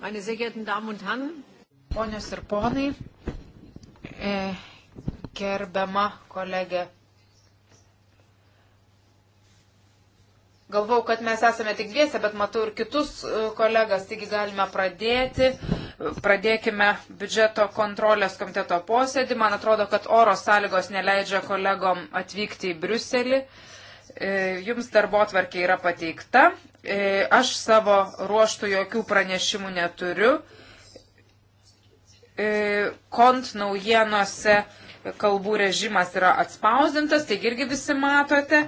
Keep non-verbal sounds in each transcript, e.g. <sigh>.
Meine sehr geehrten Damen und Herren. Ponios ir ponai, e, gerbiama kolegė. Galvau, kad mes esame tik dviese, bet matau ir kitus e, kolegas, taigi galime pradėti. Pradėkime biudžeto kontrolės komiteto posėdį. Man atrodo, kad oro sąlygos neleidžia kolegom atvykti į Briuselį. Uh, E, jums darbo tvarkė yra pateikta. E, aš savo ruoštų jokių pranešimų neturiu. E, kont naujienose kalbų režimas yra atspausdintas, taigi irgi visi matote.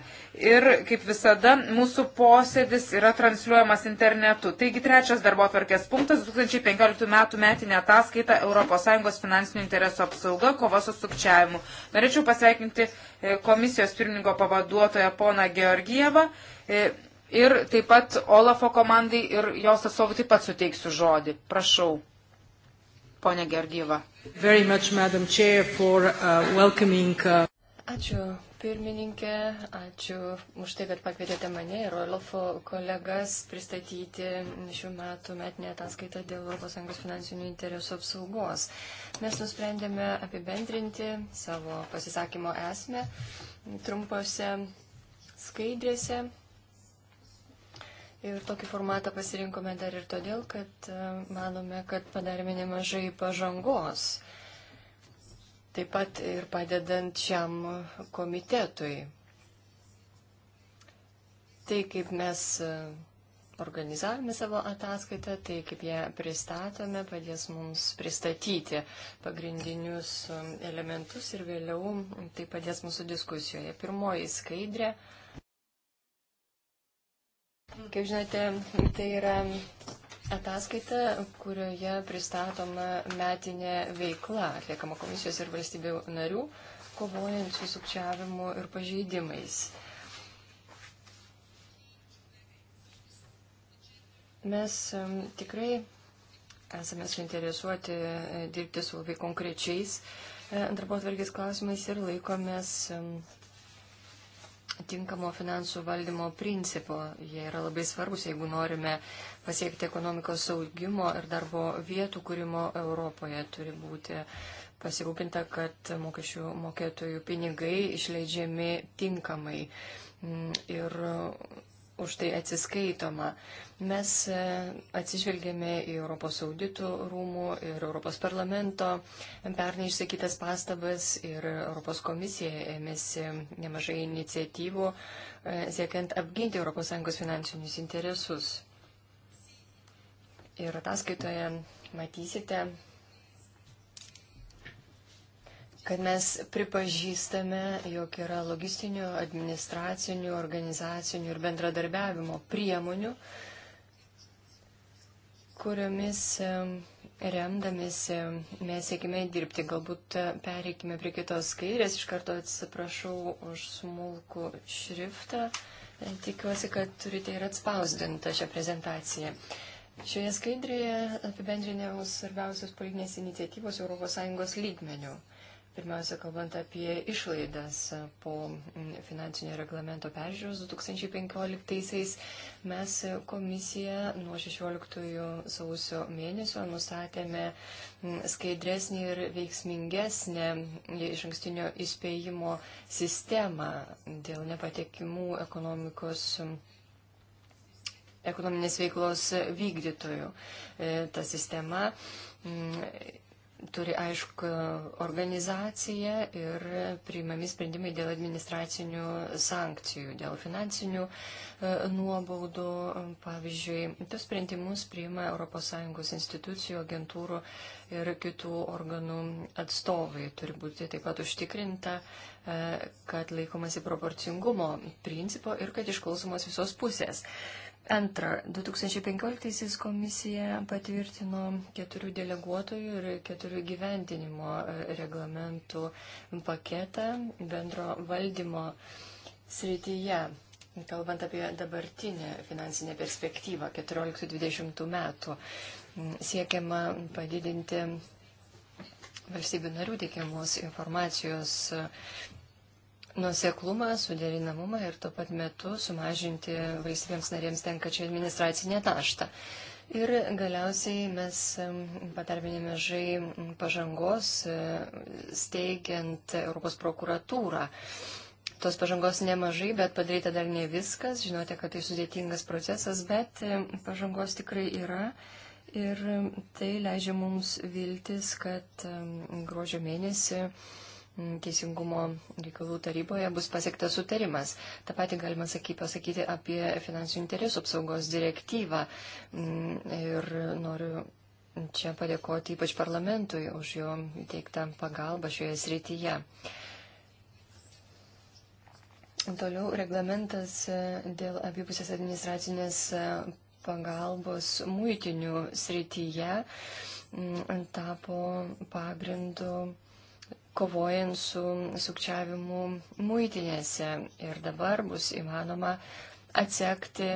Ir kaip visada mūsų posėdis yra transliuojamas internetu. Taigi trečias darbo atvarkės punktas 2015 metų metinė ataskaita ES finansinių interesų apsauga, kova su sukčiavimu. Norėčiau pasveikinti e, komisijos pirmininko pavaduotoją poną Georgievą. E, ir taip pat Olafo komandai ir jos atstovų taip pat suteiksiu žodį. Prašau. Pone Gergyva. Much, Chair, for, uh, uh, Ačiū pirmininkė, ačiū už tai, kad pakvietėte mane ir Olofo kolegas pristatyti šių metų metinę ataskaitą dėl ES finansinių interesų apsaugos. Mes nusprendėme apibendrinti savo pasisakymo esmę trumpose skaidrėse Ir tokį formatą pasirinkome dar ir todėl, kad e, manome, kad padarėme nemažai pažangos. Taip pat ir padedant šiam komitetui. Tai kaip mes e, organizavome savo ataskaitą, tai kaip ją pristatome, padės mums pristatyti pagrindinius e, elementus ir vėliau tai padės mūsų diskusijoje. Pirmoji skaidrė Kaip žinote, tai yra ataskaita, kurioje pristatoma metinė veikla atliekama komisijos ir valstybių narių, kovojant su sukčiavimu ir pažeidimais. Mes tikrai esame suinteresuoti dirbti su labai konkrečiais darbo atvarkės klausimais ir laikomės tinkamo finansų valdymo principo. Jie yra labai svarbus, jeigu norime pasiekti ekonomikos saugimo ir darbo vietų kūrimo Europoje. Turi būti pasirūpinta, kad mokesčių mokėtojų pinigai išleidžiami tinkamai. Mm, ir už tai atsiskaitoma. Mes e, atsižvelgėme į Europos auditų rūmų ir Europos parlamento pernai išsakytas pastabas ir Europos komisija ėmėsi nemažai iniciatyvų e, siekiant apginti ES finansinius interesus. Ir ataskaitoje matysite, kad mes pripažįstame, jog yra logistinių, administracinių, organizacinių ir bendradarbiavimo priemonių, kuriomis remdamėsi mes siekime dirbti. Galbūt e, pereikime prie kitos skairės. Iš karto atsiprašau už smulkų šriftą. E, tikiuosi, kad turite ir atspausdintą šią prezentaciją. Šioje skaidrėje apibendrinėjau svarbiausios politinės iniciatyvos ES lygmenių. Pirmiausia, kalbant apie išlaidas po finansinio reglamento peržiūros 2015-aisiais, mes komisiją nuo 16 sausio mėnesio nustatėme skaidresnį ir veiksmingesnę iš ankstinio įspėjimo sistemą dėl nepatekimų ekonomikos ekonominės veiklos vykdytojų. E, ta sistema turi aišku organizaciją ir priimami sprendimai dėl administracinių sankcijų, dėl finansinių e, nuobaudų. Pavyzdžiui, tos sprendimus priima ES institucijų, agentūrų ir kitų organų atstovai. Turi būti taip pat užtikrinta, e, kad laikomasi proporcingumo principo ir kad išklausomos visos pusės. Antra, 2015 komisija patvirtino keturių deleguotojų ir keturių gyvendinimo e, reglamentų paketą bendro valdymo srityje, kalbant apie dabartinę finansinę perspektyvą 14-20 metų. Siekiama padidinti valstybių narių teikiamos informacijos nuseklumą, suderinamumą ir tuo pat metu sumažinti valstybėms narėms tenkačią administracinę naštą. Ir galiausiai mes padarėme nemažai pažangos e, steigiant Europos prokuratūrą. Tos pažangos nemažai, bet padaryta dar ne viskas. Žinote, kad tai sudėtingas procesas, bet e, pažangos tikrai yra. Ir e, tai leidžia mums viltis, kad gruodžio mėnesį Teisingumo reikalų taryboje bus pasiektas sutarimas. Ta pati galima saky, pasakyti apie finansinių interesų apsaugos direktyvą. Mm, ir noriu čia padėkoti ypač parlamentui už jo teiktą pagalbą šioje srityje. Toliau reglamentas e, dėl abipusės administracinės e, pagalbos muitinių srityje mm, tapo pagrindu kovojant su sukčiavimu muitinėse. Ir dabar bus įmanoma atsekti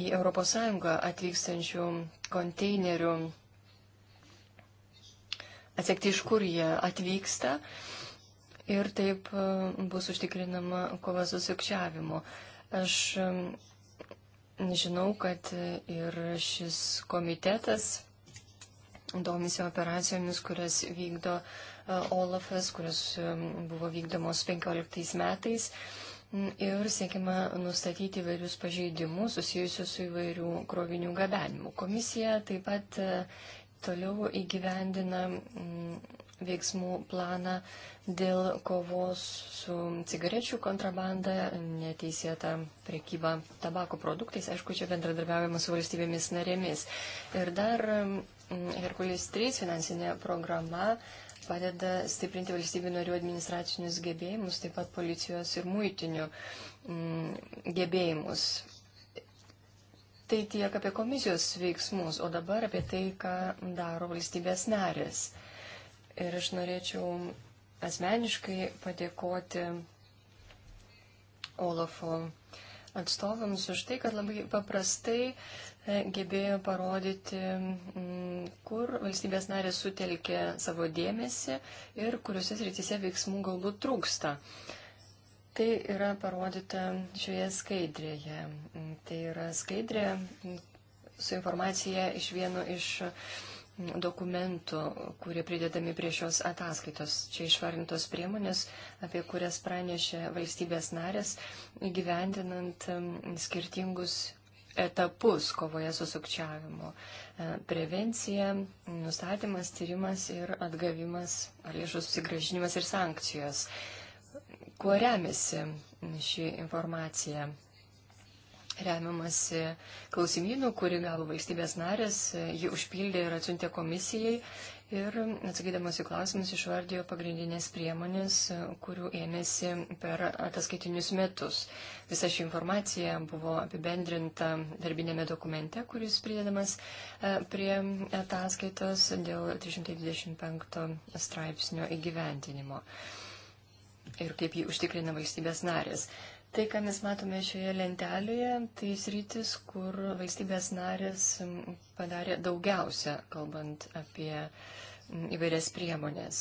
į ES atvykstančių konteinerių, atsekti iš kur jie atvyksta ir taip e, bus užtikrinama kova su sukčiavimu. Aš e, žinau, kad ir šis komitetas domisi operacijomis, kurias vykdo Olafas, kurios um, buvo vykdomos 15 metais. Ir siekime nustatyti įvairius pažeidimus susijusius su įvairių krovinių gabenimu. Komisija taip pat uh, toliau įgyvendina mm, veiksmų planą dėl kovos su cigarečių kontrabanda, neteisėta priekyba tabako produktais, aišku, čia bendradarbiavimo su valstybėmis narėmis. Ir dar mm, Herkulis 3 finansinė programa padeda stiprinti valstybių narių administracinius gebėjimus, taip pat policijos ir muitinių mm, gebėjimus. Tai tiek apie komisijos veiksmus, o dabar apie tai, ką daro valstybės narės. Ir aš norėčiau asmeniškai padėkoti Olafo atstovams už tai, kad labai paprastai e, gebėjo parodyti, kur valstybės narės sutelkė savo dėmesį ir kuriuose srityse veiksmų galbūt trūksta. Tai yra parodyta šioje skaidrėje. Tai yra skaidrė su informacija iš vieno iš dokumentų, kurie pridedami prie šios ataskaitos. Čia išvardintos priemonės, apie kurias pranešė valstybės narės, gyvendinant skirtingus etapus kovoje su sukčiavimu. E, prevencija, nustatymas, tyrimas ir atgavimas, ar lėšų susigražinimas ir sankcijos. Kuo remiasi ši informacija? remiamasi klausimynų, kurį gavo valstybės narės, jį užpildė ir atsiuntė komisijai ir atsakydamas į klausimus išvardijo pagrindinės priemonės, kurių ėmėsi per ataskaitinius metus. Visa ši informacija buvo apibendrinta darbinėme dokumente, kuris pridedamas e, prie ataskaitos dėl 325 straipsnio įgyventinimo ir kaip jį užtikrina valstybės narės. Tai, ką mes matome šioje lentelėje, tai sritis, kur valstybės narės padarė daugiausia, kalbant apie įvairias priemonės.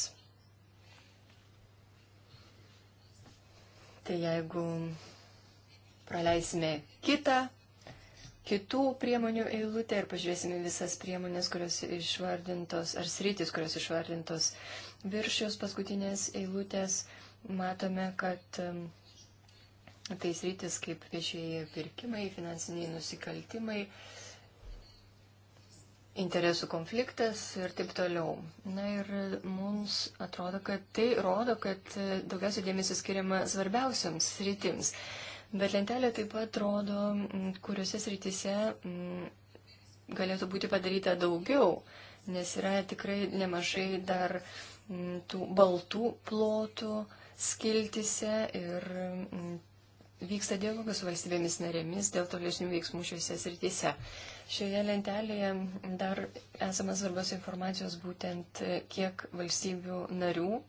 Tai jeigu praleisime kitą, kitų priemonių eilutę ir pažiūrėsime visas priemonės, kurios išvardintos, ar sritis, kurios išvardintos virš jos paskutinės eilutės, matome, kad tai sritis kaip viešieji pirkimai, finansiniai nusikaltimai, interesų konfliktas ir taip toliau. Na ir mums atrodo, kad tai rodo, kad daugiausia dėmesio skiriama svarbiausiams sritims. Bet lentelė taip pat rodo, kuriuose sritise mm, galėtų būti padaryta daugiau, nes yra tikrai nemažai dar mm, tų baltų plotų skiltise ir mm, vyksta dialogas su valstybėmis narėmis dėl tolesnių veiksmų šiuose srityse. Šioje lentelėje dar esame svarbios informacijos būtent, e, kiek valstybių narių e,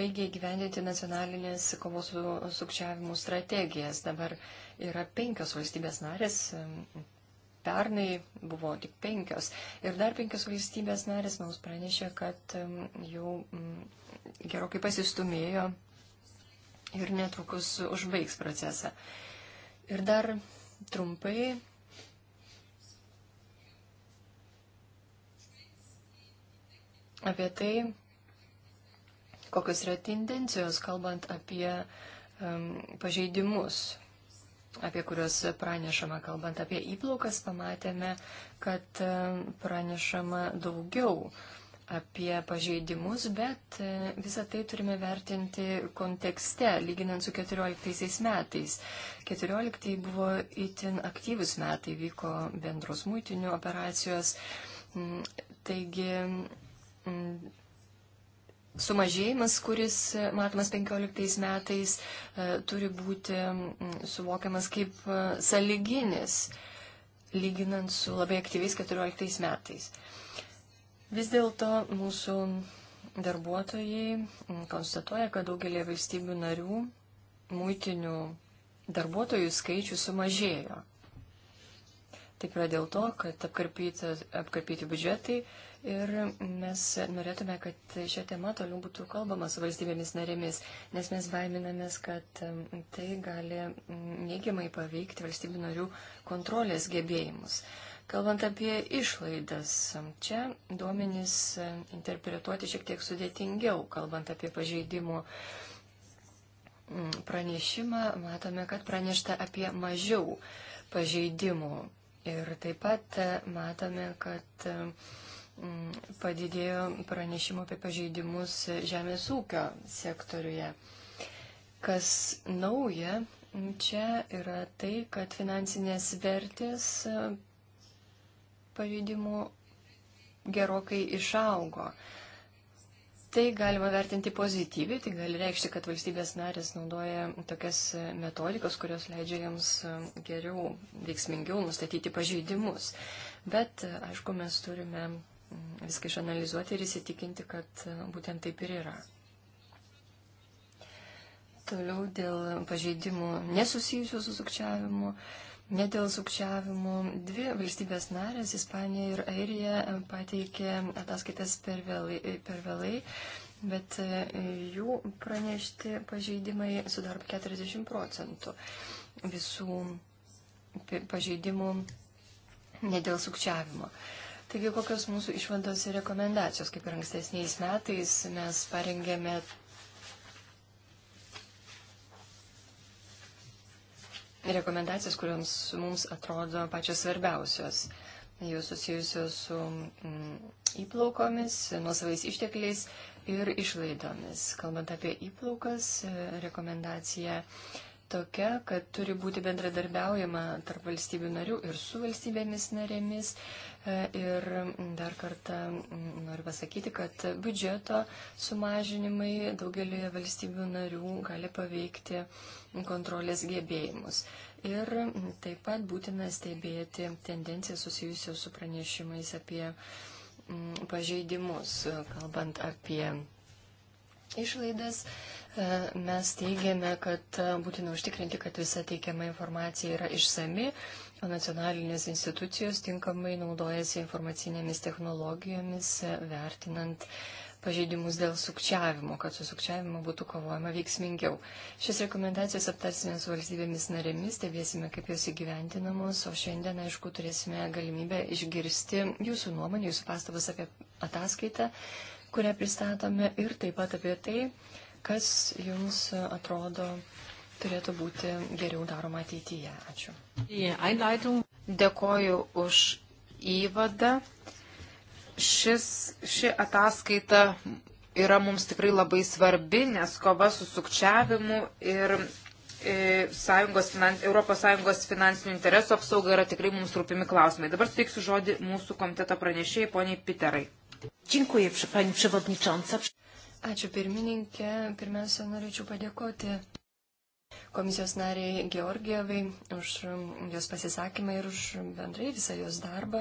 baigė gyvendinti nacionalinės kovos su sukčiavimu strategijas. Dabar yra penkios valstybės narės. E, pernai buvo tik penkios. Ir dar penkios valstybės narės mums pranešė, kad jau gerokai pasistumėjo ir netrukus užbaigs procesą. Ir dar trumpai. Apie tai, kokios yra tendencijos, kalbant apie um, pažeidimus, apie kuriuos pranešama, kalbant apie įplaukas, pamatėme, kad um, pranešama daugiau uh, apie pažeidimus, bet e, visą tai turime vertinti kontekste, lyginant su 14 metais. 14 buvo itin aktyvus metai, vyko bendros mūtinių operacijos, mm, taigi mm, sumažėjimas, kuris matomas 15 metais, e, turi būti mm, suvokiamas kaip e, saliginis, lyginant su labai aktyviais 14 metais. Vis dėlto mūsų darbuotojai mm, konstatuoja, kad daugelį valstybių narių muitinių darbuotojų skaičių sumažėjo. Taip yra dėl to, kad apkarpyti biudžetai ir mes norėtume, kad šią temą toliau būtų kalbama su valstybėmis narėmis, nes mes baiminamės, kad mm, tai gali mm, neigiamai paveikti valstybių narių kontrolės gebėjimus. Kalbant apie išlaidas, čia duomenys interpretuoti šiek tiek sudėtingiau. Kalbant apie pažeidimų mm, pranešimą, matome, kad pranešta apie mažiau pažeidimų. Ir taip pat e, matome, kad e, mm, padidėjo pranešimų apie pažeidimus žemės ūkio sektoriuje. Kas nauja čia yra tai, kad finansinės vertės pažeidimų gerokai išaugo. Tai galima vertinti pozityviai, tai gali reikšti, kad valstybės narės naudoja tokias metodikas, kurios leidžia jiems e, geriau, veiksmingiau nustatyti pažeidimus. Bet, e, aišku, mes turime mm, viską išanalizuoti ir įsitikinti, kad e, būtent taip ir yra. Toliau dėl pažeidimų nesusijusių su sukčiavimu. Uh, Ne dėl sukčiavimų. Dvi valstybės narės, Ispanija ir Airija, pateikė ataskaitas per vėlai, per vėlai bet e, jų pranešti pažeidimai sudaro 40 procentų visų pažeidimų ne dėl sukčiavimo. Taigi, kokios mūsų išvados ir rekomendacijos, kaip ir ankstesniais metais, mes parengėme rekomendacijas, kuriams mums atrodo pačios svarbiausios. Jau susijusios su mm, įplaukomis, nuosavais ištekliais ir išlaidomis. Kalbant apie įplaukas, e, rekomendacija tokia, kad turi būti bendradarbiaujama tarp valstybių narių ir su valstybėmis narėmis, E, ir dar kartą noriu pasakyti, kad biudžeto sumažinimai daugelioje valstybių narių gali paveikti kontrolės gebėjimus. Ir taip pat būtina stebėti tendenciją susijusią su pranešimais apie mm, pažeidimus, kalbant apie išlaidas. E, mes teigiame, kad būtina užtikrinti, kad visa teikiama informacija yra išsami, O nacionalinės institucijos tinkamai naudojasi informacinėmis technologijomis, vertinant pažeidimus dėl sukčiavimo, kad su sukčiavimu būtų kovojama veiksmingiau. Šias rekomendacijas aptarsime su valstybėmis narėmis, stebėsime, kaip jos įgyventinamos, o šiandien, aišku, turėsime galimybę išgirsti jūsų nuomonę, jūsų pastabas apie ataskaitą, kurią pristatome ir taip pat apie tai, kas jums atrodo turėtų būti geriau daroma ateityje. Ačiū. Dėkoju už įvadą. Šis, ši ataskaita yra mums tikrai labai svarbi, nes kova su sukčiavimu ir e, Sąjungos, Europos Sąjungos finansinių interesų apsauga yra tikrai mums rūpimi klausimai. Dabar suteiksiu žodį mūsų komiteto pranešėjai, poniai Piterai. Dziękuję, pani przewodnicząca. Ačiū pirmininkė. Pirmiausia, norėčiau padėkoti komisijos nariai Georgievai už jos pasisakymą ir už bendrai visą jos darbą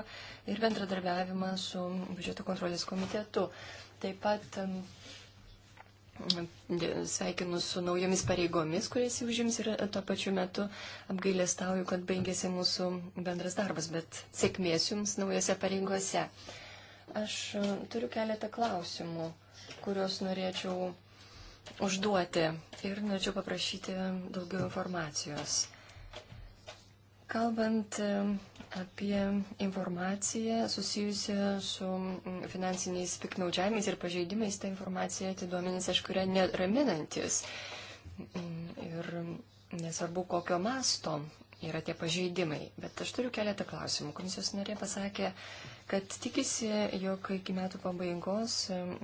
ir bendradarbiavimą su biudžeto kontrolės komitetu. Taip pat sveikinu su naujomis pareigomis, kurias jau užims ir e, tuo pačiu metu apgailėstauju, kad baigėsi mūsų bendras darbas, bet sėkmės jums naujose pareigose. Aš e, turiu keletą klausimų, kuriuos norėčiau užduoti ir norėčiau paprašyti daugiau informacijos. Kalbant apie informaciją susijusią su finansiniais piknaudžiavimais ir pažeidimais, ta informacija, tai duomenys, aišku, yra neraminantis. Ir nesvarbu, kokio masto yra tie pažeidimai. Bet aš turiu keletą klausimų. Komisijos narė pasakė, kad tikisi, jog iki metų pabaigos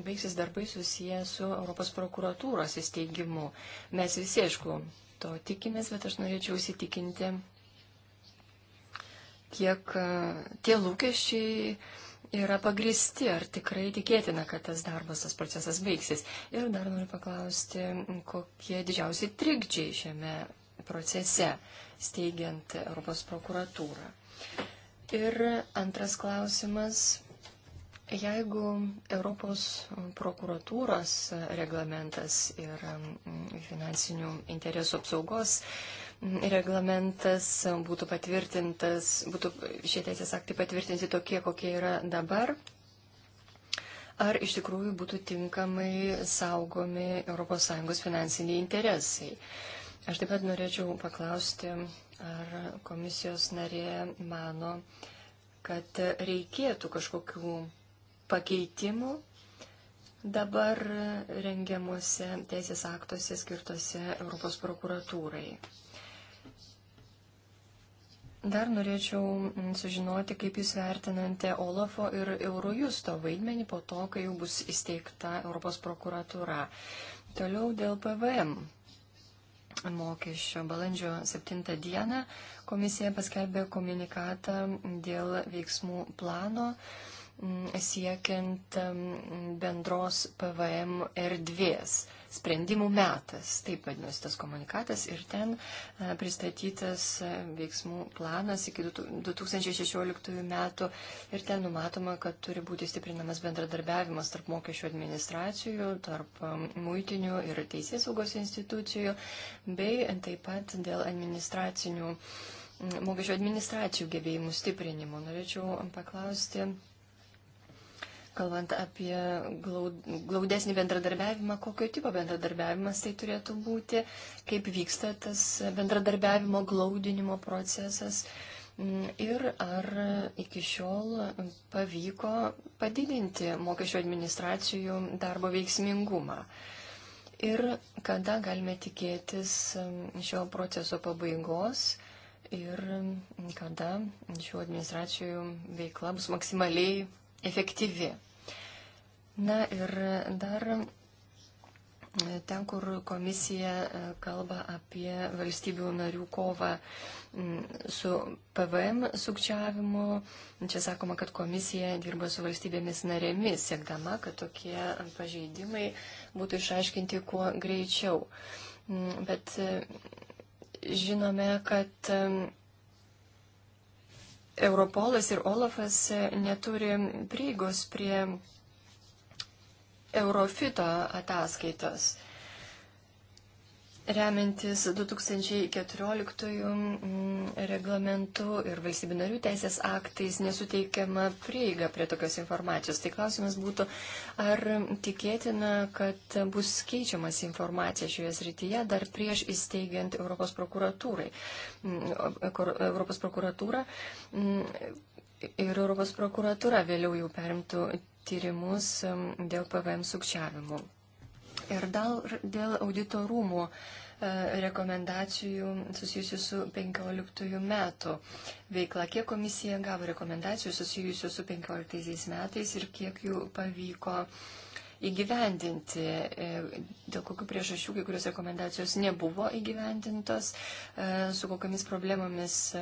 baigsis darbai susiję su Europos prokuratūros įsteigimu. Mes visi, aišku, to tikimės, bet aš norėčiau įsitikinti, kiek e, tie lūkesčiai yra pagristi, ar tikrai tikėtina, kad tas darbas, tas procesas baigsis. Ir dar noriu paklausti, kokie didžiausi trikdžiai šiame procese, steigiant Europos prokuratūrą. Ir antras klausimas. Jeigu Europos prokuratūros reglamentas ir mm, finansinių interesų apsaugos mm, reglamentas būtų patvirtintas, būtų šie teisės aktai patvirtinti tokie, kokie yra dabar, ar iš tikrųjų būtų tinkamai saugomi ES finansiniai interesai. Aš taip pat norėčiau paklausti, ar komisijos narė mano, kad reikėtų kažkokių pakeitimų dabar rengiamuose teisės aktuose skirtose Europos prokuratūrai. Dar norėčiau sužinoti, kaip Jūs vertinate Olafo ir Eurojusto vaidmenį po to, kai jau bus įsteigta Europos prokuratūra. Toliau dėl PVM mokesčio balandžio 7 dieną komisija paskelbė komunikatą dėl veiksmų plano mm, siekiant mm, bendros PVM erdvės sprendimų metas, taip vadinasi tas komunikatas, ir ten pristatytas veiksmų planas iki 2016 metų, ir ten numatoma, kad turi būti stiprinamas bendradarbiavimas tarp mokesčių administracijų, tarp muitinių ir teisės saugos institucijų, bei taip pat dėl administracinių mokesčių administracijų gebėjimų stiprinimo. Norėčiau paklausti Kalbant apie glaudesnį bendradarbiavimą, kokio tipo bendradarbiavimas tai turėtų būti, kaip vyksta tas bendradarbiavimo glaudinimo procesas mm, ir ar iki šiol pavyko padidinti mokesčių administracijų darbo veiksmingumą. Ir kada galime tikėtis mm, šio proceso pabaigos ir mm, kada šių administracijų veikla bus maksimaliai efektyvi. Na ir dar e, ten, kur komisija e, kalba apie valstybių narių kovą su PVM sukčiavimu, čia sakoma, kad komisija dirba su valstybėmis narėmis, siekdama, kad tokie pažeidimai būtų išaiškinti kuo greičiau. Bet e, žinome, kad Europolas ir Olafas neturi prieigos prie Eurofito ataskaitos. Remiantis 2014 mm, reglamentu ir valstybių narių teisės aktais nesuteikiama prieiga prie tokios informacijos. Tai klausimas būtų, ar tikėtina, kad bus keičiamas informacija šioje srityje dar prieš įsteigiant Europos prokuratūrai. Mm, Europos prokuratūra mm, ir Europos prokuratūra vėliau jau perimtų tyrimus dėl PVM sukčiavimų. Ir dar dėl auditorumų e, rekomendacijų susijusių su 15 metų veikla. Kiek komisija gavo rekomendacijų susijusių su 15 metais ir kiek jų pavyko uh, įgyvendinti, e, dėl kokių priežasčių kai kurios rekomendacijos nebuvo įgyvendintos, e, su kokiamis problemomis e,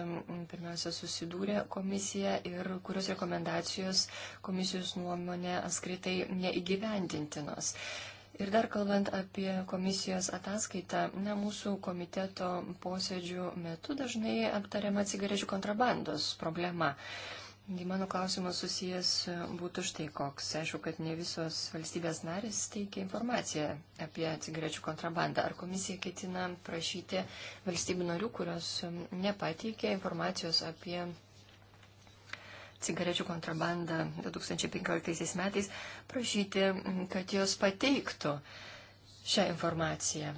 pirmiausia susidūrė komisija ir kurios rekomendacijos komisijos nuomonė apskritai neįgyvendintinos. Ir dar kalbant apie komisijos ataskaitą, na, mūsų komiteto posėdžių metu dažnai aptariama cigarečių kontrabandos problema. Uh, Mano klausimas susijęs būtų štai koks. Aišku, kad ne visos valstybės narės teikia informaciją apie cigarečių kontrabandą. Ar komisija ketina prašyti valstybių narių, kurios nepateikė informacijos apie cigarečių kontrabandą 2015 metais, prašyti, kad jos pateiktų šią informaciją?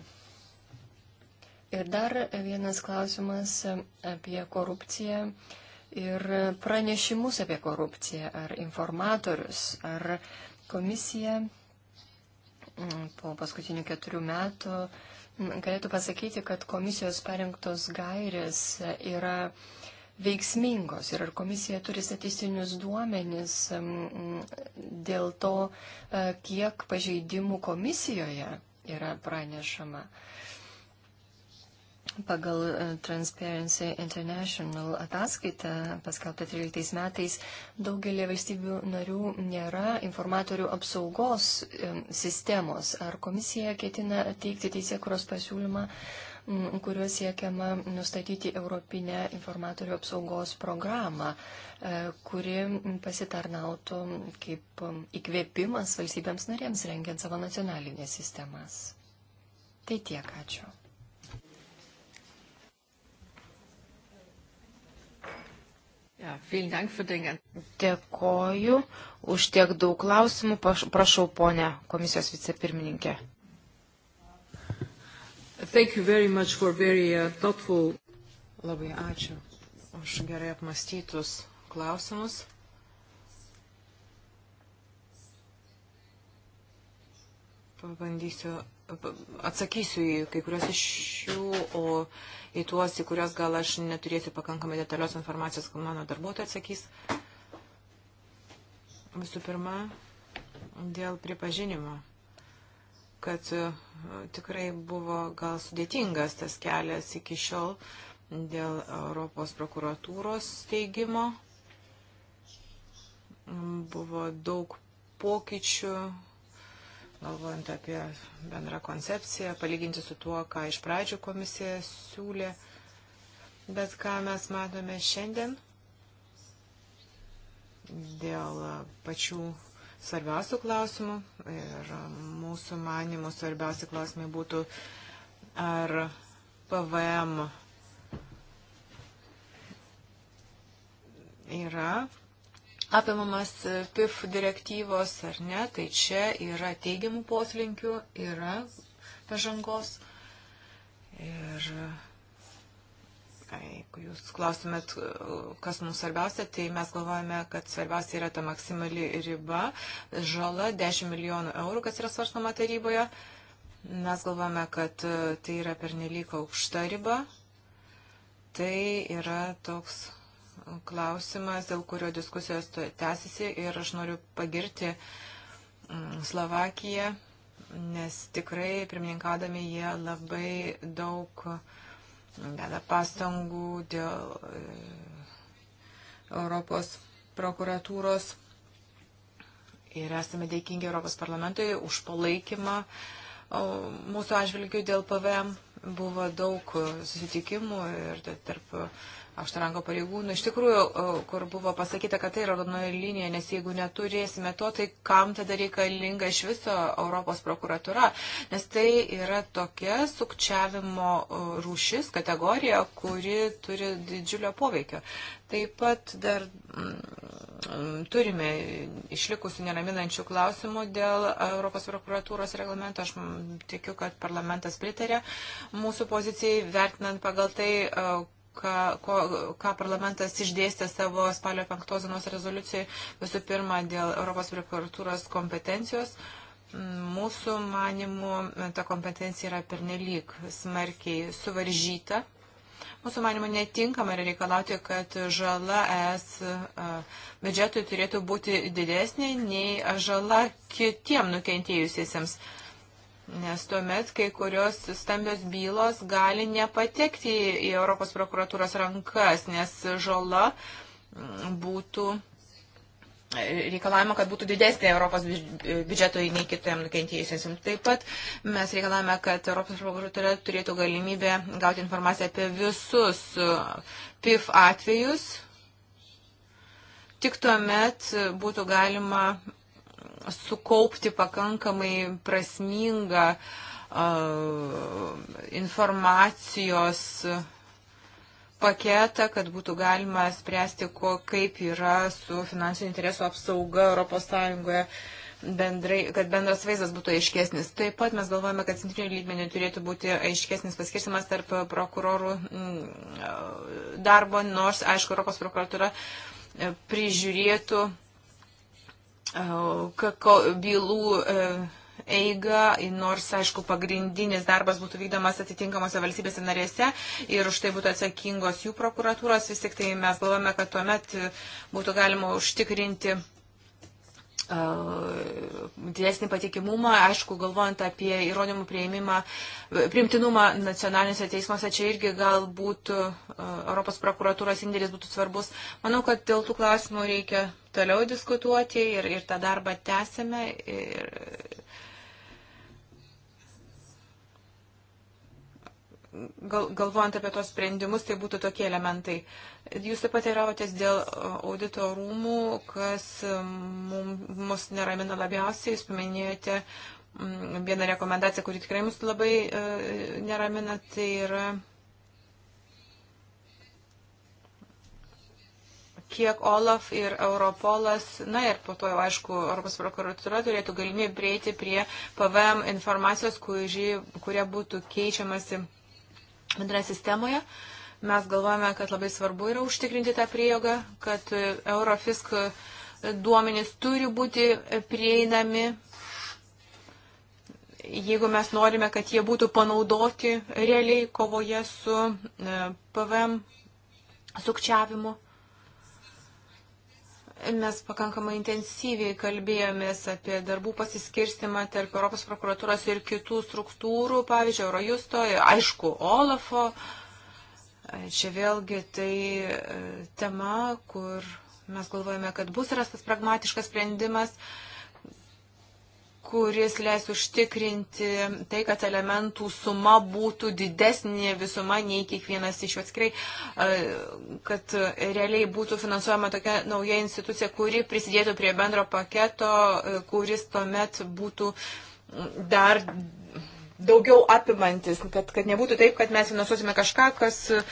Ir dar vienas klausimas apie korupciją ir pranešimus apie korupciją, ar informatorius, ar komisija mm, po paskutinių keturių metų mm, galėtų pasakyti, kad komisijos parengtos gairės yra veiksmingos ir ar komisija turi statistinius duomenis mm, dėl to, e, kiek pažeidimų komisijoje yra pranešama. Uh, Pagal e, Transparency International ataskaitą paskelbtą 13 metais daugelį valstybių narių nėra informatorių apsaugos e, sistemos. Ar komisija ketina teikti teisėkuros pasiūlymą, kuriuo siekiama nustatyti Europinę informatorių apsaugos programą, e, kuri pasitarnautų kaip įkvėpimas valstybėms narėms rengiant savo nacionalinės sistemas? Tai tiek, ačiū. Dėkoju už tiek daug klausimų. Prašau, ponė komisijos vicepirmininkė. Very, uh, Labai ačiū už gerai apmastytus klausimus. Pabandysiu atsakysiu į kai kurios iš jų, o į tuos, į kurios gal aš neturėsiu pakankamai detalios informacijos, kad mano darbuotojai atsakys. Visų pirma, dėl pripažinimo, kad e, tikrai buvo gal sudėtingas tas kelias iki šiol dėl Europos prokuratūros steigimo. Buvo daug pokyčių galvojant apie bendrą koncepciją, palyginti su tuo, ką iš pradžių komisija siūlė. Bet ką mes matome šiandien dėl pačių svarbiausių klausimų ir mūsų manimų svarbiausi klausimai būtų, ar PVM yra apimamas PIF direktyvos ar ne, tai čia yra teigiamų poslinkių, yra pažangos. Ir jeigu jūs klausimėt, kas mums svarbiausia, tai mes galvojame, kad svarbiausia yra ta maksimali riba, žala 10 milijonų eurų, kas yra svarstama taryboje. Mes galvojame, kad e, tai yra pernelyg aukšta riba. Tai yra toks klausimas, dėl kurio diskusijos tęsiasi ir aš noriu pagirti mm, Slovakiją, nes tikrai pirmininkadami jie labai daug mm, deda pastangų dėl e, Europos prokuratūros ir esame dėkingi Europos parlamentui už palaikymą mūsų atžvilgių dėl PVM. Buvo daug susitikimų ir tarp aštarango pareigūnų, iš tikrųjų, kur buvo pasakyta, kad tai yra raudonoji linija, nes jeigu neturėsime to, tai kam tada reikalinga iš viso Europos prokuratura, nes tai yra tokia sukčiavimo rūšis, kategorija, kuri turi didžiulio poveikio. Taip pat dar mm, turime išlikusių neraminančių klausimų dėl Europos prokuratūros reglamento. Aš mm, tikiu, kad parlamentas pritarė mūsų pozicijai, vertinant pagal tai, ką, ko, ką parlamentas išdėstė savo spalio 5 dienos rezoliucijai, visų pirma, dėl Europos prokuratūros kompetencijos. Mūsų manimų ta kompetencija yra pernelyg smarkiai suvaržyta. Mūsų manimo netinkama yra reikalauti, kad žala es biudžetui turėtų būti didesnė nei žala kitiem nukentėjusiesiems. Uh, Nes tuomet kai kurios stambios bylos gali nepatekti į Europos prokuratūros rankas, nes žala mm, būtų reikalavimo, kad būtų didesnė Europos biudžetui nei kitam nukentėjusiam. Taip pat mes reikalavome, kad Europos prokuratūra turėtų galimybę gauti informaciją apie visus uh, PIF atvejus. Tik tuomet būtų galima sukaupti pakankamai prasmingą informacijos paketą, kad būtų galima spręsti, ko, kaip yra su finansinių interesų apsauga ES bendrai, kad bendras vaizdas būtų aiškesnis. Taip pat mes galvojame, kad centrinio lygmenio turėtų būti aiškesnis paskirstimas tarp prokurorų mm, darbo, nors, aišku, Europos prokuratura e, prižiūrėtų kako bylų e, eigą, nors, aišku, pagrindinis darbas būtų vykdomas atitinkamose valstybėse narėse ir už tai būtų atsakingos jų prokuratūros, vis tik tai mes galvome, kad tuomet būtų galima užtikrinti didesnį patikimumą, aišku, galvojant apie įrodymų prieimimą, priimtinumą nacionaliniuose teismuose, čia irgi galbūt Europos prokuratūros indėlis būtų svarbus. Manau, kad dėl tų klausimų reikia toliau diskutuoti ir, ir tą darbą tęsime. Ir gal, galvojant apie tos sprendimus, tai būtų tokie elementai. Jūs taip pat eravotės dėl e, audito rūmų, kas mus neramina labiausiai, jūs paminėjote vieną rekomendaciją, kuri tikrai mus labai e, neramina, tai yra kiek Olaf ir Europolas, na ir po to jau aišku, Europos prokuratura turėtų galimybę prieiti prie PVM informacijos, kurie būtų keičiamasi bendrai sistemoje. Mes galvojame, kad labai svarbu yra užtikrinti tą prieigą, kad Eurofisk duomenys turi būti prieinami, jeigu mes norime, kad jie būtų panaudoti realiai kovoje su e, PVM sukčiavimu. Mes pakankamai intensyviai kalbėjomės apie darbų pasiskirstimą tarp Europos prokuratūros ir kitų struktūrų, pavyzdžiui, Eurojusto, aišku, Olafo. Čia vėlgi tai e, tema, kur mes galvojame, kad bus rastas pragmatiškas sprendimas. Uh, kuris leis užtikrinti tai, kad elementų suma būtų didesnė visuma nei kiekvienas iš jų atskirai, e, kad realiai būtų finansuojama tokia nauja institucija, kuri prisidėtų prie bendro paketo, e, kuris tuomet būtų dar daugiau apimantis, kad, kad nebūtų taip, kad mes finansuosime kažką, kas e,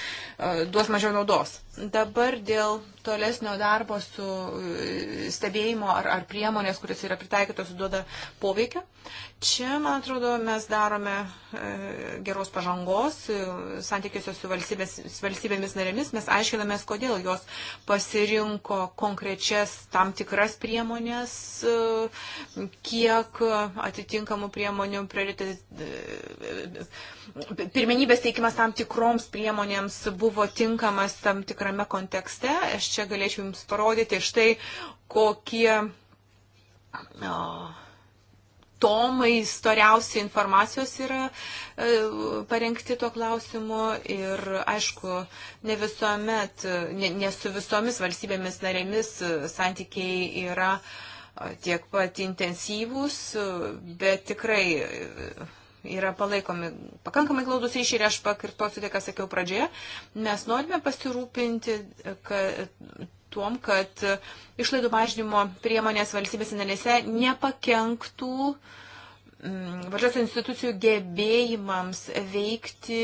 duos mažiau naudos. Dabar dėl tolesnio darbo su e, stebėjimo ar, ar priemonės, kuris yra pritaikytos, duoda poveikio. Čia, man atrodo, mes darome e, geros pažangos e, santykiuose su, su valstybėmis narėmis. Mes aiškinamės, kodėl jos pasirinko konkrečias tam tikras priemonės, kiek atitinkamų priemonių pirmenybės teikimas tam tikroms priemonėms buvo tinkamas tam tikrame kontekste. Aš čia galėčiau Jums parodyti štai kokie. Uh, tomai storiausi informacijos yra e, parengti tuo klausimu ir, aišku, ne visuomet, ne, ne su visomis valstybėmis narėmis e, santykiai yra e, tiek pat intensyvūs, bet tikrai yra palaikomi pakankamai glaudus ryšiai ir aš pakirtosiu tai, ką sakiau pradžioje, mes norime pasirūpinti, kad tuom, kad išlaidų mažinimo priemonės valstybės narėse nepakenktų uh, Mm, valdžios institucijų gebėjimams veikti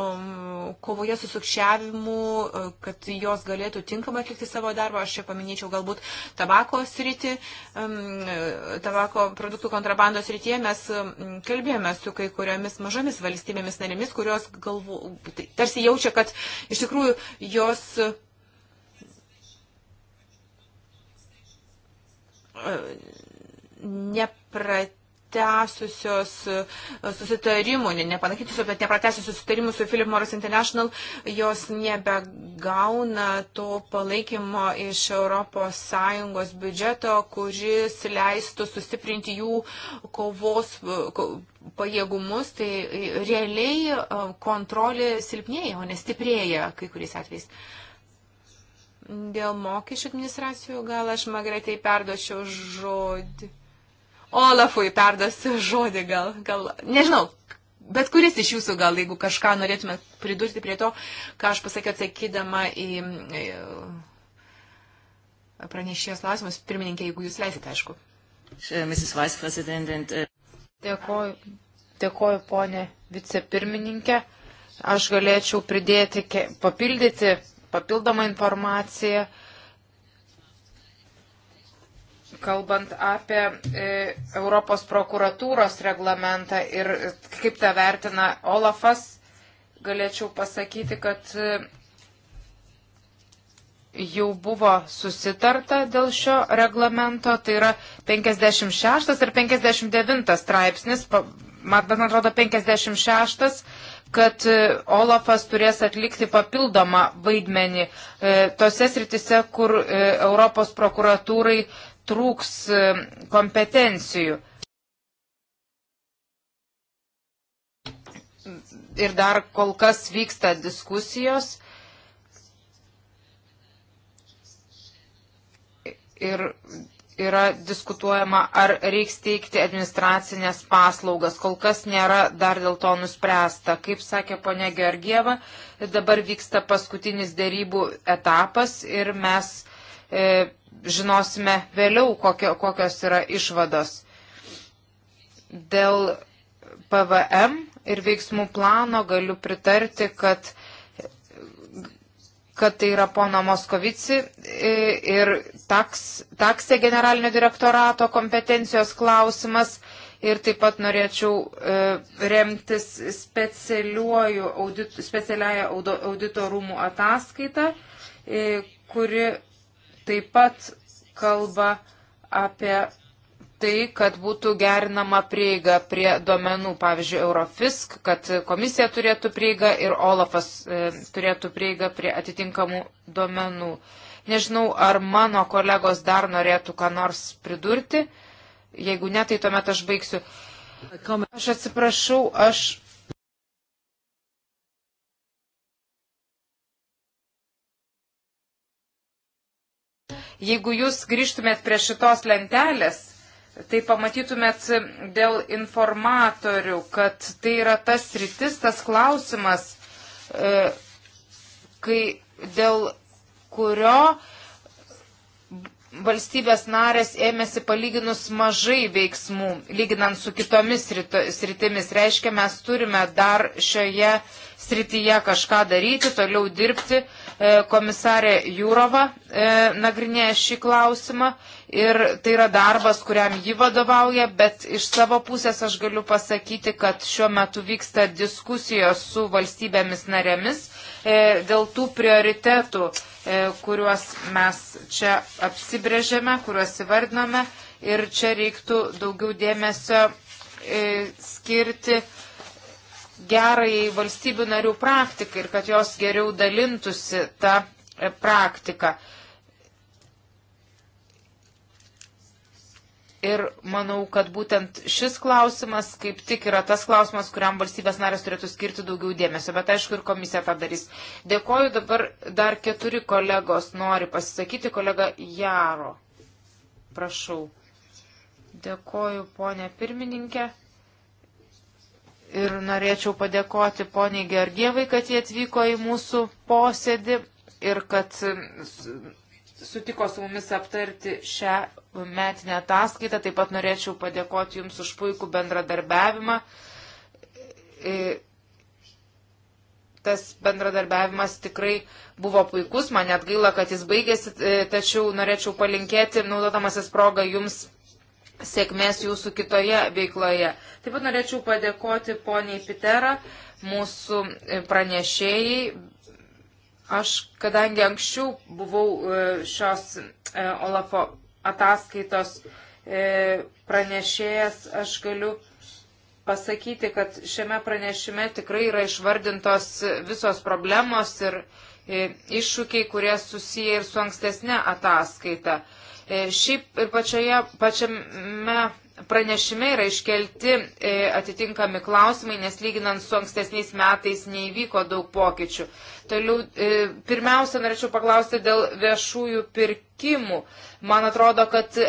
um, kovoje su sukčiavimu, uh, kad jos galėtų tinkamai atlikti savo darbą. Aš čia paminėčiau galbūt tabako sritį, um, tabako produktų kontrabandos srityje. Mes um, kalbėjome su kai kuriomis mažomis valstybėmis narėmis, kurios galvo, tai tarsi jaučia, kad iš tikrųjų jos uh, nepratė nepratęsusios e, susitarimų, nepanakytusios, bet nepratęsusios susitarimų su Philip Morris International, jos nebegauna to palaikymo iš ES biudžeto, kuris leistų sustiprinti jų kovos e, pajėgumus, tai e, realiai kontrolė silpnėja, o nestiprėja kai kuriais atvejais dėl mokesčių administracijų, gal aš Magretai perdošiau žodį. Olafui perdosiu žodį gal, gal, nežinau, bet kuris iš jūsų gal, jeigu kažką norėtume pridurti prie to, ką aš pasakiau atsakydama į, į pranešėjos klausimus, pirmininkė, jeigu jūs leisite, aišku. Uh, dėkoju, dėkoju ponė vicepirmininkė. Aš galėčiau pridėti, papildyti papildomą informaciją kalbant apie e, Europos prokuratūros reglamentą ir kaip tą vertina Olafas, galėčiau pasakyti, kad e, jau buvo susitarta dėl šio reglamento, tai yra 56 ir 59 straipsnis, man atrodo 56, kad e, Olafas turės atlikti papildomą vaidmenį tose sritise, kur Europos prokuratūrai trūks e, kompetencijų. Ir dar kol kas vyksta diskusijos. Ir yra diskutuojama, ar reiks teikti administracinės paslaugas. Kol kas nėra dar dėl to nuspręsta. Kaip sakė ponia Georgieva, dabar vyksta paskutinis dėrybų etapas ir mes E, žinosime vėliau, kokio, kokios yra išvados. Dėl PVM ir veiksmų plano galiu pritarti, kad, kad tai yra pono Moskovici e, ir taks, taksė generalinio direktorato kompetencijos klausimas. Ir taip pat norėčiau e, remtis audit, specialiaja audito rūmų ataskaita, e, kuri taip pat kalba apie tai, kad būtų gerinama prieiga prie duomenų, pavyzdžiui, Eurofisk, kad komisija turėtų prieigą ir Olafas e, turėtų prieigą prie atitinkamų duomenų. Nežinau, ar mano kolegos dar norėtų ką nors pridurti. Jeigu ne, tai tuomet aš baigsiu. Aš atsiprašau, aš Jeigu jūs grįžtumėt prie šitos lentelės, tai pamatytumėt dėl informatorių, kad tai yra tas rytis, tas klausimas, e, kai dėl kurio valstybės narės ėmėsi palyginus mažai veiksmų, lyginant su kitomis sritimis. Reiškia, mes turime dar šioje srityje kažką daryti, toliau dirbti. E, komisarė Jūrova e, nagrinėja šį klausimą ir tai yra darbas, kuriam ji vadovauja, bet iš savo pusės aš galiu pasakyti, kad šiuo metu vyksta diskusijos su valstybėmis narėmis e, dėl tų prioritetų, e, kuriuos mes čia apsibrėžėme, kuriuos įvardiname ir čia reiktų daugiau dėmesio e, skirti gerai valstybių narių praktikai ir kad jos geriau dalintųsi tą praktiką. Ir manau, kad būtent šis klausimas kaip tik yra tas klausimas, kuriam valstybės narės turėtų skirti daugiau dėmesio, bet aišku ir komisija tą darys. Dėkoju, dabar dar keturi kolegos nori pasisakyti, kolega Jaro. Prašau. Dėkoju, ponė pirmininkė. Ir norėčiau padėkoti poniai Gergievai, kad jie atvyko į mūsų posėdį ir kad sutiko su mumis aptarti šią metinę ataskaitą. Taip pat norėčiau padėkoti Jums už puikų bendradarbiavimą. E, tas bendradarbiavimas tikrai buvo puikus, man net gaila, kad jis baigėsi, e, tačiau norėčiau palinkėti, naudodamasis progą, Jums sėkmės jūsų kitoje veikloje. Taip pat norėčiau padėkoti poniai Pitera, mūsų pranešėjai, Aš, kadangi anksčiau buvau e, šios e, Olafo ataskaitos e, pranešėjas, aš galiu pasakyti, kad šiame pranešime tikrai yra išvardintos visos problemos ir iššūkiai, kurie susiję ir su ankstesne ataskaita. Šiaip ir pačioje, pačiame Pranešime yra iškelti e, atitinkami klausimai, nes lyginant su ankstesniais metais neįvyko daug pokyčių. Toliau, e, pirmiausia, norėčiau paklausti dėl viešųjų pirkimų. Man atrodo, kad e,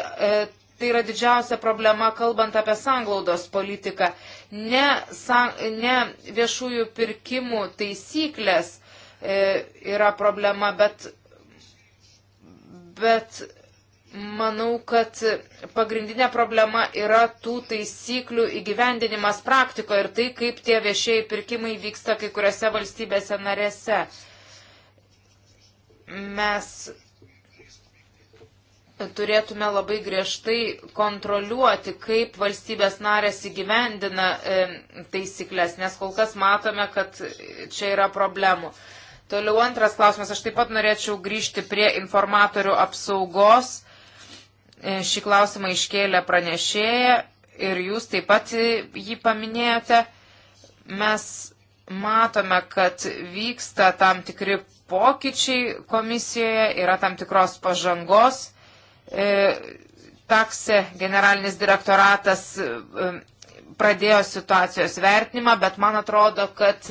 tai yra didžiausia problema, kalbant apie sanglaudos politiką. Ne, san, ne viešųjų pirkimų taisyklės yra problema, bet, bet Manau, kad pagrindinė problema yra tų taisyklių įgyvendinimas praktikoje ir tai, kaip tie viešieji pirkimai vyksta kai kuriuose valstybėse narėse. Mes turėtume labai griežtai kontroliuoti, kaip valstybės narės įgyvendina e, taisyklės, nes kol kas matome, kad čia yra problemų. Toliau antras klausimas. Aš taip pat norėčiau grįžti prie informatorių apsaugos E, šį klausimą iškėlė pranešėja ir jūs taip pat e, jį paminėjote. Mes matome, kad vyksta tam tikri pokyčiai komisijoje, yra tam tikros pažangos. E, Takse generalinis direktoratas pradėjo situacijos vertinimą, bet man atrodo, kad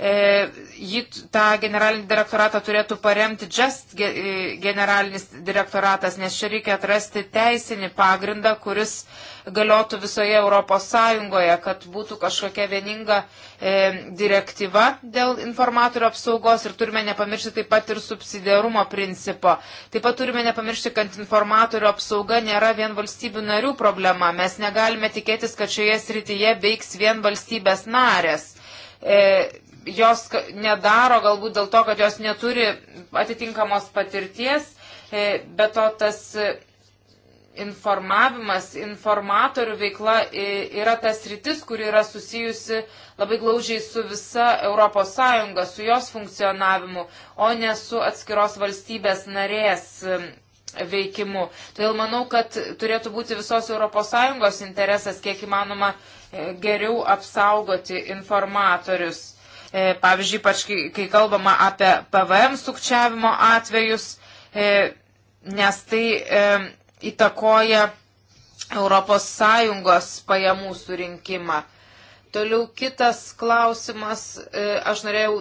E, Jį tą generalinį direktoratą turėtų paremti Just e, generalinis direktoratas, nes čia reikia atrasti teisinį pagrindą, kuris galiotų visoje Europos Sąjungoje, kad būtų kažkokia vieninga e, direktyva dėl informatorių apsaugos ir turime nepamiršti taip pat ir subsidiarumo principo. Taip pat turime nepamiršti, kad informatorių apsauga nėra vien valstybių narių problema. Mes negalime tikėtis, kad šioje srityje veiks vien valstybės narės. E, jos nedaro galbūt dėl to, kad jos neturi atitinkamos patirties, e, bet to tas e, informavimas, informatorių veikla e, yra tas rytis, kuri yra susijusi labai glaužiai su visa ES, su jos funkcionavimu, o ne su atskiros valstybės narės veikimu. Todėl manau, kad turėtų būti visos ES interesas kiek įmanoma geriau apsaugoti informatorius. E, pavyzdžiui, ypač kai, kai kalbama apie PVM sukčiavimo atvejus, e, nes tai e, įtakoja ES pajamų surinkimą. Toliau kitas klausimas, aš norėjau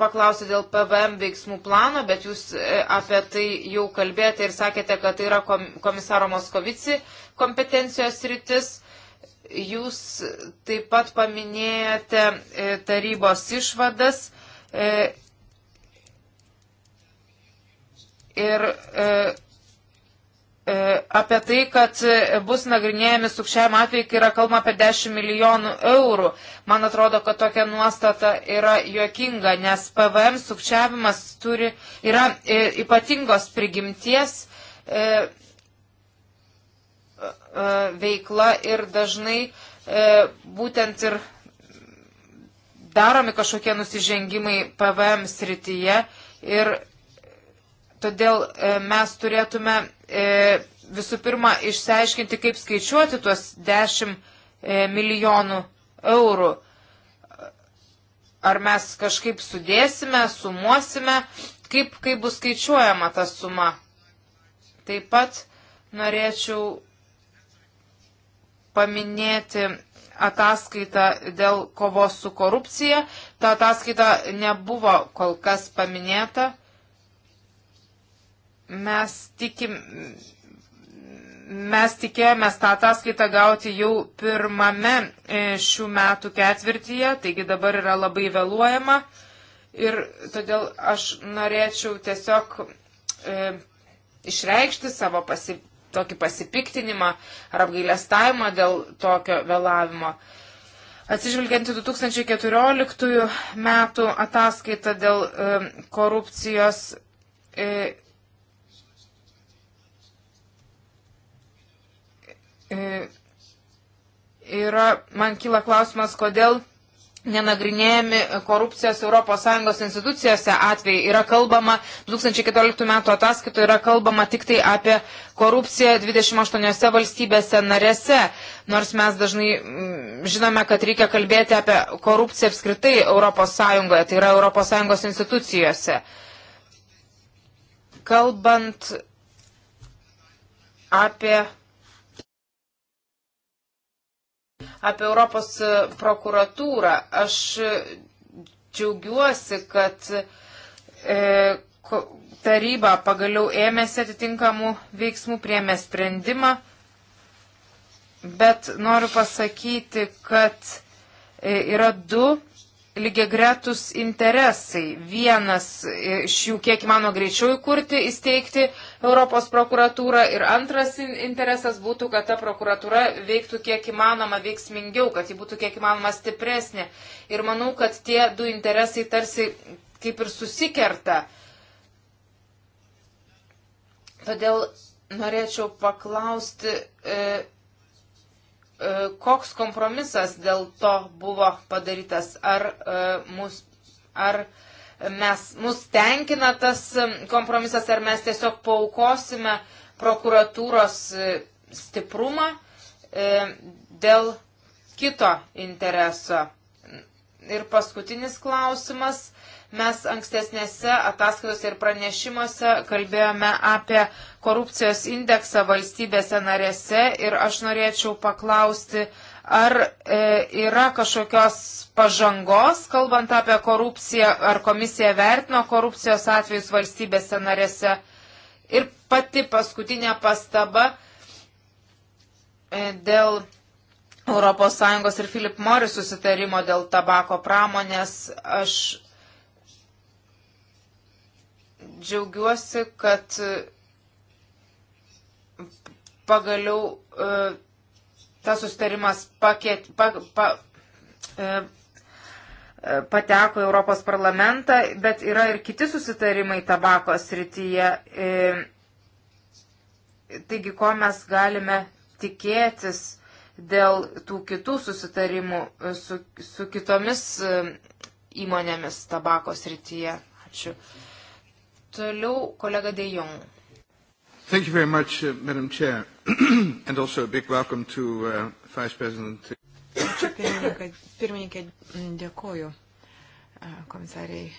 paklausyti dėl PVM veiksmų plano, bet jūs apie tai jau kalbėjote ir sakėte, kad tai yra komisaro Moskovici kompetencijos rytis. Jūs taip pat paminėjote e, tarybos išvadas e, ir e, apie tai, kad bus nagrinėjami sukčiavimo atvejai, kai yra kalba apie 10 milijonų eurų. Man atrodo, kad tokia nuostata yra juokinga, nes PVM sukčiavimas turi, yra ypatingos prigimties. E, E, veikla ir dažnai e, būtent ir daromi kažkokie nusižengimai PVM srityje ir todėl e, mes turėtume visų pirma išsiaiškinti, kaip skaičiuoti tuos 10 milijonų eurų. Ar mes kažkaip sudėsime, sumuosime, kaip, kaip bus skaičiuojama ta suma. Taip pat norėčiau paminėti ataskaitą dėl kovos su korupcija. Ta ataskaita nebuvo kol kas paminėta. Mes, tikim, mes tikėjomės tą ataskaitą gauti jau pirmame e, šių metų ketvirtyje, taigi dabar yra labai vėluojama. Ir todėl aš norėčiau tiesiog e, išreikšti savo pasi, tokį pasipiktinimą ar apgailestavimą dėl tokio vėlavimo. Atsižvelgiant į 2014 metų ataskaitą dėl e, korupcijos. E, e, yra, man kyla klausimas, kodėl nenagrinėjami korupcijos ES institucijose atvejai. Yra kalbama, 2014 metų ataskaitoje yra kalbama tik tai apie korupciją 28 valstybėse narėse. Nors mes dažnai mm, žinome, kad reikia kalbėti apie korupciją apskritai ES, tai yra ES institucijose. Kalbant apie Apie Europos prokuratūrą aš džiaugiuosi, kad e, taryba pagaliau ėmėsi atitinkamų veiksmų, priemė sprendimą, bet noriu pasakyti, kad e, yra du lygiai gretus interesai. Vienas iš jų kiek įmano greičiau įkurti, įsteigti Europos prokuratūrą ir antras interesas būtų, kad ta prokuratūra veiktų kiek įmanoma veiksmingiau, kad ji būtų kiek įmanoma stipresnė. Ir manau, kad tie du interesai tarsi kaip ir susikerta. Todėl norėčiau paklausti. E, E, koks kompromisas dėl to buvo padarytas? Ar, e, mus, ar mes, mus tenkina tas e, kompromisas, ar mes tiesiog paukosime prokuratūros stiprumą dėl kito intereso? Ir paskutinis klausimas Mes ankstesnėse ataskaitose ir pranešimuose kalbėjome apie korupcijos indeksą valstybėse narėse ir aš norėčiau paklausti, ar e, yra kažkokios pažangos, kalbant apie korupciją, ar komisija vertino korupcijos atvejus valstybėse narėse. Ir pati paskutinė pastaba e, dėl ES ir Philip Morris susitarimo dėl tabako pramonės. Aš Džiaugiuosi, kad pagaliau e, tas sustarimas paket, pa, pa, e, e, pateko į Europos parlamentą, bet yra ir kiti susitarimai tabako srityje. Taigi, ko mes galime tikėtis dėl tų kitų susitarimų su, su kitomis įmonėmis tabako srityje. Ačiū. Toliau kolega De Jong. Thank you very much, uh, Madam Chair, <clears throat> and also a big welcome to uh, Vice President. Ačiū pirmininkė, pirmininkė dėkoju uh, komisariai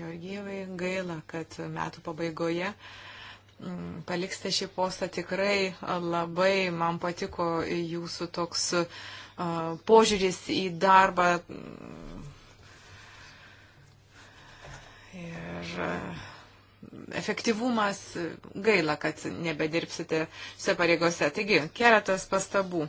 Georgievai. Gaila, kad metų pabaigoje mm, paliksite šį postą. Tikrai labai man patiko jūsų toks uh, požiūris į darbą. Mm. Ir, uh, efektyvumas, gaila, kad nebedirbsite šiose pareigose. Taigi, keletas pastabų.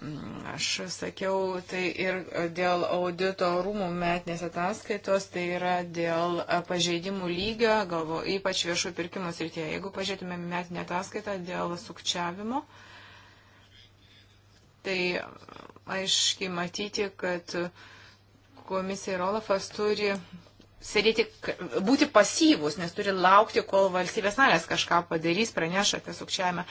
Mm, aš sakiau, tai ir dėl audito rūmų metinės ataskaitos, tai yra dėl pažeidimų lygio, galvo, ypač viešų pirkimų srityje. Jeigu pažiūrėtumėm metinę ataskaitą dėl sukčiavimo, tai aiškiai matyti, kad komisija ir Olafas turi sėdėti, būti pasyvus, nes turi laukti, kol valstybės narės kažką padarys, praneša apie sukčiavimą.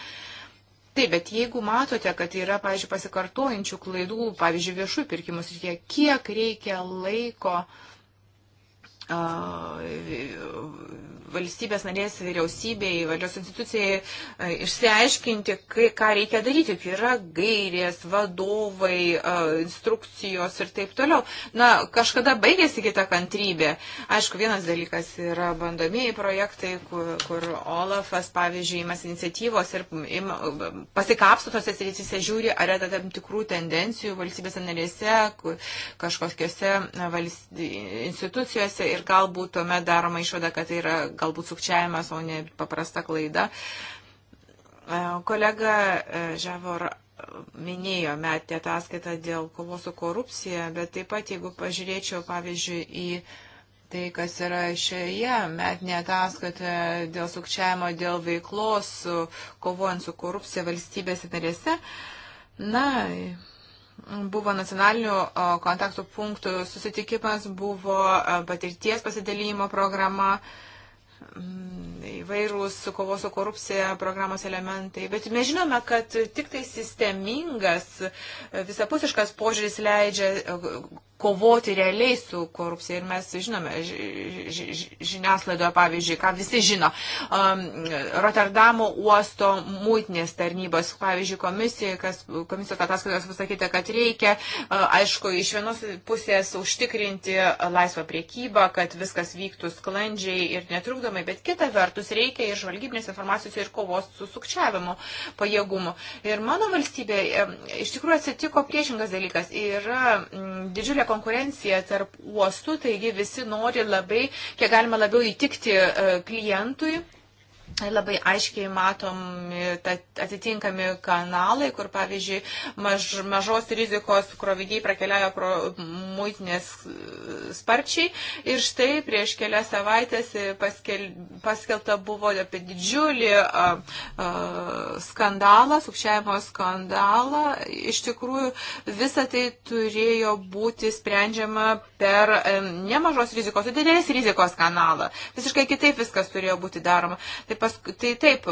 Taip, bet jeigu matote, kad yra, pavyzdžiui, pasikartojančių klaidų, pavyzdžiui, viešų pirkimus, kiek reikia laiko uh, valstybės narės vyriausybei, valdžios institucijai išsiaiškinti, kai, ką reikia daryti, kai yra gairės, vadovai, instrukcijos ir taip toliau. Na, kažkada baigėsi kita kantrybė. Aišku, vienas dalykas yra bandomieji projektai, kur, kur Olafas, pavyzdžiui, imas iniciatyvos ir ima, pasikapsto tose srityse žiūri, ar yra tam tikrų tendencijų valstybės narėse, kažkokiose valst... institucijose. Ir ir galbūt tuomet daroma išvada, kad tai yra galbūt sukčiavimas, o ne paprasta klaida. E, kolega e, Žavor minėjo metę ataskaitą dėl kovos su korupcija, bet taip pat, jeigu pažiūrėčiau, pavyzdžiui, į tai, kas yra šioje metinė ataskaitoje dėl sukčiavimo, dėl veiklos, kovojant su korupcija valstybėse narėse. Na, buvo nacionalinių kontaktų punktų susitikimas, buvo e, patirties pasidalymo programa, mm, įvairūs kovos su korupcija programos elementai. Bet mes žinome, kad tik tai sistemingas, e, visapusiškas požiūris leidžia e, kovoti realiai su korupcija. Ir mes žinome, žiniaslaidoje pavyzdžiui, ką visi žino, um, Rotterdamo uosto mūtinės tarnybos, pavyzdžiui, komisija, kas, komisijos ataskaitos pasakyta, kad reikia, uh, aišku, iš vienos pusės užtikrinti laisvą priekybą, kad viskas vyktų sklandžiai ir netrukdomai, bet kita vertus reikia ir žvalgybinės informacijos ir kovos su sukčiavimu pajėgumu. Ir mano valstybė um, iš tikrųjų atsitiko priešingas dalykas. Yra mm, didžiulė konkurencija tarp uostų, taigi visi nori labai, kiek galima labiau įtikti e, klientui labai aiškiai matomi atitinkami kanalai, kur, pavyzdžiui, maž, mažos rizikos kroviniai prakeliavo pro muitinės e, sparčiai. Ir štai prieš kelias savaitės paskel, paskelta buvo apie didžiulį a, e, a, e, skandalą, sukčiavimo skandalą. Iš tikrųjų, visa tai turėjo būti sprendžiama per a, nemažos rizikos, o didelės rizikos kanalą. Visiškai kitaip viskas turėjo būti daroma. Taip, pas, tai taip,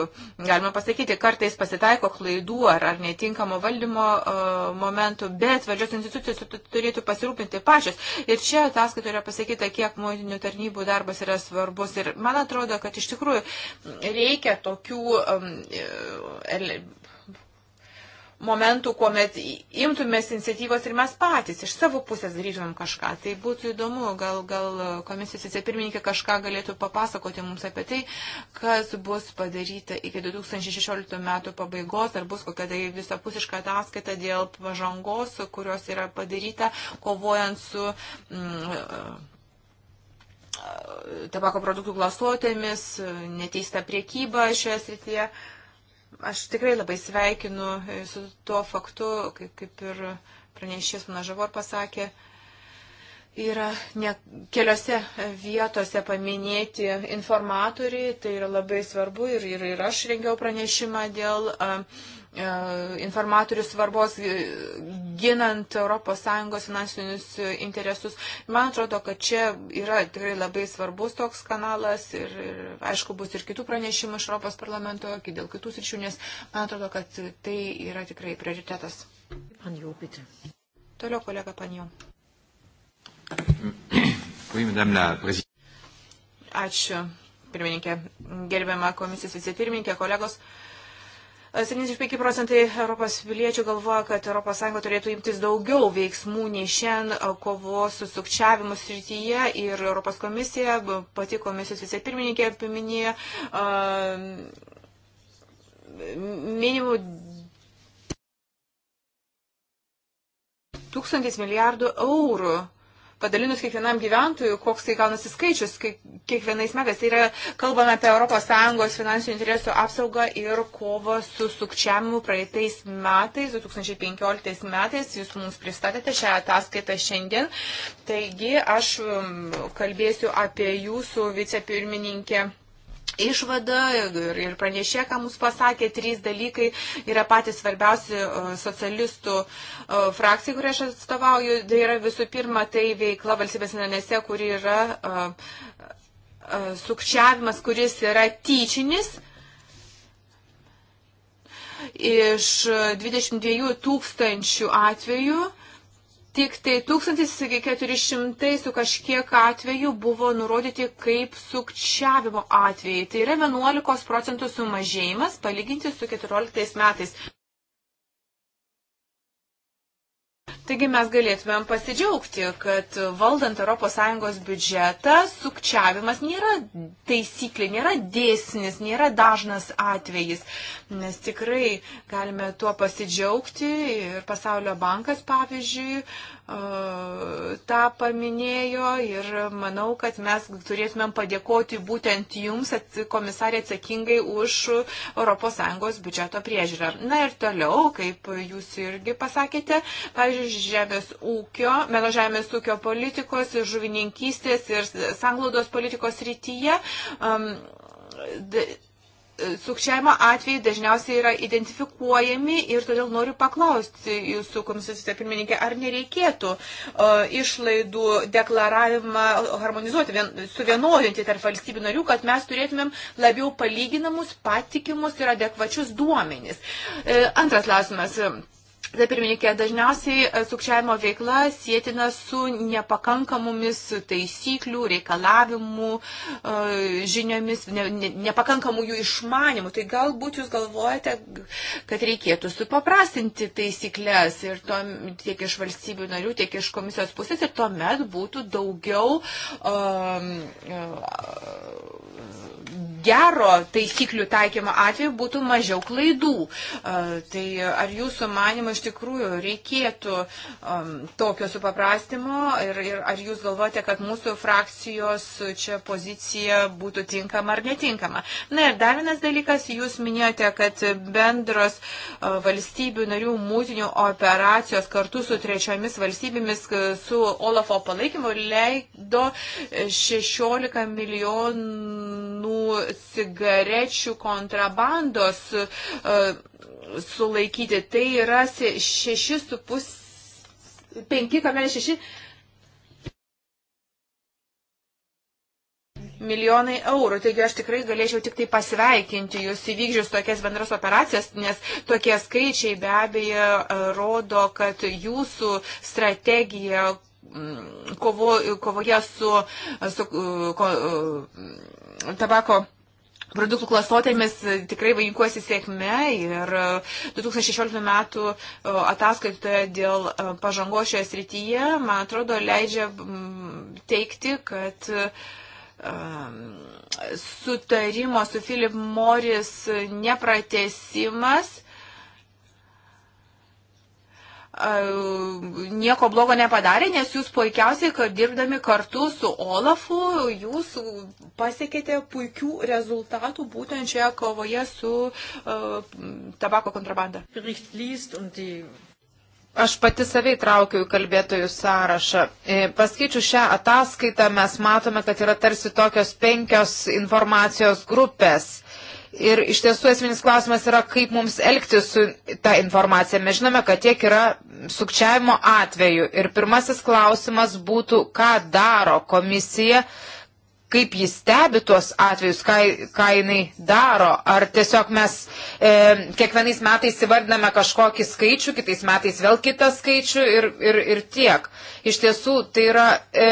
galima pasakyti, kartais pasitaiko klaidų ar, ar netinkamo valdymo uh, momentų, bet valdžios institucijos turėtų pasirūpinti pačios. Ir čia ataskaitoje yra pasakyta, kiek muitinių tarnybų darbas yra svarbus. Ir man atrodo, kad iš tikrųjų reikia tokių um, e, momentų, kuomet imtumės iniciatyvos ir mes patys iš savo pusės darytumėm kažką. Tai būtų įdomu, gal, gal komisijos vicepirmininkė kažką galėtų papasakoti mums apie tai, kas bus padaryta iki 2016 metų pabaigos, ar bus kokia tai visapusiška ataskaita dėl pažangos, kurios yra padaryta kovojant su. Mm, tabako produktų klasotėmis, neteista priekyba šioje srityje. Uh, Aš tikrai labai sveikinu e, su tuo faktu, kaip, kaip ir pranešės mano žavor pasakė, uh, yra ne keliose vietose paminėti informatoriai, tai yra labai svarbu ir, ir, ir aš rengiau pranešimą dėl a, a, informatorių svarbos e, ginant ES finansinius interesus. Man atrodo, kad čia yra tikrai labai svarbus toks kanalas ir, ir aišku bus ir kitų pranešimų iš Europos parlamento, dėl kitų sričių, nes man atrodo, kad tai yra tikrai prioritetas. Panjau, Toliau kolega Panjau. Ačiū, pirmininkė. Gerbiama komisijos vicepirmininkė, kolegos. 75 procentai Europos piliečių galvoja, kad ES turėtų imtis daugiau veiksmų nei šiandien kovos su sukčiavimu srityje ir Europos komisija, pati komisijos vicepirmininkė paminėjo minimų 1000 milijardų eurų padalinus kiekvienam gyventojui, koks tai gaunasi skaičius kiekvienais metais. Tai yra, kalbame apie ES finansinių interesų apsaugą ir kovą su sukčiavimu praeitais metais, 2015 metais. Jūs mums pristatėte šią ataskaitą šiandien. Taigi aš um, kalbėsiu apie jūsų vicepirmininkę išvada ir, ir pranešė, ką mums pasakė, trys dalykai yra patys svarbiausi e, socialistų e, frakcijai, kurią aš atstovauju. Tai yra visų pirma, tai veikla valstybės nanėse, kuri yra e, sukčiavimas, kuris yra tyčinis. Iš 22 tūkstančių atvejų Tik tai 1400 su kažkiek atveju buvo nurodyti kaip sukčiavimo atvejai. Tai yra 11 procentų sumažėjimas palyginti su 14 metais. Taigi mes galėtumėm pasidžiaugti, kad valdant ES biudžetą sukčiavimas nėra taisyklė, nėra dėsnis, nėra dažnas atvejis. Nes tikrai galime tuo pasidžiaugti ir Pasaulio bankas, pavyzdžiui, tą paminėjo ir manau, kad mes turėtumėm padėkoti būtent jums, komisarė, atsakingai už ES biudžeto priežiūrą. Na ir toliau, kaip jūs irgi pasakėte, pavyzdžiui, žemės ūkio, meno žemės ūkio politikos ir žuvininkystės ir sanglaudos politikos rytyje. Um, sukčiavimo atvejai dažniausiai yra identifikuojami ir todėl noriu paklausti jūsų komisijos pirmininkė, ar nereikėtų uh, išlaidų deklaravimą harmonizuoti, vien, suvienodinti tarp valstybių narių, kad mes turėtumėm labiau palyginamus, patikimus ir adekvačius duomenys. Uh, e, antras klausimas. Uh, Taip, pirmininkė, dažniausiai e, sukčiavimo veikla sėtina su nepakankamomis taisyklių, reikalavimų, e, žiniomis, ne, ne, nepakankamų jų išmanimų. Tai galbūt jūs galvojate, kad reikėtų supaprastinti taisyklės ir to, tiek iš valstybių narių, tiek iš komisijos pusės ir tuomet būtų daugiau um, e, gero taisyklių taikymo atveju būtų mažiau klaidų. Tai ar jūsų manimo iš tikrųjų reikėtų um, tokio supaprastimo ir, ir ar jūs galvojate, kad mūsų frakcijos čia pozicija būtų tinkama ar netinkama? Na ir dar vienas dalykas, jūs minėjote, kad bendros uh, valstybių narių mūtinių operacijos kartu su trečiomis valstybėmis su Olafo palaikymu leido 16 milijonų milijonų cigarečių kontrabandos e, sulaikyti. Tai yra 6,5, 5,6 milijonai eurų. Taigi aš tikrai galėčiau tik tai pasveikinti jūs įvykdžius tokias bendras operacijas, nes tokie skaičiai be abejo e, rodo, kad jūsų strategija mm, kovo, kovoje su, su ko, tabako produktų klastotėmis e, tikrai vainikuosi sėkme ir 2016 e, metų e, ataskaitoje dėl pažangos šioje srityje, man atrodo, leidžia mm, teikti, kad sutarimo su Philip Morris nepratesimas nieko blogo nepadarė, nes jūs puikiausiai, kad dirbdami kartu su Olafu, jūs pasiekėte puikių rezultatų būtent šioje kovoje su uh, tabako kontrabanda. Aš pati savai traukiu į kalbėtojų sąrašą. E, Paskaičiu šią ataskaitą, mes matome, kad yra tarsi tokios penkios informacijos grupės Ir iš tiesų esminis klausimas yra, kaip mums elgtis su ta informacija. Mes žinome, kad tiek yra sukčiavimo atveju. Ir pirmasis klausimas būtų, ką daro komisija, kaip jis stebi tuos atvejus, ką, ką jinai daro. Ar tiesiog mes e, kiekvienais metais įvardiname kažkokį skaičių, kitais metais vėl kitą skaičių ir, ir, ir tiek. Iš tiesų tai yra e,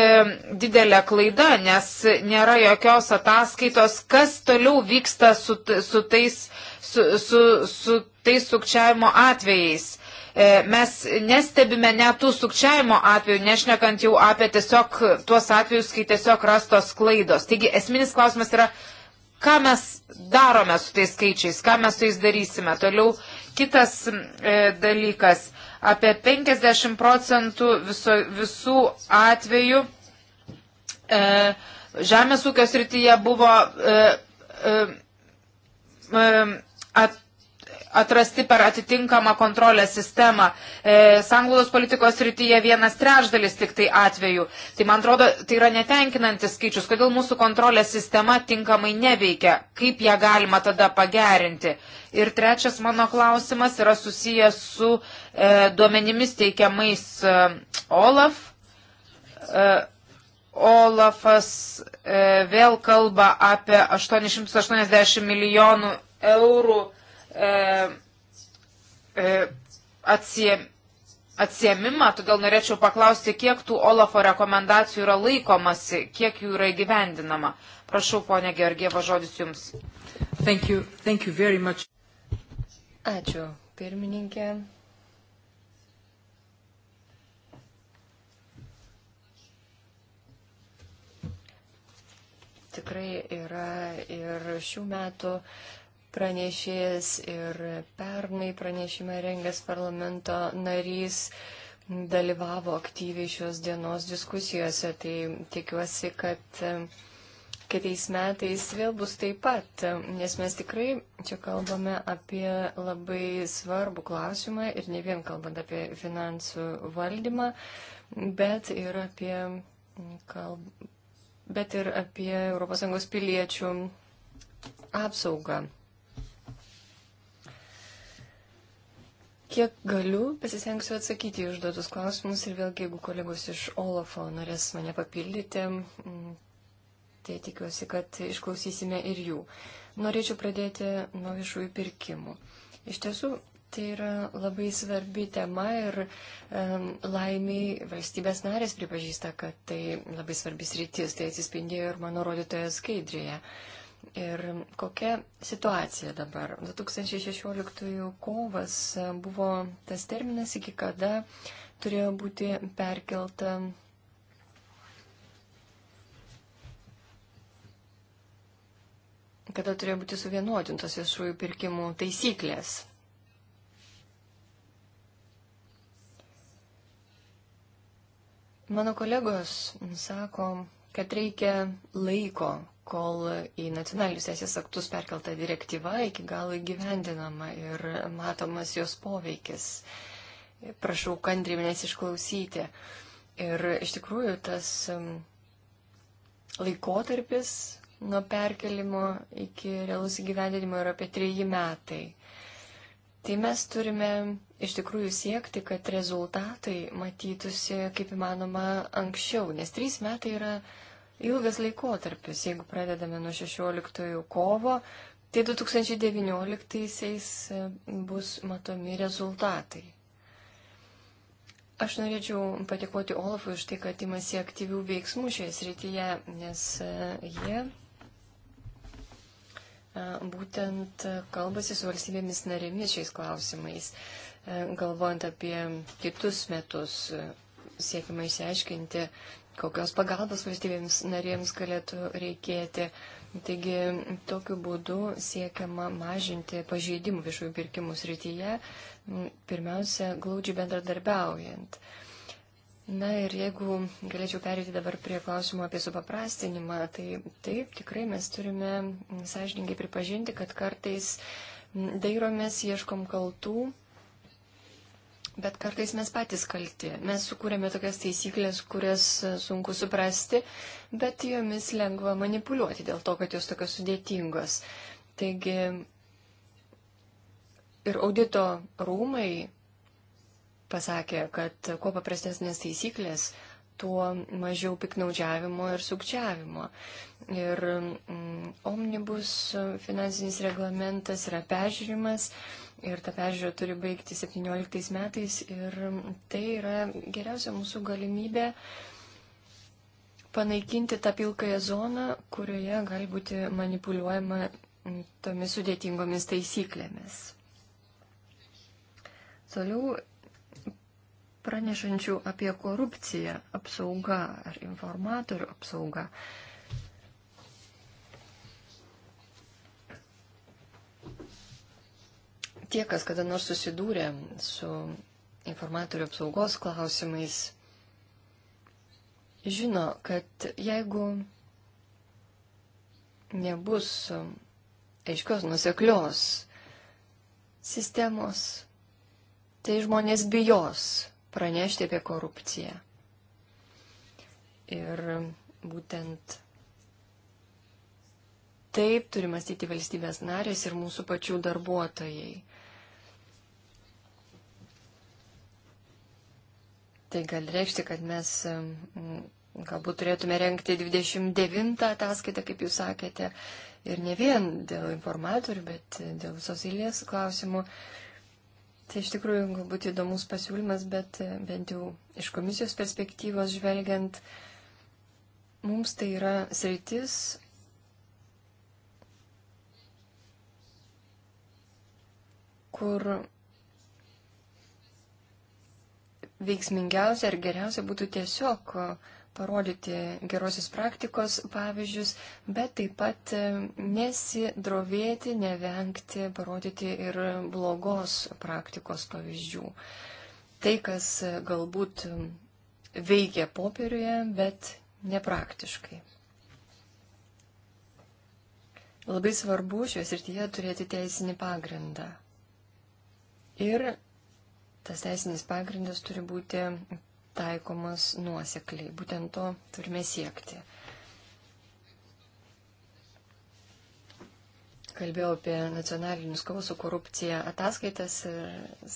didelė klaida, nes nėra jokios ataskaitos, kas toliau vyksta su, su tais su, su, su tais sukčiavimo atvejais. E, mes nestebime netų sukčiavimo atveju, nešnekant jau apie tiesiog tuos atvejus, kai tiesiog rastos klaidos. Taigi esminis klausimas yra, ką mes darome su tais skaičiais, ką mes su jais darysime. Toliau kitas e, dalykas. Apie 50 procentų viso, visų atvejų e, žemės ūkio srityje buvo e, e, e, at, atrasti per atitinkamą kontrolės sistemą. E, sanglaudos politikos rytyje vienas trečdalis tik tai atveju. Tai man atrodo, tai yra netenkinantis skaičius. Kodėl mūsų kontrolės sistema tinkamai neveikia? Kaip ją galima tada pagerinti? Ir trečias mano klausimas yra susijęs su e, duomenimis teikiamais e, OLAF. E, Olafas e, vėl kalba apie 880 milijonų eurų e, E, e, atsie, atsiemimą, todėl norėčiau paklausti, kiek tų Olafo rekomendacijų yra laikomasi, kiek jų yra įgyvendinama. Prašau, ponė Georgieva, žodis jums. Thank you. Thank you very much. Ačiū, pirmininkė. Tikrai yra ir šių metų uh, pranešėjas ir pernai pranešimą rengęs parlamento narys dalyvavo aktyviai šios dienos diskusijose, tai tikiuosi, kad kitais metais vėl bus taip pat, nes mes tikrai čia kalbame apie labai svarbų klausimą ir ne vien kalbant apie finansų valdymą, bet ir apie, kalb... bet ir apie ES piliečių apsaugą. Kiek galiu, pasisengsiu atsakyti į užduotus klausimus ir vėlgi, jeigu kolegos iš Olafo norės mane papildyti, mm, tai tikiuosi, kad išklausysime ir jų. Norėčiau pradėti nuo viešųjų pirkimų. Iš tiesų, tai yra labai svarbi tema ir um, laimiai valstybės narės pripažįsta, kad tai labai svarbis rytis, tai atsispindėjo ir mano rodytoje skaidrėje. Uh, Ir kokia situacija dabar? 2016 kovas e, buvo tas terminas, iki kada turėjo būti perkelta. kada turėjo būti suvienodintos viešųjų pirkimų taisyklės. Mano kolegos sako, kad reikia laiko kol į nacionalinius teisės aktus perkelta direktyva iki galo įgyvendinama ir matomas jos poveikis. Prašau kantriai manęs išklausyti. Ir iš tikrųjų tas um, laikotarpis nuo perkelimo iki realus įgyvendinimo yra apie treji metai. Tai mes turime iš tikrųjų siekti, kad rezultatai matytųsi kaip įmanoma anksčiau, nes trys metai yra ilgas laikotarpis. Jeigu pradedame nuo 16 kovo, tai 2019 e, bus matomi rezultatai. Aš norėčiau patikoti Olafui už tai, kad imasi aktyvių veiksmų šioje srityje, nes e, jie e, būtent kalbasi su valstybėmis narėmis šiais klausimais, galvojant apie kitus metus, siekima išsiaiškinti, kokios pagalbos valstybėms narėms galėtų reikėti. Taigi tokiu būdu siekiama mažinti pažeidimų viešųjų pirkimų srityje, pirmiausia, glaudžiai bendradarbiaujant. Na ir jeigu galėčiau perėti dabar prie klausimų apie supaprastinimą, tai taip, tikrai mes turime sąžininkai pripažinti, kad kartais dairomės, ieškom kaltų Bet kartais mes patys kalti. Mes sukūrėme tokias taisyklės, kurias e, sunku suprasti, bet jomis lengva manipuliuoti dėl to, kad jos tokios sudėtingos. Taigi ir audito rūmai pasakė, kad kuo paprastesnės taisyklės, tuo mažiau piknaudžiavimo ir sukčiavimo. Ir mm, omnibus finansinis reglamentas yra pežiūrimas. Mm, ir ta peržiūra turi baigti 17 metais ir tai yra geriausia mūsų galimybė panaikinti tą pilkąją zoną, kurioje gali būti manipuliuojama tomis sudėtingomis taisyklėmis. Toliau pranešančių apie korupciją apsauga ar informatorių apsauga. Uh, Tie, kas kada nors susidūrė su informatorių apsaugos klausimais, žino, kad jeigu nebus aiškios nuseklios sistemos, tai žmonės bijos pranešti apie korupciją. Ir būtent taip turi mąstyti valstybės narės ir mūsų pačių darbuotojai. Tai gali reikšti, kad mes mm, galbūt turėtume renkti 29 ataskaitą, kaip jūs sakėte, ir ne vien dėl informatorių, bet dėl visos eilės klausimų. Tai iš tikrųjų galbūt įdomus pasiūlymas, bet bent jau iš komisijos perspektyvos žvelgiant, mums tai yra sritis, kur veiksmingiausia ir geriausia būtų tiesiog e, parodyti gerosios praktikos pavyzdžius, bet taip pat e, nesidrovėti, nevengti, parodyti ir blogos praktikos pavyzdžių. Tai, kas e, galbūt veikia popieriuje, bet nepraktiškai. Labai svarbu šios rytyje turėti teisinį pagrindą. Ir tas teisinis pagrindas turi būti taikomas nuosekliai. Būtent to turime siekti. Kalbėjau apie nacionalinius kovos su korupcija ataskaitas ir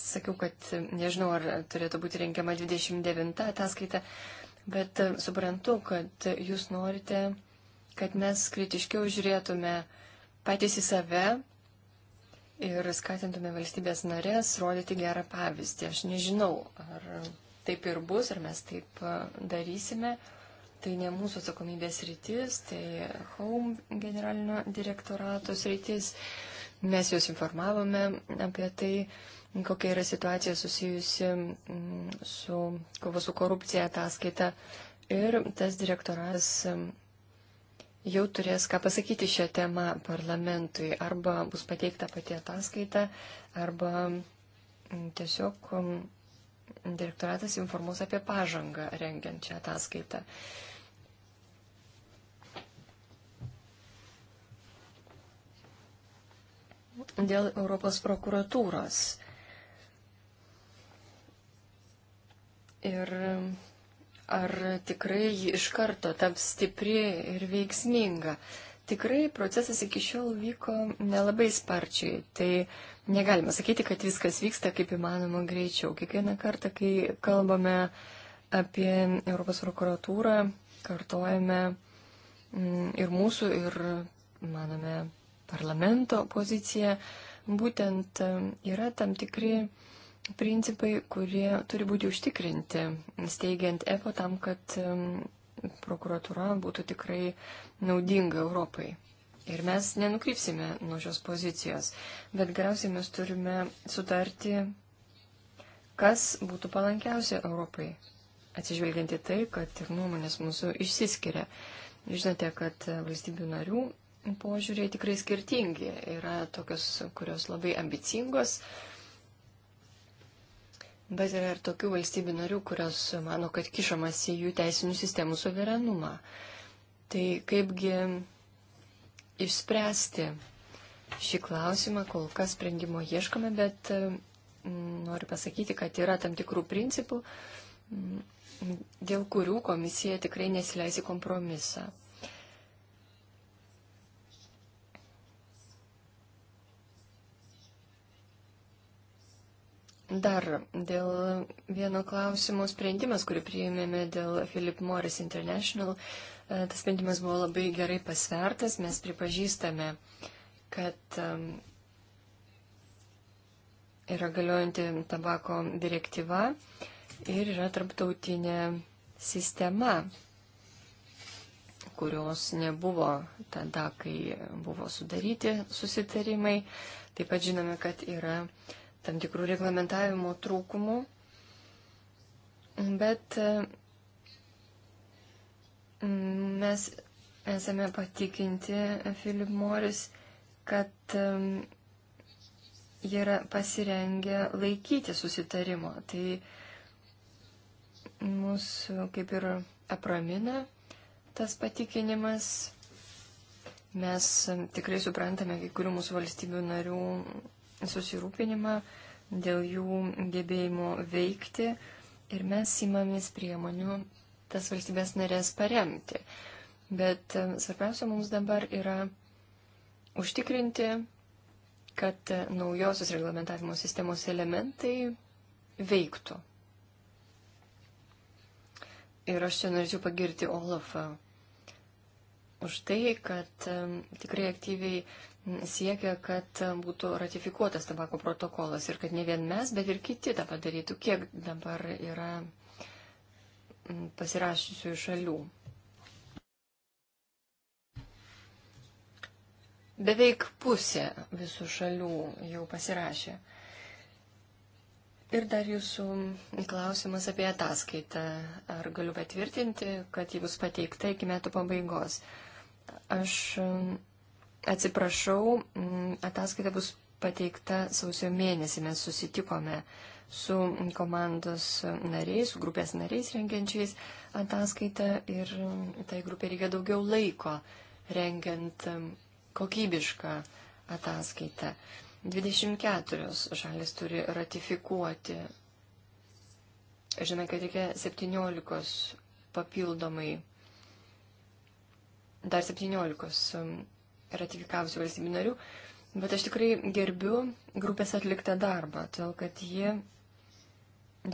sakiau, kad nežinau, ar turėtų būti rengiama 29 ataskaita, bet suprantu, kad jūs norite, kad mes kritiškiau žiūrėtume patys į save ir skatintume valstybės narės rodyti gerą pavyzdį. Aš nežinau, ar taip ir bus, ar mes taip darysime. Tai ne mūsų atsakomybės rytis, tai Home generalinio direktorato rytis. Mes juos informavome apie tai, kokia yra situacija susijusi su kovo su korupcija ataskaita. Ir tas direktoras jau turės ką pasakyti šią temą parlamentui. Arba bus pateikta pati ataskaita, arba mm, tiesiog mm, direktoratas informuos apie pažangą rengiant šią ataskaitą. Dėl Europos prokuratūros. Ir ar tikrai ji iš karto taps stipri ir veiksminga. Tikrai procesas iki šiol vyko nelabai sparčiai, tai negalima sakyti, kad viskas vyksta kaip įmanoma greičiau. Kiekvieną kartą, kai kalbame apie Europos prokuratūrą, kartojame mm, ir mūsų, ir, manome, parlamento poziciją, būtent mm, yra tam tikri principai, kurie turi būti užtikrinti, steigiant EPO tam, kad prokuratūra būtų tikrai naudinga Europai. Ir mes nenukrypsime nuo šios pozicijos, bet galiausiai mes turime sutarti, kas būtų palankiausia Europai, atsižvelgianti tai, kad ir nuomonės mūsų išsiskiria. Žinote, kad valstybių narių požiūriai tikrai skirtingi. Yra tokios, kurios labai ambicingos, uh, Bet yra ir tokių valstybių narių, kurios mano, kad kišamas į jų teisinių sistemų suverenumą. Tai kaipgi išspręsti šį klausimą, kol kas sprendimo ieškome, bet mm, noriu pasakyti, kad yra tam tikrų principų, mm, dėl kurių komisija tikrai nesileisi kompromisą. Dar dėl vieno klausimo sprendimas, kurį priėmėme dėl Philip Morris International. E, tas sprendimas buvo labai gerai pasvertas. Mes pripažįstame, kad yra galiojanti tabako direktyva ir yra tarptautinė sistema, kurios nebuvo tada, kai buvo sudaryti susitarimai. Taip pat žinome, kad yra tam tikrų reglamentavimo trūkumų, bet mm, mes esame patikinti Philip Morris, kad mm, jie yra pasirengę laikyti susitarimo. Tai mūsų kaip ir apramina tas patikinimas. Mes mm, tikrai suprantame kai kurių mūsų valstybių narių susirūpinimą dėl jų gebėjimo veikti ir mes įmamės priemonių tas valstybės narės paremti. Bet e, svarbiausia mums dabar yra užtikrinti, kad e, naujosios reglamentavimo sistemos elementai veiktų. Ir aš čia norėčiau pagirti Olafą už tai, kad e, tikrai aktyviai siekia, kad būtų ratifikuotas tabako protokolas ir kad ne vien mes, bet ir kiti tą padarytų, kiek dabar yra mm, pasirašysių šalių. Beveik pusė visų šalių jau pasirašė. Ir dar jūsų klausimas apie ataskaitą. Ar galiu patvirtinti, kad ji bus pateikta iki metų pabaigos? Aš Atsiprašau, mm, ataskaita bus pateikta sausio mėnesį. Mes susitikome su komandos nariais, su grupės nariais rengiančiais ataskaitą ir mm, tai grupė reikia daugiau laiko rengiant mm, kokybišką ataskaitą. 24 šalis turi ratifikuoti. Žinai, kad reikia 17 papildomai, dar 17 ratifikavusių valstybių narių, bet aš tikrai gerbiu grupės atliktą darbą, todėl kad ji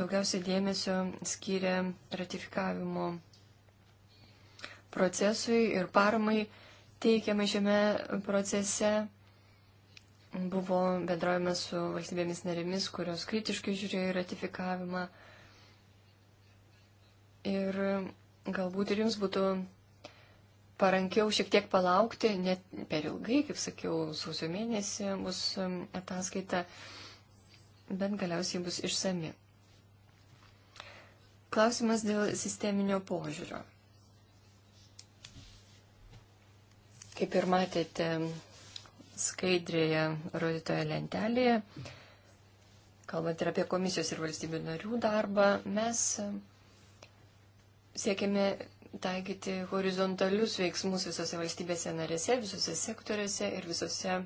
daugiausiai dėmesio skiria ratifikavimo procesui ir paramai teikiamai šiame procese. Buvo bendraujama su valstybėmis narėmis, kurios kritiškai žiūrėjo į ratifikavimą. Ir galbūt ir jums būtų parankiau šiek tiek palaukti, net per ilgai, kaip sakiau, sausio mėnesį bus um, ataskaita, bet galiausiai bus išsami. Klausimas dėl sisteminio požiūrio. Kaip ir matėte skaidrėje rodytoje lentelėje, kalbant ir apie komisijos ir valstybių narių darbą, mes um, siekiame taikyti horizontalius veiksmus visose valstybėse narėse, visose sektoriuose ir visose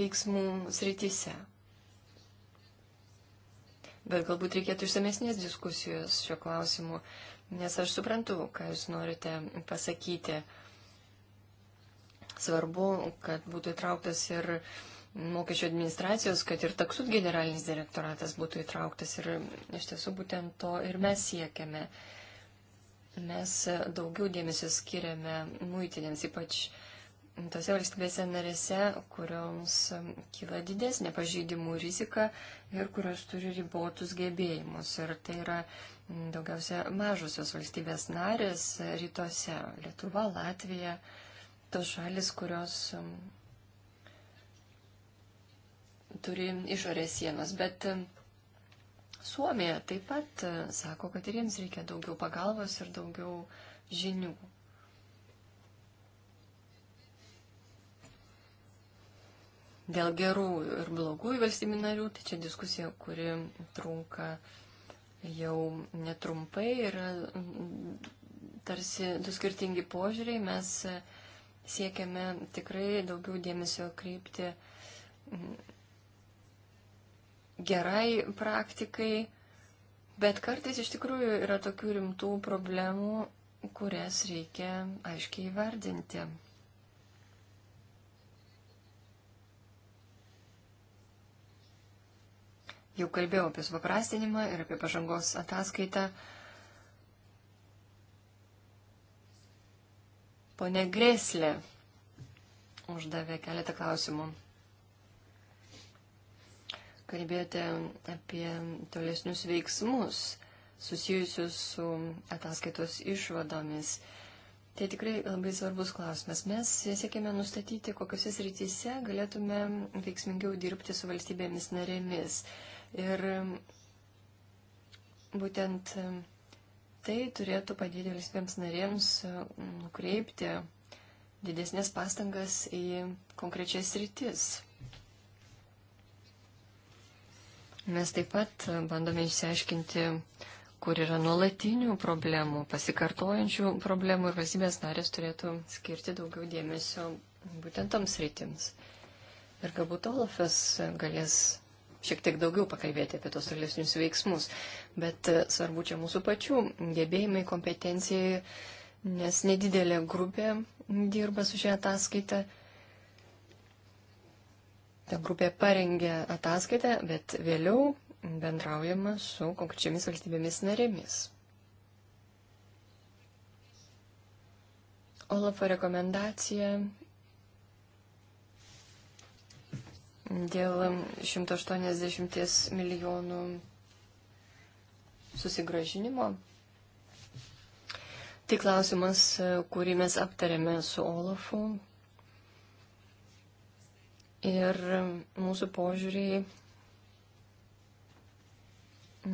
veiksmų srityse. Bet galbūt reikėtų išsamesnės diskusijos šio klausimu, nes aš suprantu, ką jūs norite pasakyti. Svarbu, kad būtų įtrauktas ir mokesčio administracijos, kad ir taksut generalinis direktoratas būtų įtrauktas ir iš tiesų būtent to ir mes siekiame. Uh, mes daugiau dėmesio skiriame muitinėms, ypač tose valstybėse narėse, kurioms kyla didesnė pažydimų rizika ir kurios turi ribotus gebėjimus. Ir tai yra daugiausia mažosios valstybės narės rytuose - Lietuva, Latvija, tos šalis, kurios um, turi išorės sienos. Bet um, Suomija taip pat e, sako, kad ir jiems reikia daugiau pagalbos ir daugiau žinių. Dėl gerų ir blogų valstybių narių, tai čia diskusija, kuri trunka jau netrumpai ir mm, tarsi du skirtingi požiūriai. Mes e, siekiame tikrai daugiau dėmesio kreipti mm, gerai praktikai, bet kartais iš tikrųjų yra tokių rimtų problemų, kurias reikia aiškiai įvardinti. Jau kalbėjau apie supaprastinimą ir apie pažangos ataskaitą. Pone Greslė uždavė keletą klausimų kalbėjote apie tolesnius veiksmus susijusius su ataskaitos išvadomis. Tai tikrai labai svarbus klausimas. Mes siekime nustatyti, kokiuose srityse galėtume veiksmingiau dirbti su valstybėmis narėmis. Ir būtent tai turėtų padėti valstybėms narėms nukreipti didesnės pastangas į konkrečias sritis. Mes taip pat bandome išsiaiškinti, kur yra nuolatinių problemų, pasikartojančių problemų ir valstybės narės turėtų skirti daugiau dėmesio būtent toms rytims. Ir galbūt Olafas galės šiek tiek daugiau pakalbėti apie tos tolesnius veiksmus. Bet e, svarbu čia mūsų pačių gebėjimai, kompetencijai, nes nedidelė grupė dirba su šia ataskaita. Ta grupė parengė ataskaitę, bet vėliau bendraujama su konkrečiamis valstybėmis narėmis. Olafo rekomendacija dėl 180 milijonų susigražinimo. Tai klausimas, kurį mes aptarėme su Olafu ir mūsų požiūriai,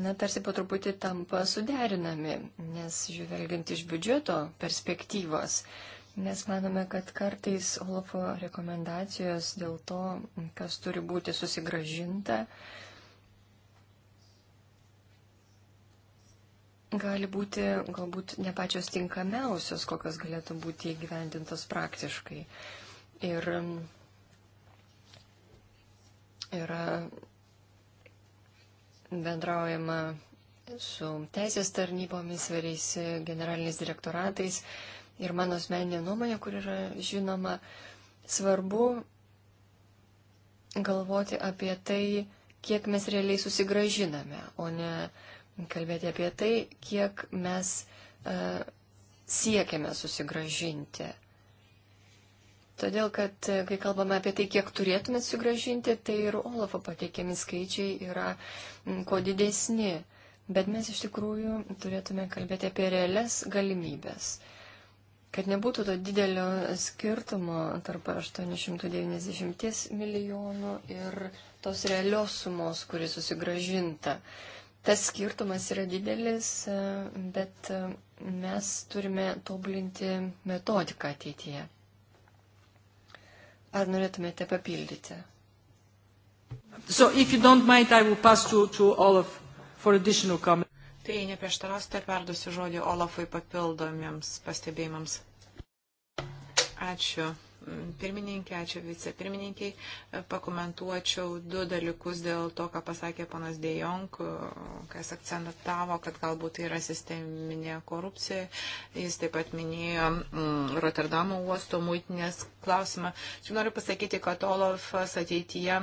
na, tarsi po truputį tampa suderinami, nes žvelgiant iš biudžeto perspektyvos, mes manome, kad kartais Olofo rekomendacijos dėl to, kas turi būti susigražinta, gali būti galbūt ne pačios tinkamiausios, kokios galėtų būti įgyvendintos praktiškai. Ir yra bendraujama su teisės tarnybomis, vairiais generaliniais direktoratais. Ir mano asmeninė nuomonė, kur yra žinoma, svarbu galvoti apie tai, kiek mes realiai susigražiname, o ne kalbėti apie tai, kiek mes uh, siekiame susigražinti. Uh, Todėl, kad e, kai kalbame apie tai, kiek turėtume sugražinti, tai ir Olafo pateikiami skaičiai yra kuo didesni. Bet mes iš tikrųjų turėtume kalbėti apie realias galimybės. Kad nebūtų to didelio skirtumo tarp 890 milijonų ir tos realios sumos, kuri susigražinta. Tas skirtumas yra didelis, e, bet e, mes turime tobulinti metodiką ateityje. Ar norėtumėte papildyti? So, if you don't mind, I will pass to, to Olaf for additional comments. Tai neprieštarausite, perduosiu žodį Olafui papildomiems pastebėjimams. Ačiū pirmininkė, ačiū vicepirmininkiai. Pakomentuočiau du dalykus dėl to, ką pasakė panas Dejong, kas akcentavo, kad galbūt tai yra sisteminė korupcija. Jis taip pat minėjo mm, Rotterdamo uosto muitinės klausimą. Aš noriu pasakyti, kad Olafas ateityje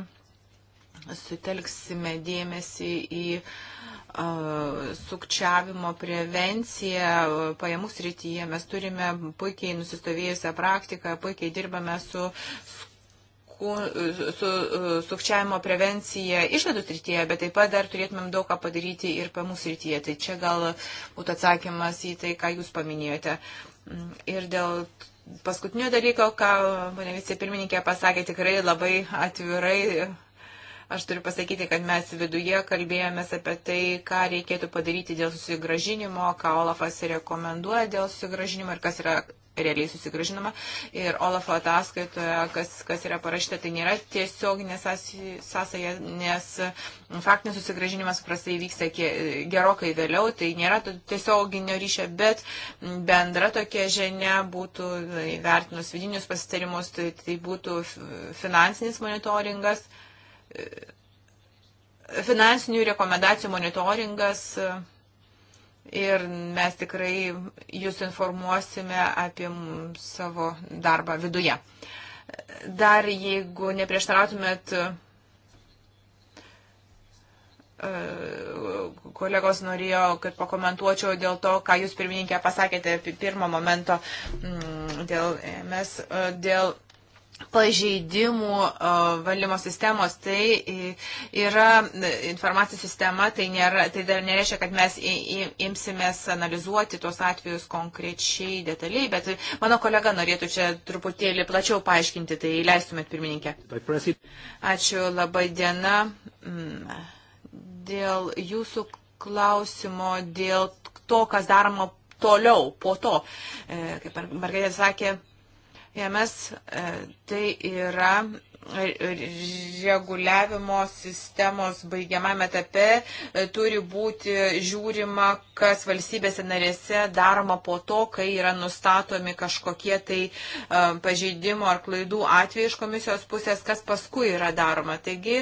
sutelksime dėmesį į uh, sukčiavimo prevenciją pajamų srityje. Mes turime puikiai nusistovėjusią praktiką, puikiai dirbame su su sukčiavimo prevencija išlaidų srityje, bet taip pat dar turėtumėm daug ką padaryti ir pamų srityje. Tai čia gal būtų atsakymas į tai, ką jūs paminėjote. Ir dėl paskutinio dalyko, ką mane vicepirmininkė pasakė tikrai labai atvirai Aš turiu pasakyti, kad mes viduje kalbėjomės apie tai, ką reikėtų padaryti dėl susigražinimo, ką Olafas rekomenduoja dėl susigražinimo ir kas yra realiai susigražinama. Ir Olafo ataskaitoje, kas, kas yra parašyta, tai nėra tiesioginė sąsaja, nes faktinis susigražinimas prastai vyksta gerokai vėliau, tai nėra tiesioginio ryšio, bet bendra tokia žinia būtų, vertinus vidinius pasitarimus, tai, tai būtų finansinis monitoringas finansinių rekomendacijų monitoringas ir mes tikrai jūs informuosime apie savo darbą viduje. Dar jeigu neprieštarautumėt e, kolegos norėjo, kad pakomentuočiau dėl to, ką jūs pirmininkė pasakėte apie pirmą momento mm, dėl e MS, e, dėl pažeidimų valdymo sistemos. Tai yra e, informacijos sistema, tai, nėra, tai dar nereiškia, kad mes imsimės analizuoti tuos atvejus konkrečiai detaliai, bet mano kolega norėtų čia truputėlį plačiau paaiškinti, tai leistumėt pirmininkė. Ačiū, labai diena. Mm, dėl jūsų klausimo, dėl to, kas daroma toliau, po to, e, kaip Margarita sakė, Jemės e, tai yra reguliavimo sistemos baigiamame etape e, turi būti žiūrima, kas valstybėse narėse daroma po to, kai yra nustatomi kažkokie tai e, pažeidimo ar klaidų atvejai iš komisijos pusės, kas paskui yra daroma. Taigi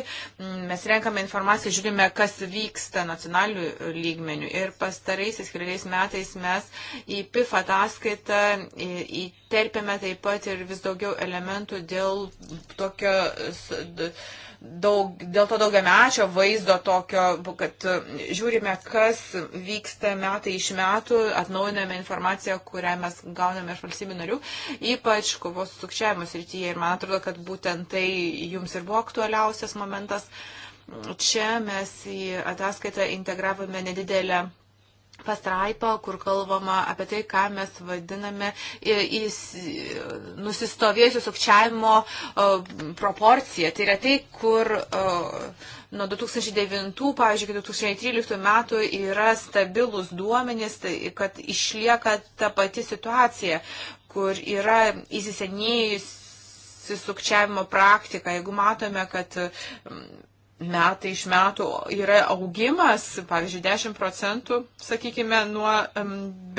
mes renkame informaciją, žiūrime, kas vyksta nacionaliniu lygmeniu. Ir pastaraisiais keliais metais mes į PIF ataskaitą įterpėme taip pat ir vis daugiau elementų dėl tokio daug, dėl to daugiamečio vaizdo tokio, kad žiūrime, kas vyksta metai iš metų, atnaujiname informaciją, kurią mes gauname iš valstybių narių, ypač kovos su sukčiavimo srityje. Ir man atrodo, kad būtent tai jums ir buvo aktualiausias momentas. Čia mes į ataskaitą integravome nedidelę pastraipą, kur kalbama apie tai, ką mes vadiname nusistovėjusių sukčiavimo proporciją. Tai yra tai, kur nuo 2009, pavyzdžiui, iki 2013 metų yra stabilus duomenys, tai, kad išlieka ta pati situacija, kur yra įsisenėjusi sukčiavimo praktika. Jeigu matome, kad metai iš metų yra augimas, pavyzdžiui, 10 procentų, sakykime, nuo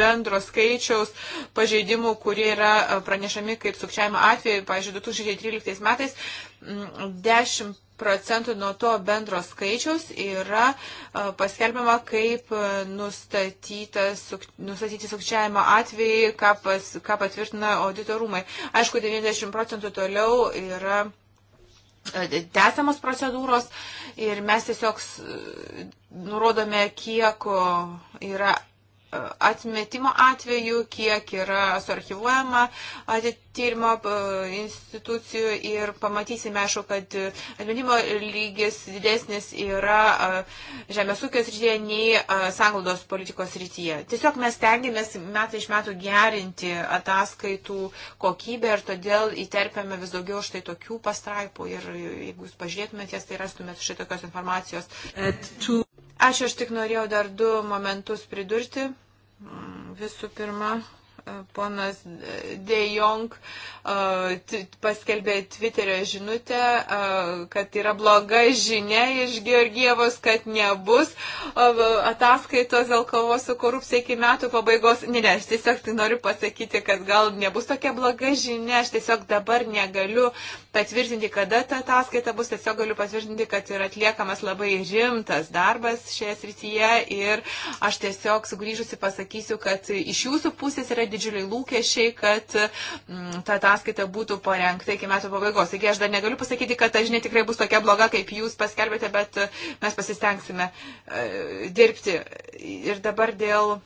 bendro skaičiaus pažeidimų, kurie yra e, pranešami kaip sukčiavimo atveju, pavyzdžiui, 2013 metais 10 procentų nuo to bendro skaičiaus yra e, paskelbiama kaip e, suk, nustatyti sukčiavimo atvejai, ką, pas, ką patvirtina auditorumai. Aišku, 90 procentų toliau yra tęsiamos procedūros ir mes tiesiog nurodome, kiek yra atmetimo atveju, kiek yra suarchivuojama atityrimo e, institucijų ir pamatysime, aišku, kad atmetimo lygis didesnis yra e, žemės ūkio srityje nei e, sanglaudos politikos srityje. Tiesiog mes tengiamės metai iš metų gerinti ataskaitų kokybę ir todėl įterpiame vis daugiau štai tokių pastraipų ir jeigu jūs pažiūrėtumėte, tai rastumėte štai tokios informacijos. At two... Ačiū, aš tik norėjau dar du momentus pridurti. Mm, visų pirma, ponas De Jong paskelbė Twitterio žinutę, kad yra bloga žinia iš Georgievos, kad nebus ataskaitos dėl kovos su korupcija iki metų pabaigos. Ne, ne, aš tiesiog tai noriu pasakyti, kad gal nebus tokia bloga žinia, aš tiesiog dabar negaliu patvirtinti, kada ta ataskaita bus, tiesiog galiu patvirtinti, kad yra atliekamas labai rimtas darbas šioje srityje ir aš tiesiog sugrįžusi pasakysiu, kad iš jūsų pusės yra didžiuliai lūkesčiai, kad m, mm, ta ataskaita būtų parengta iki metų pabaigos. Taigi aš dar negaliu pasakyti, kad ta žinia tikrai bus tokia bloga, kaip jūs paskelbėte, bet e, mes pasistengsime e, dirbti. Ir dabar dėl e,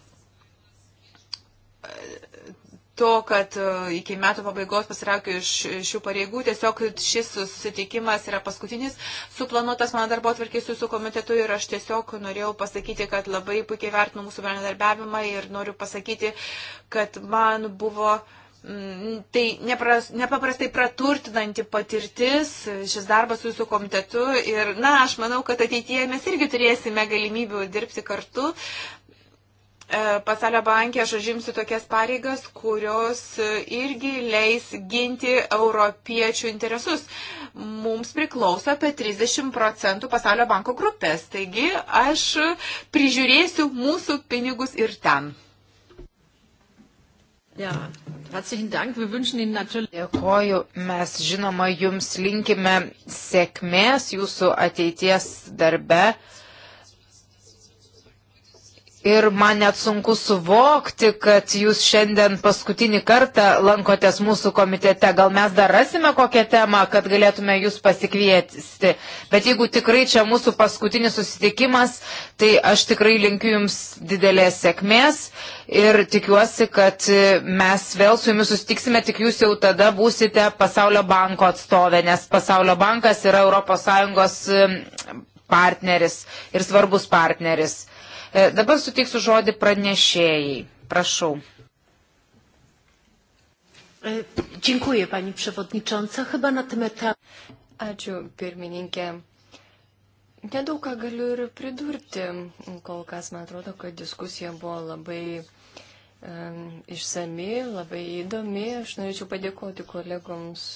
to, kad e, iki metų pabaigos pasiraukiu iš šių pareigų. Tiesiog šis susitikimas yra paskutinis suplanuotas mano darbo atvarkės jūsų komitetu ir aš tiesiog norėjau pasakyti, kad labai puikiai vertinu mūsų bendradarbiavimą ir noriu pasakyti, kad man buvo. Mm, tai nepras, nepaprastai praturtinanti patirtis šis darbas jūsų komitetu ir, na, aš manau, kad ateityje mes irgi turėsime galimybių dirbti kartu. E, pasaulio bankė aš užimsiu tokias pareigas, kurios irgi leis ginti europiečių interesus. Mums priklauso apie 30 procentų pasaulio banko grupės, taigi aš prižiūrėsiu mūsų pinigus ir ten. Ja, Dėkoju, mes žinoma jums linkime sėkmės jūsų ateities darbe. Ir man net sunku suvokti, kad jūs šiandien paskutinį kartą lankotės mūsų komitete. Gal mes dar rasime kokią temą, kad galėtume jūs pasikviesti. Bet jeigu tikrai čia mūsų paskutinis susitikimas, tai aš tikrai linkiu jums didelės sėkmės ir tikiuosi, kad mes vėl su jumis susitiksime, tik jūs jau tada būsite Pasaulio banko atstovė, nes Pasaulio bankas yra ES partneris ir svarbus partneris. E, dabar sutiksiu žodį pranešėjai. Prašau. E, dziękuję Pani Przewodnicząca. Chyba na tym etapie. Ačiū pirmininkė. Nedaug ką galiu ir pridurti. Kol kas man atrodo, kad diskusija buvo labai um, išsami, labai įdomi. Aš norėčiau padėkoti kolegoms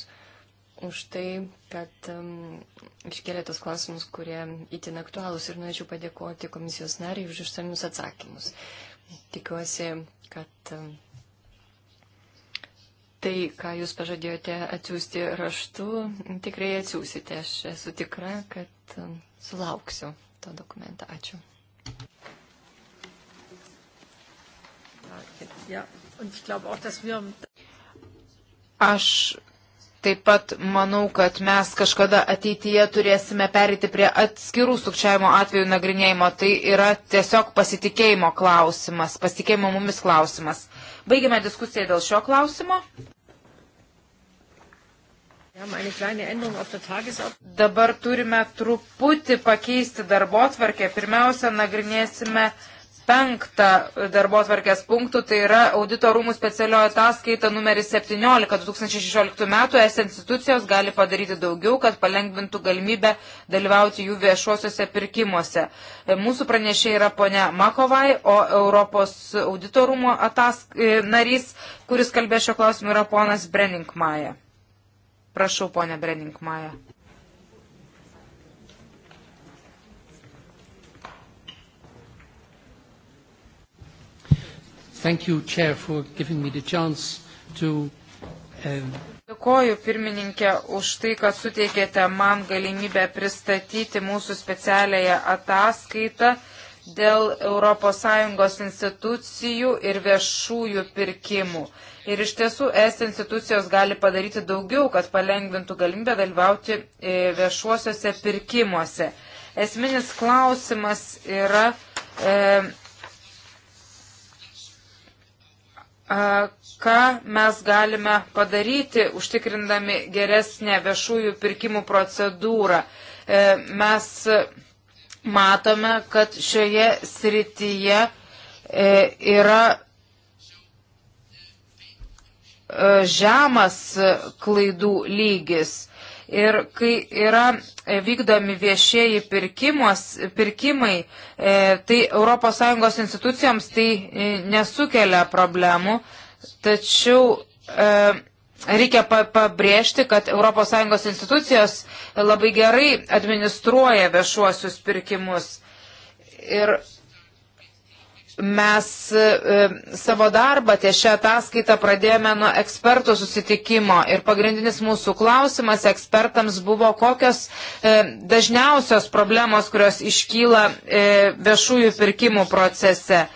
už tai, kad um, iškėlė tos klausimus, kurie įtin aktualūs ir norėčiau padėkoti komisijos nariai už išsamius atsakymus. Tikiuosi, kad um, tai, ką jūs pažadėjote atsiųsti raštu, tikrai atsiųsite. Aš esu tikra, kad um, sulauksiu to dokumento. Ačiū. Aš Taip pat manau, kad mes kažkada ateityje turėsime perėti prie atskirų sukčiavimo atvejų nagrinėjimo. Tai yra tiesiog pasitikėjimo klausimas, pasitikėjimo mumis klausimas. Baigime diskusiją dėl šio klausimo. Dabar turime truputį pakeisti darbo tvarkę. Pirmiausia, nagrinėsime penktą darbo tvarkės punktų, tai yra audito rūmų specialiojo ataskaita numeris 17 2016 metų. Es institucijos gali padaryti daugiau, kad palengvintų galimybę dalyvauti jų viešuosiuose pirkimuose. E, mūsų pranešė yra ponia Makovai, o Europos audito rūmų atask... E, narys, kuris kalbė šio klausimu, yra ponas Breninkmaja. Prašau, ponia Breninkmaja. Thank you, Chair, for giving me the chance to um, Dėkoju pirmininkė už tai, kad suteikėte man galimybę pristatyti mūsų specialiąją ataskaitą dėl ES institucijų ir viešųjų pirkimų. Ir iš tiesų es institucijos gali padaryti daugiau, kad palengvintų galimybę dalyvauti e, viešuosiuose pirkimuose. Esminis klausimas yra. E, ką mes galime padaryti, užtikrindami geresnę viešųjų pirkimų procedūrą. E, mes matome, kad šioje srityje e, yra e, žemas klaidų lygis. Ir kai yra e, vykdomi viešieji pirkimos, pirkimai, e, tai ES institucijoms tai e, nesukelia problemų, tačiau Reikia pabrėžti, kad ES institucijos labai gerai administruoja viešuosius pirkimus. Ir mes e, savo darbą ties šią ataskaitą pradėjome nuo ekspertų susitikimo ir pagrindinis mūsų klausimas ekspertams buvo, kokios e, dažniausios problemos, kurios iškyla e, viešųjų pirkimų procese.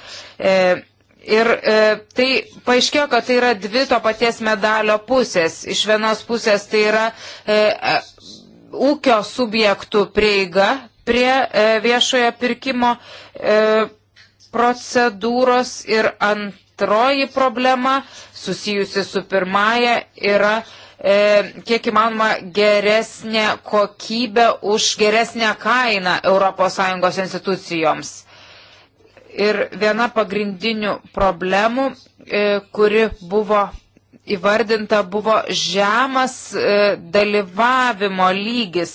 Ir e, tai paaiškėjo, kad tai yra dvi to paties medalio pusės. Iš vienos pusės tai yra e, ūkio subjektų prieiga prie e, viešojo pirkimo e, procedūros ir antroji problema susijusi su pirmąja yra e, kiek įmanoma geresnė kokybė už geresnę kainą ES institucijoms. Ir viena pagrindinių problemų, e, kuri buvo įvardinta buvo žemas e, dalyvavimo lygis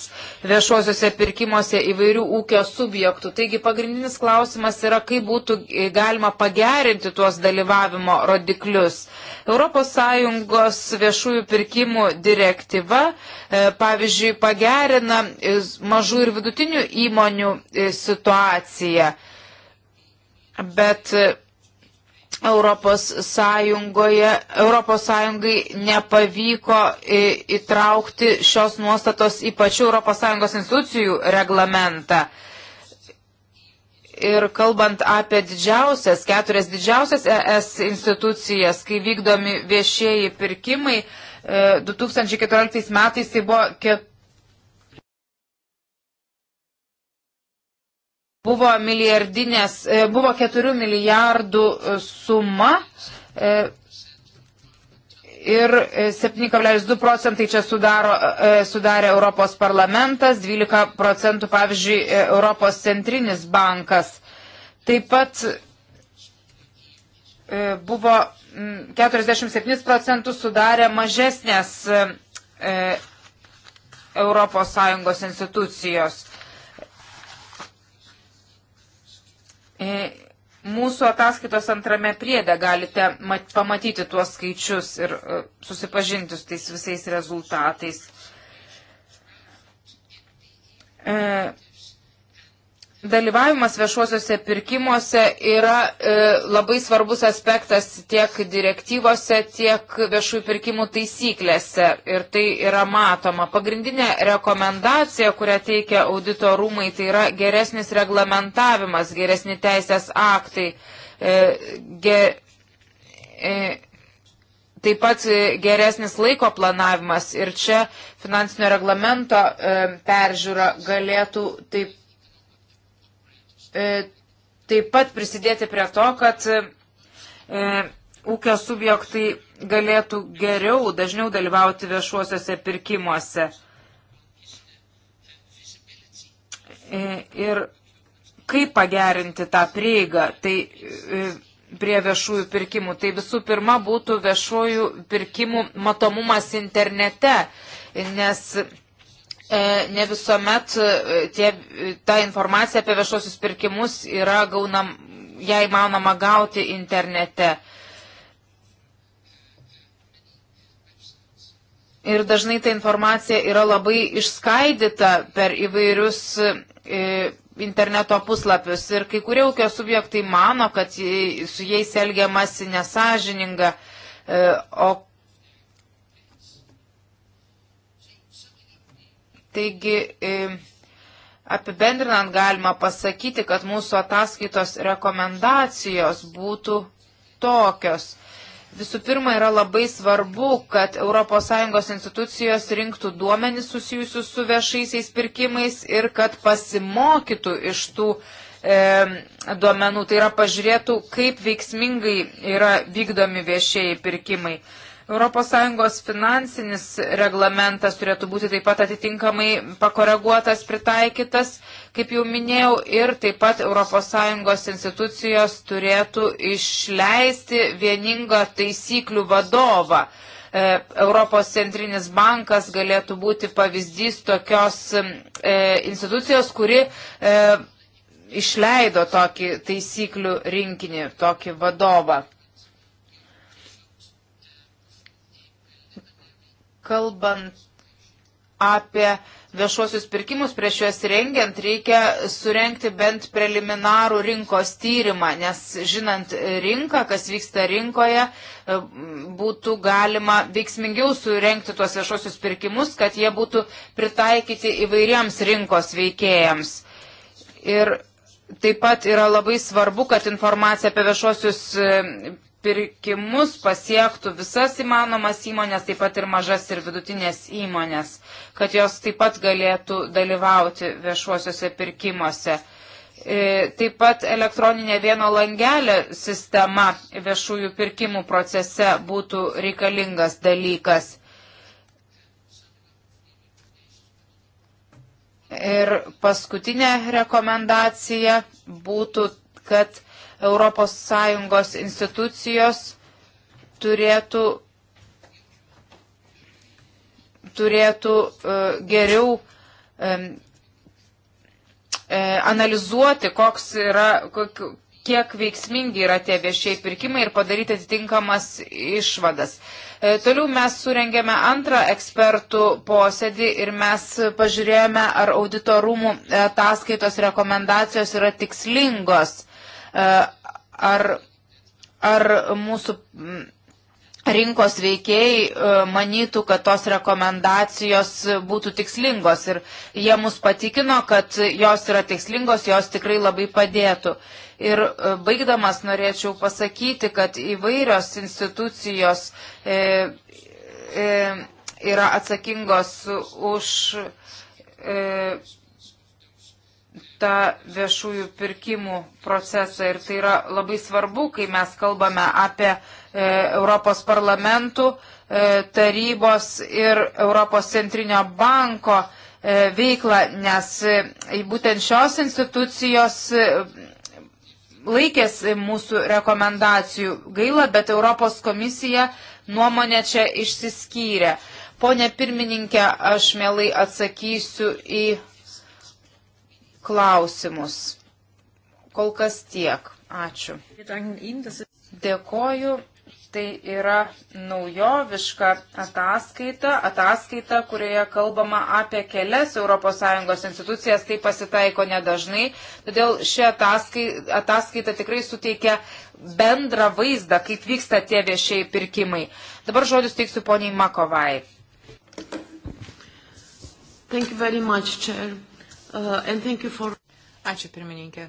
viešuosiuose pirkimuose įvairių ūkio subjektų. Taigi pagrindinis klausimas yra, kaip būtų e, galima pagerinti tuos dalyvavimo rodiklius. ES viešųjų pirkimų direktyva, e, pavyzdžiui, pagerina mažų ir vidutinių įmonių situaciją. Bet Europos Sąjungoje, Europos Sąjungai nepavyko įtraukti šios nuostatos į pačių Europos Sąjungos institucijų reglamentą. Ir kalbant apie didžiausias, keturias didžiausias ES institucijas, kai vykdomi viešieji pirkimai, 2014 e, metais tai buvo buvo milijardinės, e, buvo 4 milijardų e, suma e, ir 7,2 procentai čia sudaro, sudarė Europos parlamentas, 12 procentų, pavyzdžiui, Europos centrinis bankas. Taip pat buvo 47 procentų sudarė mažesnės Europos Sąjungos institucijos. Mm, mūsų ataskaitos antrame priede galite pamatyti tuos skaičius ir e, susipažinti su tais visais rezultatais. E, Dalyvavimas viešuosiuose pirkimuose yra e, labai svarbus aspektas tiek direktyvose, tiek viešųjų pirkimų taisyklėse ir tai yra matoma. Pagrindinė rekomendacija, kurią teikia audito rūmai, tai yra geresnis reglamentavimas, geresni teisės aktai. E, ge, e, taip pat geresnis laiko planavimas ir čia finansinio reglamento e, peržiūra galėtų taip E, taip pat prisidėti prie to, kad e, ūkio subjektai galėtų geriau, dažniau dalyvauti viešuosiuose pirkimuose. E, ir kaip pagerinti tą prieigą tai, prie viešųjų pirkimų? Tai visų pirma būtų viešųjų pirkimų matomumas internete, nes E, ne visuomet e, tie, ta informacija apie viešuosius pirkimus yra gaunam, ją įmanoma gauti internete. Ir dažnai ta informacija yra labai išskaidyta per įvairius e, interneto puslapius. Ir kai kurie ūkio subjektai mano, kad su jais elgiamasi nesažininga, o Taigi, e, apibendrinant galima pasakyti, kad mūsų ataskaitos rekomendacijos būtų tokios. Visų pirma, yra labai svarbu, kad ES institucijos rinktų duomenys susijusius su viešaisiais pirkimais ir kad pasimokytų iš tų e, duomenų, tai yra pažiūrėtų, kaip veiksmingai yra vykdomi viešieji pirkimai. ES finansinis reglamentas turėtų būti taip pat atitinkamai pakoreguotas, pritaikytas, kaip jau minėjau, ir taip pat ES institucijos turėtų išleisti vieningą taisyklių vadovą. E, Europos centrinis bankas galėtų būti pavyzdys tokios e, institucijos, kuri e, išleido tokį taisyklių rinkinį, tokį vadovą. kalbant apie viešuosius pirkimus prieš juos rengiant, reikia surenkti bent preliminarų rinkos tyrimą, nes žinant rinką, kas vyksta rinkoje, e, būtų galima veiksmingiau surenkti tuos viešuosius pirkimus, kad jie būtų pritaikyti įvairiems rinkos veikėjams. Ir taip pat yra labai svarbu, kad informacija apie viešuosius e, pirkimus pasiektų visas įmanomas įmonės, taip pat ir mažas ir vidutinės įmonės, kad jos taip pat galėtų dalyvauti viešuosiuose pirkimuose. E, taip pat elektroninė vieno langelio sistema viešųjų pirkimų procese būtų reikalingas dalykas. Ir paskutinė rekomendacija būtų, kad ES institucijos turėtų, turėtų e, geriau e, e, analizuoti, koks yra, kiek veiksmingi yra tie viešiai pirkimai ir padaryti atitinkamas išvadas. Toliau mes surengėme antrą ekspertų posėdį ir mes pažiūrėjome, ar auditorumų ataskaitos rekomendacijos yra tikslingos. E, ar, ar mūsų rinkos veikėjai e, manytų, kad tos rekomendacijos būtų tikslingos ir jie mus patikino, kad jos yra tikslingos, jos tikrai labai padėtų. Ir e, baigdamas norėčiau pasakyti, kad įvairios institucijos e, e, yra atsakingos už. E, tą viešųjų pirkimų procesą ir tai yra labai svarbu, kai mes kalbame apie e, Europos parlamentų, e, tarybos ir Europos centrinio banko e, veiklą, nes e, būtent šios institucijos e, laikės mūsų rekomendacijų. Gaila, bet Europos komisija nuomonė čia išsiskyrė. Pone pirmininkė, aš mielai atsakysiu į klausimus. Kol kas tiek. Ačiū. Dėkoju. Tai yra naujoviška ataskaita, ataskaita, kurioje kalbama apie kelias ES institucijas, tai pasitaiko nedažnai. Todėl ši ataskaita, ataskaita tikrai suteikia bendrą vaizdą, kaip vyksta tie viešiai pirkimai. Dabar žodis teiksiu poniai Makovai. Thank you very much, Chair. Uh, for... Ačiū pirmininkė.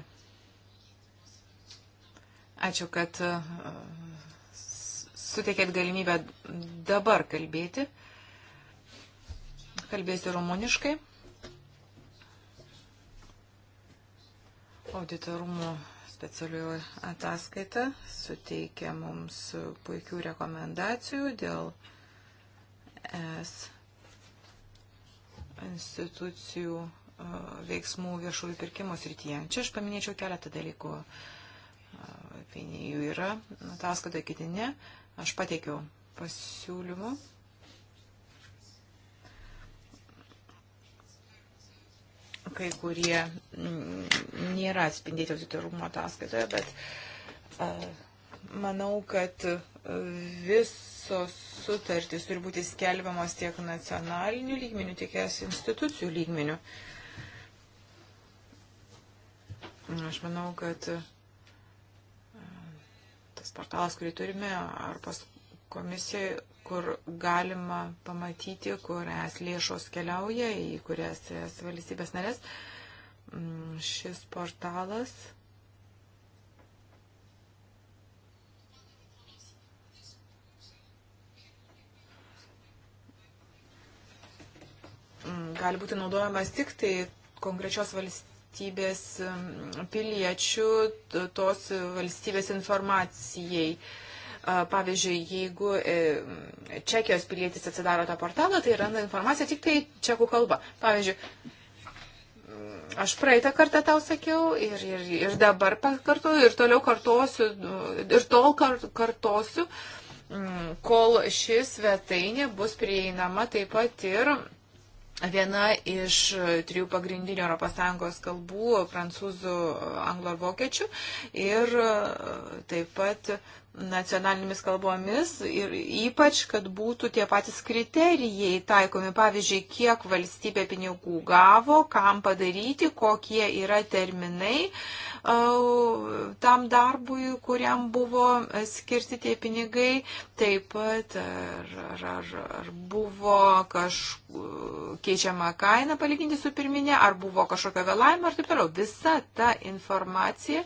Ačiū, kad uh, suteikėt galimybę dabar kalbėti. Kalbėsiu rumuniškai. Auditorumų specialiųjų ataskaita suteikia mums puikių rekomendacijų dėl es institucijų veiksmų viešųjų pirkimų srityje. Čia aš paminėčiau keletą dalykų. Apie jų yra, ataskaita kiti ne. Aš pateikiau pasiūlymų. Kai kurie nėra atspindėti auditorumo ataskaitoje, bet a, manau, kad visos sutartys turi būti skelbiamos tiek nacionalinių lygmenių, tiek es institucijų lygmenių. A, Aš manau, kad e, tas portalas, kurį turime, ar pas komisijoje, kur galima pamatyti, kur es lėšos keliauja, į kurias es valstybės narės, mm, šis portalas mm, gali būti naudojamas tik tai konkrečios valstybės valstybės mm, piliečių tos valstybės informacijai. Pavyzdžiui, jeigu e, Čekijos pilietis atsidaro tą portalą, tai randa informaciją tik tai čekų kalba. Pavyzdžiui, mm, aš praeitą kartą tau sakiau ir, ir, ir dabar kartuoju ir toliau kartosiu ir tol kar, kartosiu, mm, kol ši svetainė bus prieinama taip pat ir viena iš trijų pagrindinių ES kalbų - prancūzų, anglo ir vokiečių. Ir e, taip pat nacionalinėmis kalbomis ir ypač, kad būtų tie patys kriterijai taikomi, pavyzdžiui, kiek valstybė pinigų gavo, kam padaryti, kokie yra terminai e, tam darbui, kuriam buvo skirti tie pinigai, taip pat ar, ar, ar, ar buvo kažkokia keičiama kaina palyginti su pirminė, ar buvo kažkokio vėlavimo ir taip toliau. Visa ta informacija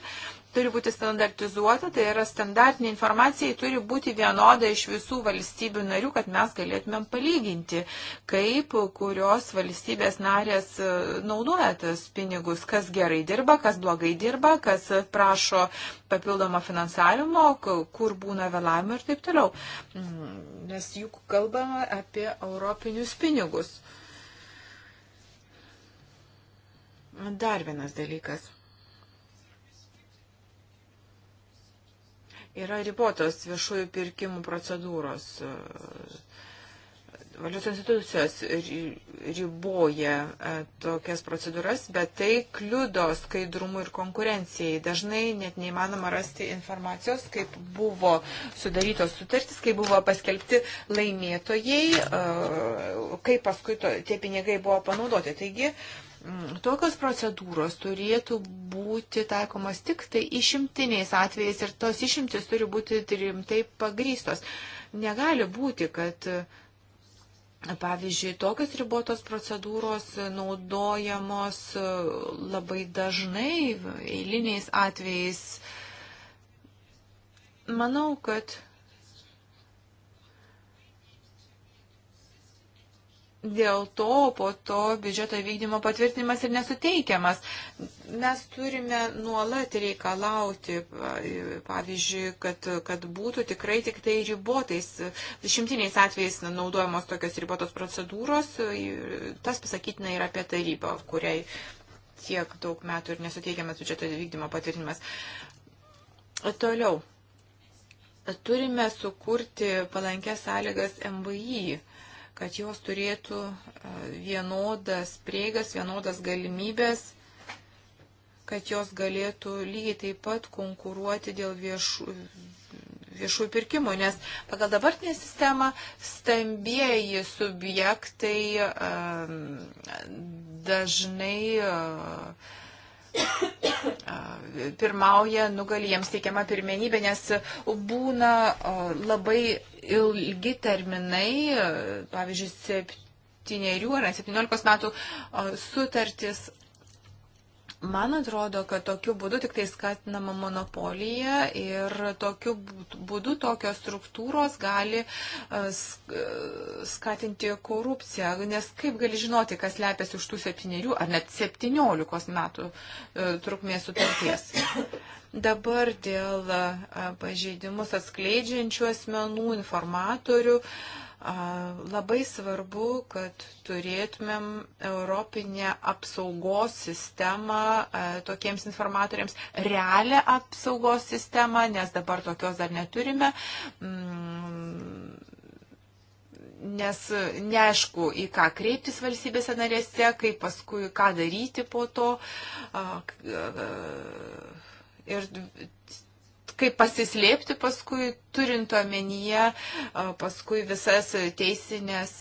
turi būti standartizuota, tai yra standartinė informacija, turi būti vienoda iš visų valstybių narių, kad mes galėtumėm palyginti, kaip kurios valstybės narės e, naudoja tas pinigus, kas gerai dirba, kas blogai dirba, kas prašo papildomo finansavimo, kur būna vėlavimo ir taip toliau. Mm, nes juk kalbama apie europinius pinigus. Dar vienas dalykas. Yra ribotos viešųjų pirkimų procedūros. Valiutos institucijos riboja e, tokias procedūras, bet tai kliudo skaidrumui ir konkurencijai. Dažnai net neįmanoma rasti informacijos, kaip buvo sudarytos sutartys, kaip buvo paskelbti laimėtojai, e, kaip paskui to, tie pinigai buvo panaudoti. Taigi, uh, Mm, tokios procedūros turėtų būti taikomas tik tai išimtiniais atvejais ir tos išimtis turi būti rimtai pagrystos. Negali būti, kad Pavyzdžiui, tokios ribotos procedūros naudojamos labai dažnai, eiliniais atvejais. Manau, kad dėl to po to biudžeto vykdymo patvirtinimas ir nesuteikiamas. Mes turime nuolat reikalauti, pavyzdžiui, kad, kad būtų tikrai tik tai ribotais, šimtiniais atvejais naudojamos tokios ribotos procedūros. Tas pasakytina ir apie tarybą, kuriai tiek daug metų ir nesuteikiamas biudžeto vykdymo patvirtinimas. Toliau. Turime sukurti palankės sąlygas MVI kad jos turėtų e, vienodas prieigas, vienodas galimybės, kad jos galėtų lygiai taip pat konkuruoti dėl viešų, viešųjų pirkimų, nes pagal dabartinę sistemą stambieji subjektai e, dažnai e, <coughs> pirmauja, nugali jiems teikiama pirmenybė, nes būna labai ilgi terminai, pavyzdžiui, septynerių ar 17 metų sutartis Man atrodo, kad tokiu būdu tik tai skatinama monopolija ir tokiu būdu tokios struktūros gali e, skatinti korupciją. Nes kaip gali žinoti, kas lepiasi už tų septyniarių ar net septyniolikos metų e, trukmės sutarties. Dabar dėl e, pažeidimus atskleidžiančių asmenų, informatorių. Uh, Labai svarbu, kad turėtumėm Europinę apsaugos sistemą tokiems informatoriams, realią apsaugos sistemą, nes dabar tokios dar neturime mm, nes neaišku, į ką kreiptis valstybėse narėse, kaip paskui ką daryti po to ir kaip pasislėpti paskui turint omenyje paskui visas teisinės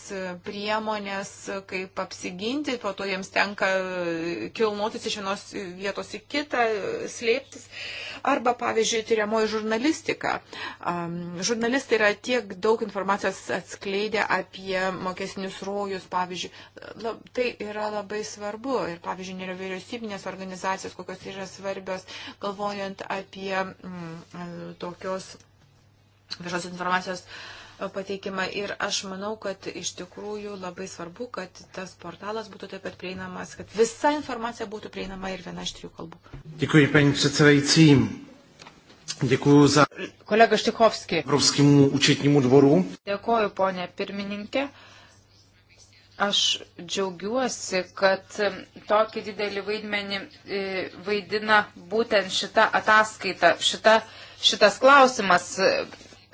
priemonės, kaip apsiginti, po to jiems tenka kilnotis iš vienos vietos į kitą, slėptis. Arba, pavyzdžiui, tyriamoji žurnalistika. Žurnalistai yra tiek daug informacijos atskleidę apie mokesnius rojus, pavyzdžiui. Tai yra labai svarbu. Ir, pavyzdžiui, nėra vyriausybinės organizacijos, kokios yra svarbios, galvojant apie mm, tokios viešos informacijos pateikimą. Ir aš manau, kad iš tikrųjų labai svarbu, kad tas portalas būtų taip pat prieinamas, kad visa informacija būtų prieinama ir viena iš trijų kalbų. Dėkui, paní předsedající. Dėkuoju za. Kolega Štikovski. Europskimų učetnimų dvorų. Dėkuoju, ponė pirmininkė. Aš džiaugiuosi, kad tokį didelį vaidmenį e, vaidina būtent šita ataskaita, šita, šitas klausimas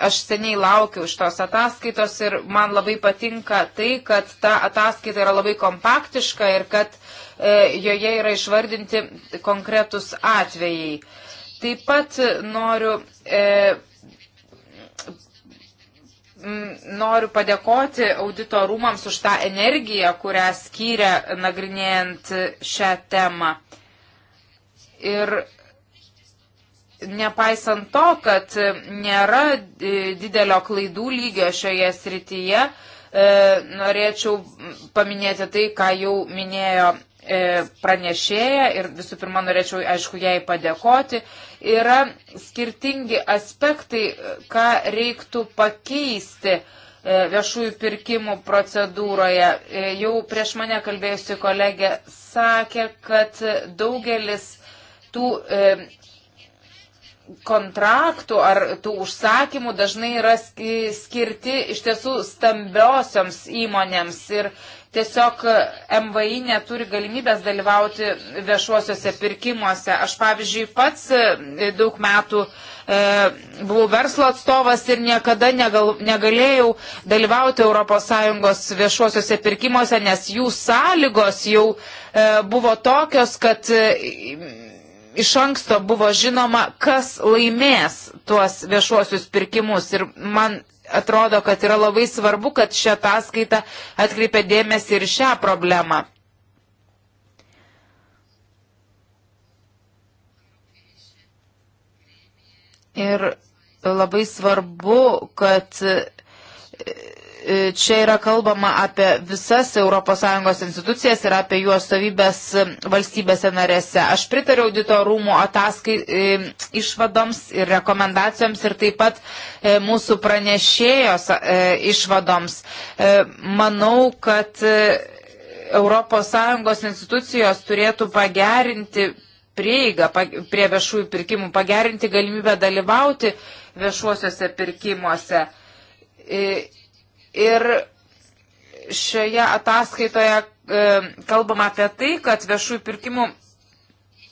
aš seniai laukiu iš tos ataskaitos ir man labai patinka tai, kad ta ataskaita yra labai kompaktiška ir kad e, joje yra išvardinti konkretus atvejai. Taip pat noriu, e, m, noriu padėkoti audito rūmams už tą energiją, kurią skyrė nagrinėjant šią temą. Ir nepaisant to, kad nėra e, didelio klaidų lygio šioje srityje, e, norėčiau paminėti tai, ką jau minėjo e, pranešėja ir visų pirma norėčiau, aišku, jai padėkoti. Yra skirtingi aspektai, ką reiktų pakeisti viešųjų pirkimų procedūroje. Jau prieš mane kalbėjusi kolegė sakė, kad daugelis tų kontraktų ar tų užsakymų dažnai yra skirti iš tiesų stambiosioms įmonėms ir tiesiog MVI neturi galimybės dalyvauti viešuosiuose pirkimuose. Aš pavyzdžiui pats e, daug metų e, buvau verslo atstovas ir niekada negal, negalėjau dalyvauti ES viešuosiuose pirkimuose, nes jų sąlygos jau e, buvo tokios, kad e, iš anksto buvo žinoma, kas laimės tuos viešuosius pirkimus. Ir man atrodo, kad yra labai svarbu, kad šią ataskaitą atkreipia dėmesį ir šią problemą. Ir labai svarbu, kad E, čia yra kalbama apie visas ES institucijas ir apie jų atstovybės e, valstybėse narėse. Aš pritariu audito rūmų ataskai e, išvadoms ir rekomendacijoms ir taip pat mūsų pranešėjos išvadoms. Manau, kad ES institucijos turėtų pagerinti prieigą prie viešųjų pirkimų, pagerinti galimybę dalyvauti viešuosiuose pirkimuose Ir šioje ataskaitoje e, kalbama apie tai, kad viešųjų pirkimų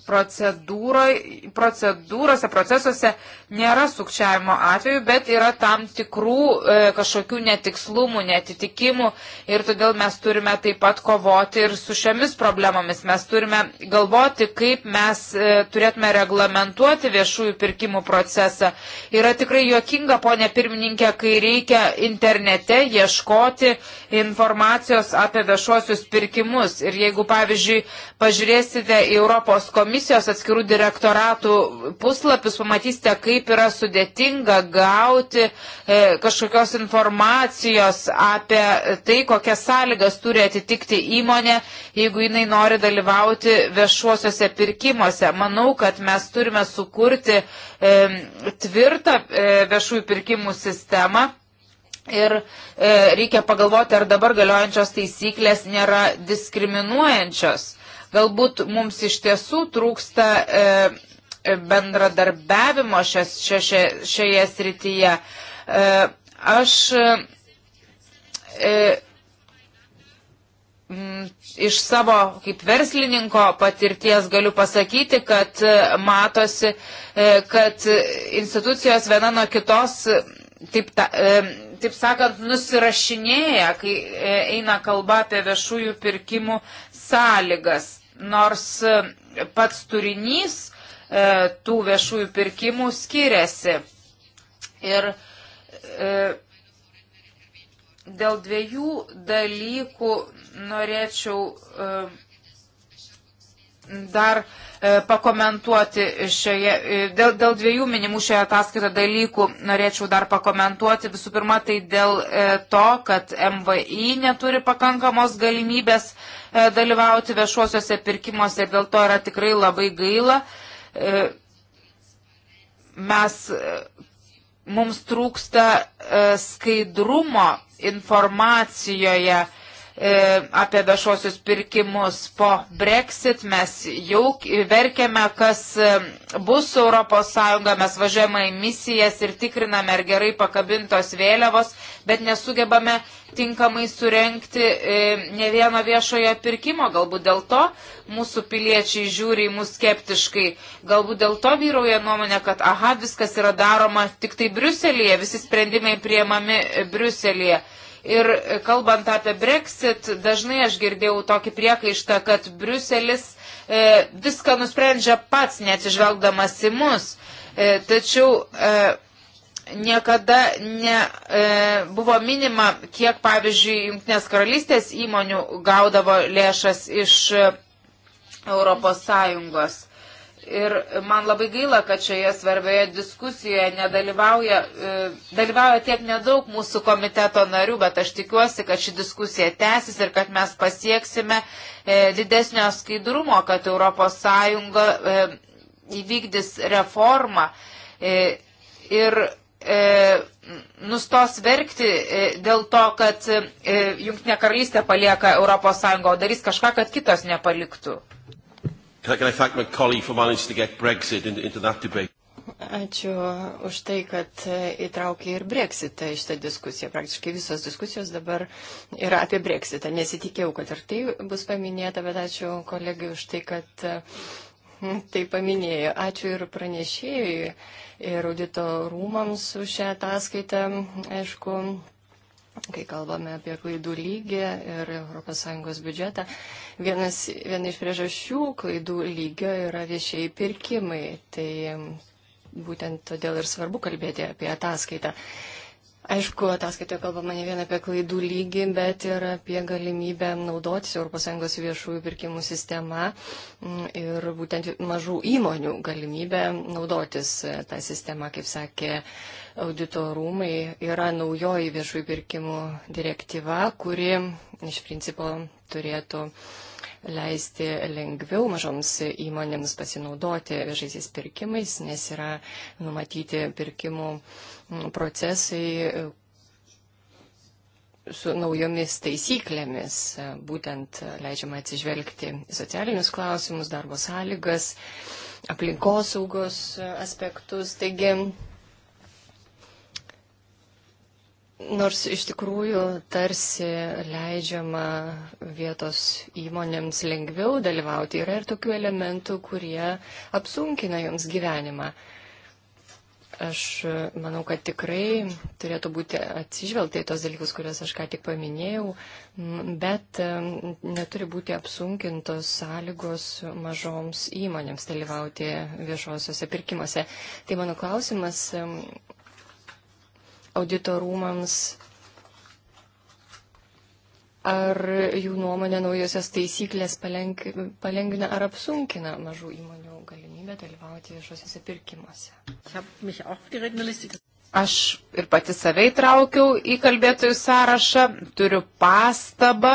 procedūrose, procesuose nėra sukčiavimo atveju, bet yra tam tikrų e, kažkokių netikslumų, netitikimų ir todėl mes turime taip pat kovoti ir su šiomis problemomis. Mes turime galvoti, kaip mes e, turėtume reglamentuoti viešųjų pirkimų procesą. Yra tikrai juokinga, ponė pirmininkė, kai reikia internete ieškoti informacijos apie viešuosius pirkimus. Ir jeigu, pavyzdžiui, pažiūrėsite į Europos komisiją, komisijos atskirų direktoratų puslapius, pamatysite, kaip yra sudėtinga gauti e, kažkokios informacijos apie tai, kokias sąlygas turi atitikti įmonė, jeigu jinai nori dalyvauti viešuosiuose pirkimuose. Manau, kad mes turime sukurti e, tvirtą e, viešųjų pirkimų sistemą. Ir e, reikia pagalvoti, ar dabar galiojančios taisyklės nėra diskriminuojančios. Galbūt mums iš tiesų trūksta e, bendradarbiavimo šias, šia, šia, šioje srityje. E, aš e, iš savo kaip verslininko patirties galiu pasakyti, kad e, matosi, e, kad institucijos viena nuo kitos, taip, ta, e, taip sakant, nusirašinėja, kai eina kalba apie viešųjų pirkimų sąlygas nors e, pats turinys e, tų viešųjų pirkimų skiriasi. Ir e, dėl dviejų dalykų norėčiau dar E, pakomentuoti šioje, e, dėl, dėl dviejų minimų šioje ataskaito dalykų norėčiau dar pakomentuoti. Visų pirma, tai dėl e, to, kad MVI neturi pakankamos galimybės dalyvauti viešuosiuose pirkimuose ir dėl to yra tikrai labai gaila. Mes, mums trūksta skaidrumo informacijoje E, apie viešuosius pirkimus po Brexit. Mes jau verkiame, kas e, bus su ES, mes važiuojame į misijas ir tikriname, ar gerai pakabintos vėliavos, bet nesugebame tinkamai surenkti e, ne vieno viešojo pirkimo. Galbūt dėl to mūsų piliečiai žiūri į mus skeptiškai. Galbūt dėl to vyrauja nuomonė, kad aha, viskas yra daroma tik tai Briuselėje, visi sprendimai prieimami Briuselėje. Ir kalbant apie Brexit, dažnai aš girdėjau tokį priekaištą, kad Bruselis e, viską nusprendžia pats, neatsižvelgdamas į mus. E, tačiau e, niekada ne, e, buvo minima, kiek, pavyzdžiui, Junktinės karalystės įmonių gaudavo lėšas iš e, Europos Sąjungos. Ir man labai gaila, kad šioje svarbioje diskusijoje nedalyvauja, e, dalyvauja tiek nedaug mūsų komiteto narių, bet aš tikiuosi, kad ši diskusija tęsis ir kad mes pasieksime e, didesnio skaidrumo, kad ES e, įvykdys reformą ir nustos verkti dėl to, kad Junktinė karalystė palieka ES, o darys kažką, kad kitos nepaliktų. Can I, can I thank my colleague for managing to get Brexit in, into that debate? Ačiū už tai, kad e, įtraukė ir breksitą į šitą diskusiją. Praktiškai visos diskusijos dabar yra apie breksitą. Nesitikėjau, kad ir tai bus paminėta, bet ačiū kolegai už tai, kad e, tai paminėjo. Ačiū ir pranešėjui, ir audito rūmams už šią ataskaitą. Aišku, kai kalbame apie klaidų lygį ir ES biudžetą, vienas, viena iš priežasčių klaidų lygio yra viešiai pirkimai. Tai būtent todėl ir svarbu kalbėti apie ataskaitą. Aišku, ataskaitoje kalbama ne vien apie klaidų lygį, bet ir apie galimybę naudotis ES viešųjų pirkimų sistema mm, ir būtent mažų įmonių galimybę naudotis e, tą sistemą, kaip sakė auditorumai, yra naujoji viešųjų pirkimų direktyva, kuri iš principo turėtų leisti lengviau mažoms įmonėms pasinaudoti viešaisiais pirkimais, nes yra numatyti pirkimų Mm, procesai e, su naujomis taisyklėmis, e, būtent leidžiama atsižvelgti į socialinius klausimus, darbo sąlygas, aplinkosaugos e, aspektus. Taigi, nors iš tikrųjų tarsi leidžiama vietos įmonėms lengviau dalyvauti, yra ir tokių elementų, kurie apsunkina joms gyvenimą. Aš e, manau, kad tikrai turėtų būti atsižvelgta į tos dalykus, kuriuos aš ką tik paminėjau, bet e, neturi būti apsunkintos sąlygos mažoms įmonėms dalyvauti viešuosiuose pirkimuose. Tai mano klausimas e, auditorumams Ar jų nuomonė naujosios taisyklės palengvina ar apsunkina mažų įmonių galimybę? galimybę dalyvauti viešuosiuose pirkimuose. Aš ir pati savai traukiau į kalbėtojų sąrašą, turiu pastabą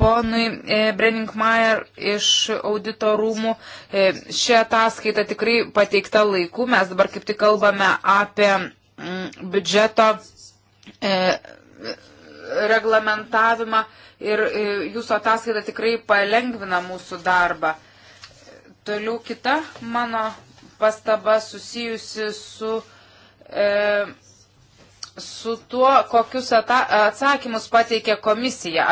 ponui e, Brenningmaier iš audito rūmų. E, ši ataskaita tikrai pateikta laiku, mes dabar kaip tik kalbame apie mm, biudžeto e, reglamentavimą ir jūsų ataskaita tikrai palengvina mūsų darbą. Toliau kita mano pastaba susijusi su, e, su tuo, kokius ata, atsakymus pateikė komisija.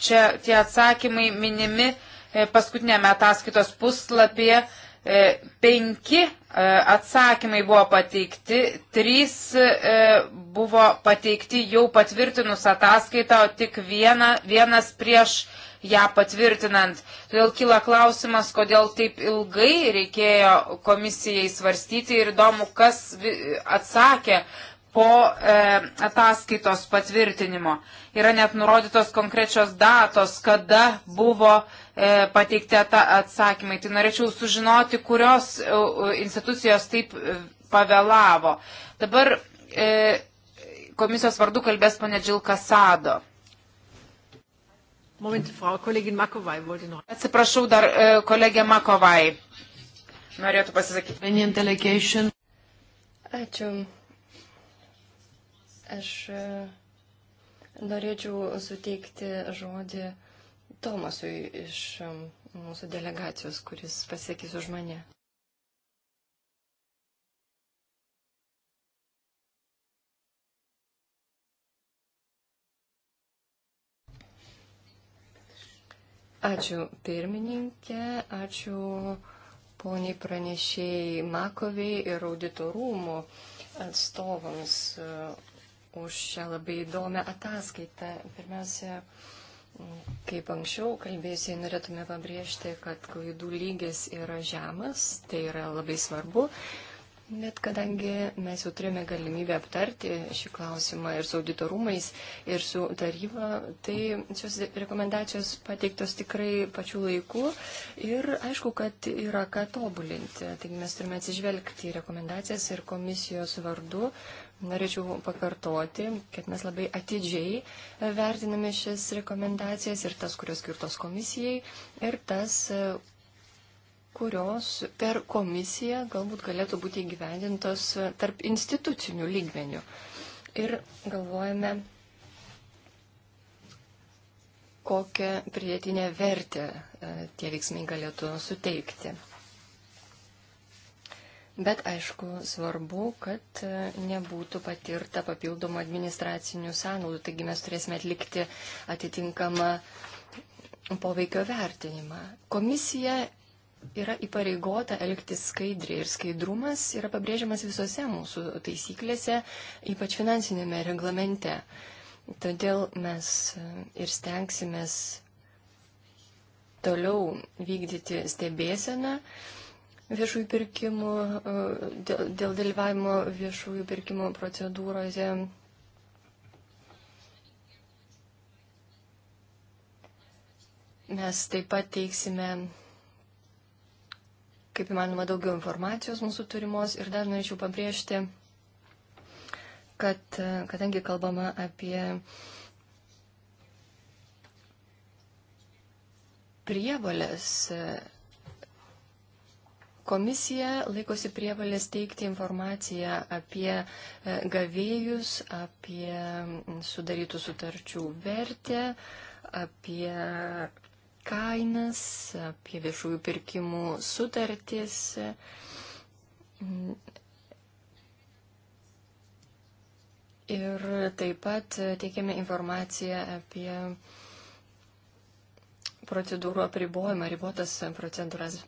Čia tie atsakymai minimi e, paskutinėme ataskaitos puslapyje. E, penki e, atsakymai buvo pateikti, trys e, buvo pateikti jau patvirtinus ataskaitą, o tik viena, vienas prieš ją patvirtinant. Todėl kyla klausimas, kodėl taip ilgai reikėjo komisijai svarstyti ir įdomu, kas atsakė po e, ataskaitos patvirtinimo. Yra net nurodytos konkrečios datos, kada buvo e, pateikti atsakymai. Tai norėčiau sužinoti, kurios e, institucijos taip e, pavėlavo. Dabar e, komisijos vardu kalbės pane Džilka Sado. Moment, Frau Kollegin Makovai, wollte noch. Atsiprašau, dar e, kolegė Makovai norėtų pasisakyti. Ačiū. Aš e, norėčiau suteikti žodį Tomasui iš e, mūsų delegacijos, kuris pasakys už mane. Ačiū pirmininkė, ačiū poniai pranešėjai Makoviai ir auditorumų atstovams uh, už šią labai įdomią ataskaitą. Pirmiausia, kaip anksčiau kalbėjusiai, norėtume pabrėžti, kad klaidų lygis yra žemas, tai yra labai svarbu. Bet kadangi mes jau turėjome galimybę aptarti šį klausimą ir su auditorumais, ir su taryba, tai šios rekomendacijos pateiktos tikrai pačiu laiku ir aišku, kad yra ką tobulinti. Taigi mes turime atsižvelgti į rekomendacijas ir komisijos vardu. Norėčiau pakartoti, kad mes labai atidžiai vertiname šias rekomendacijas ir tas, kurios skirtos komisijai, ir tas, kurios per komisiją galbūt galėtų būti įgyvendintos tarp institucinių lygmenių. Ir galvojame, kokią pridėtinę vertę e, tie veiksmai galėtų suteikti. Bet aišku, svarbu, kad e, nebūtų patirta papildomų administracinių sąnaudų, taigi mes turėsime atlikti atitinkamą poveikio vertinimą. Komisija yra įpareigota elgtis skaidriai ir skaidrumas yra pabrėžiamas visose mūsų taisyklėse, ypač finansinėme reglamente. Todėl mes e, ir stengsimės toliau vykdyti stebėseną viešųjų pirkimų, e, dėl, dėl dalyvavimo viešųjų pirkimų procedūroje. Mes taip pat teiksime kaip įmanoma daugiau informacijos mūsų turimos ir dar norėčiau pabrėžti, kad kadangi kalbama apie prievalės, komisija laikosi prievalės teikti informaciją apie gavėjus, apie sudarytų sutarčių vertę, apie kainas, apie viešųjų pirkimų sutartis. Ir taip pat teikiame informaciją apie procedūrų apribojimą, ribotas procedūras.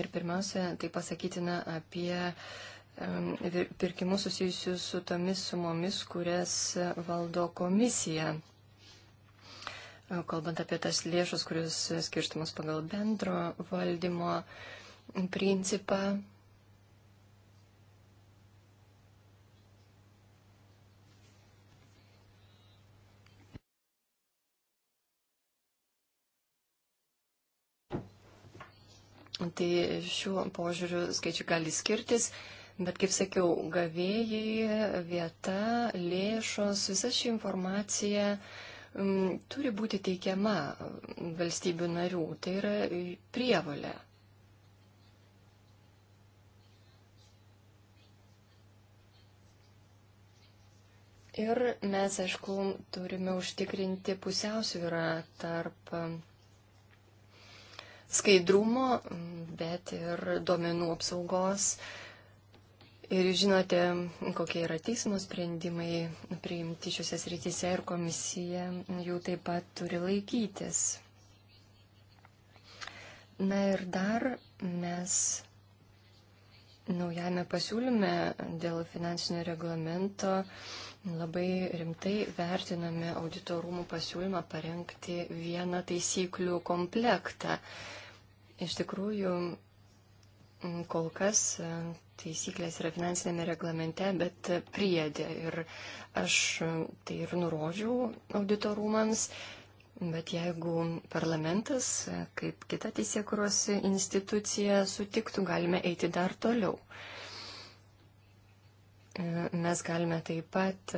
Ir pirmiausia, tai pasakytina apie pirkimus susijusius su tomis sumomis, kurias valdo komisija kalbant apie tas lėšas, kurios skirstamos pagal bendro valdymo principą. Tai šiuo požiūriu skaičiai gali skirtis, bet kaip sakiau, gavėjai, vieta, lėšos, visa ši informacija uh, turi būti teikiama valstybių narių. Tai yra prievalė. Ir mes, aišku, turime užtikrinti pusiausvyrą tarp skaidrumo, bet ir duomenų apsaugos Ir žinote, kokie yra teismo sprendimai priimti šiuose srityse ir komisija jų taip pat turi laikytis. Na ir dar mes naujame pasiūlyme dėl finansinio reglamento labai rimtai vertiname auditorumų pasiūlymą parengti vieną taisyklių komplektą. Iš tikrųjų, Mm, kol kas e, taisyklės yra finansinėme reglamente, bet priedė. Ir aš e, tai ir nurodžiau auditorumams. Bet jeigu parlamentas, e, kaip kita teisėkuros institucija, sutiktų, galime eiti dar toliau. Mes galime taip pat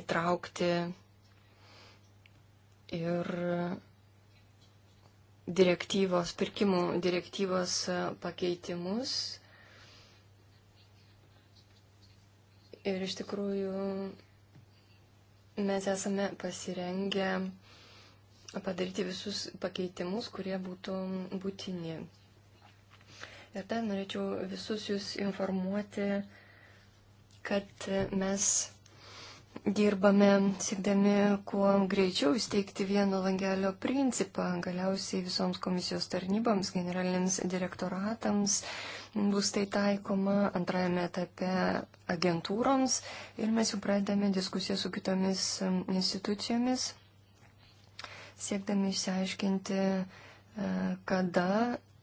įtraukti ir direktyvos, pirkimų direktyvos e, pakeitimus. Ir iš tikrųjų mes esame pasirengę padaryti visus pakeitimus, kurie būtų būtini. Ir ten norėčiau visus jūs informuoti, kad mes dirbame siekdami kuo greičiau įsteigti vieno langelio principą. Galiausiai visoms komisijos tarnybams, generaliniams direktoratams bus tai taikoma antrajame etape agentūroms ir mes jau pradedame diskusiją su kitomis um, institucijomis, siekdami išsiaiškinti, uh, kada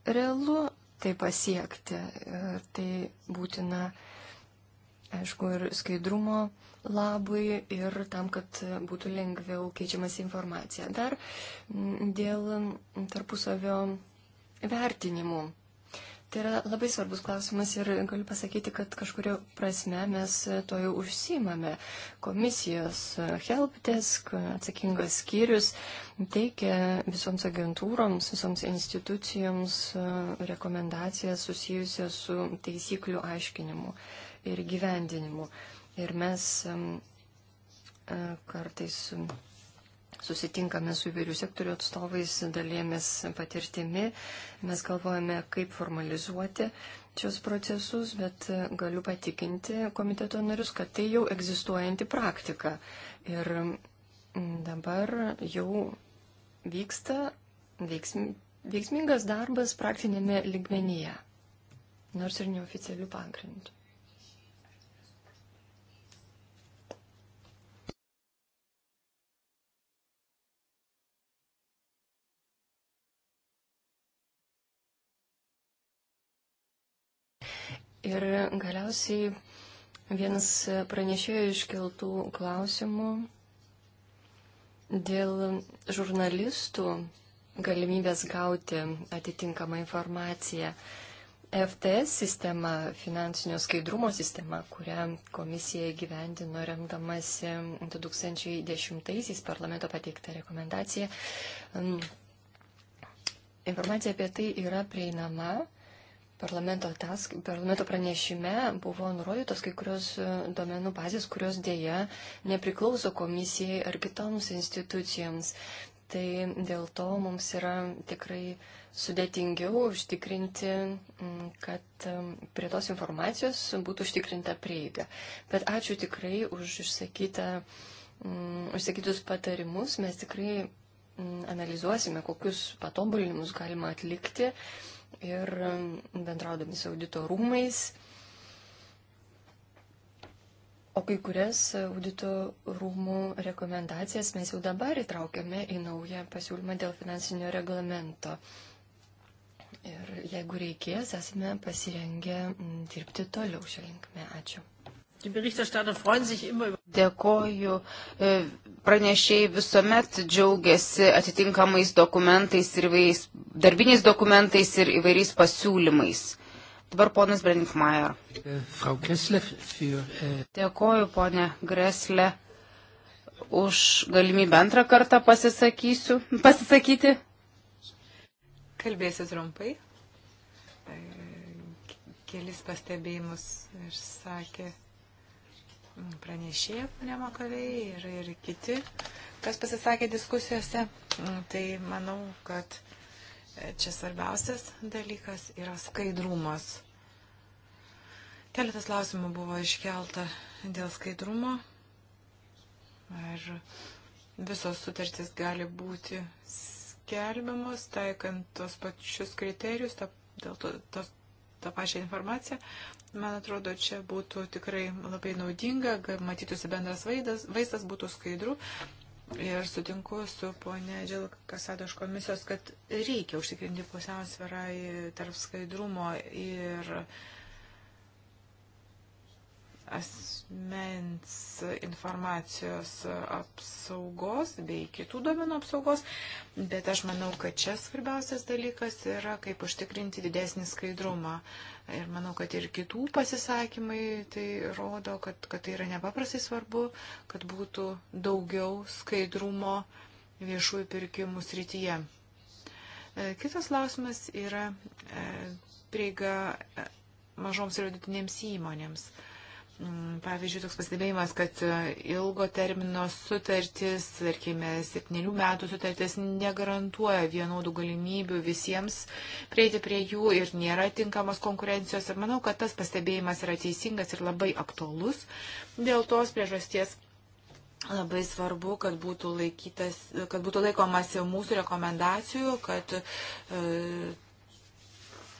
realu tai pasiekti. Tai būtina aišku, ir skaidrumo labui ir tam, kad būtų lengviau keičiamas informacija. Dar dėl tarpusavio vertinimų. Tai yra labai svarbus klausimas ir galiu pasakyti, kad kažkurio prasme mes to jau užsimame. Komisijos helpdesk, atsakingas skyrius, teikia visoms agentūroms, visoms institucijoms rekomendacijas susijusias su taisyklių aiškinimu. Uh, ir gyvendinimu. Ir mes e, kartais susitinkame su įvairių sektorių atstovais, dalėmės patirtimi, mes galvojame, kaip formalizuoti šios procesus, bet e, galiu patikinti komiteto narius, kad tai jau egzistuojanti praktika. Ir dabar jau vyksta veiksm, veiksmingas darbas praktinėme ligmenyje, nors ir neoficialių pagrindų. Ir galiausiai vienas pranešėjo iškeltų klausimų dėl žurnalistų galimybės gauti atitinkamą informaciją. FTS sistema, finansinio skaidrumo sistema, kurią komisija įgyvendino remdamasi 2010-aisiais parlamento pateiktą rekomendaciją. Informacija apie tai yra prieinama parlamento, task, parlamento pranešime buvo nurodytos kai kurios e, duomenų bazės, kurios dėja nepriklauso komisijai ar kitoms institucijoms. Tai dėl to mums yra tikrai sudėtingiau užtikrinti, mm, kad e, prie tos informacijos būtų užtikrinta prieiga. Bet ačiū tikrai už išsakytą, mm, išsakytus patarimus. Mes tikrai mm, analizuosime, kokius patobulinimus galima atlikti ir um, bendraudami su audito rūmais. O kai kurias audito rūmų rekomendacijas mes jau dabar įtraukiame į naują pasiūlymą dėl finansinio reglamento. Ir jeigu reikės, esame pasirengę mm, dirbti toliau šią linkmę. Ačiū. Dėkoju. E, pranešėjai visuomet džiaugiasi atitinkamais dokumentais ir įvairiais darbiniais dokumentais ir įvairiais pasiūlymais. Dabar ponas Breninkmajer. E, e, Dėkoju, ponė Greslė, už galimybę antrą kartą pasisakyti. Kalbėsiu trumpai. Kelis pastebėjimus išsakė pranešėja, ponė Makavei ir, ir kiti, kas pasisakė diskusijose. Mm, tai manau, kad e, čia svarbiausias dalykas yra skaidrumas. Keletas klausimų buvo iškelta dėl skaidrumo. Ar visos sutartys gali būti skelbiamos, taikant tos pačius kriterijus, ta, dėl to, tos, tą pačią informaciją. Man atrodo, čia būtų tikrai labai naudinga, kad matytųsi bendras vaizdas, vaizdas būtų skaidru. Ir sutinku su ponė Džil Kasado iš komisijos, kad reikia užtikrinti pusiausvyrą tarp skaidrumo ir uh, asmens informacijos apsaugos bei kitų domenų apsaugos, bet aš manau, kad čia svarbiausias dalykas yra, kaip užtikrinti didesnį skaidrumą. Ir manau, kad ir kitų pasisakymai tai rodo, kad, kad tai yra nepaprastai svarbu, kad būtų daugiau skaidrumo viešųjų pirkimų srityje. E, kitas klausimas yra e, prieiga e, mažoms ir vidutinėms įmonėms. E, Mm, pavyzdžiui, toks pastebėjimas, kad e, ilgo termino sutartis, tarkime, septynių metų sutartis negarantuoja vienodų galimybių visiems prieiti prie jų ir nėra tinkamos konkurencijos. Ir manau, kad tas pastebėjimas yra teisingas ir labai aktuolus. Dėl tos priežasties labai svarbu, kad būtų, laikytas, kad būtų laikomas mūsų rekomendacijų, kad e,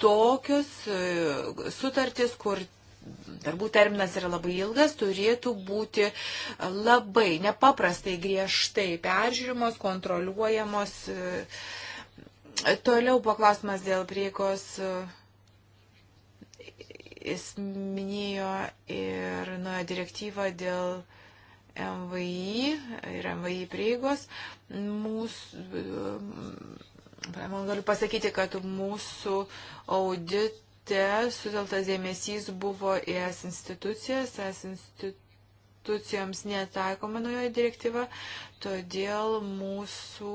tokius e, sutartis, kur darbų terminas yra labai ilgas, turėtų būti labai nepaprastai griežtai peržiūrimos, kontroliuojamos. Toliau paklausimas dėl prieigos jis minėjo ir nuojo direktyvą dėl MVI ir MVI prieigos. Mūsų, man galiu pasakyti, kad mūsų audit akte suteltas dėmesys buvo į es institucijas, es institucijoms netaikoma naujoji direktyva, todėl mūsų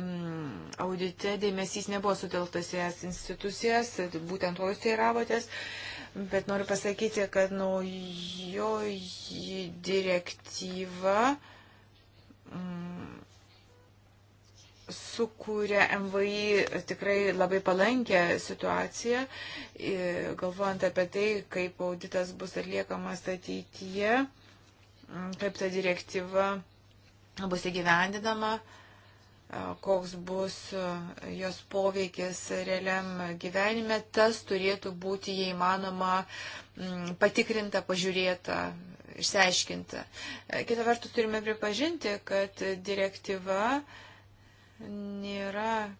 mm, audite dėmesys nebuvo suteltas į es institucijas, būtent to jūs teiravotės. Bet noriu pasakyti, kad naujoji direktyva mm, sukūrė MVI tikrai labai palankę situaciją, galvojant apie tai, kaip auditas bus atliekamas ateityje, kaip ta direktyva bus įgyvendinama koks bus jos poveikis realiam gyvenime, tas turėtų būti, jei manoma, patikrinta, pažiūrėta, išsiaiškinta. Kita vertus, turime pripažinti, kad direktyva uh, nėra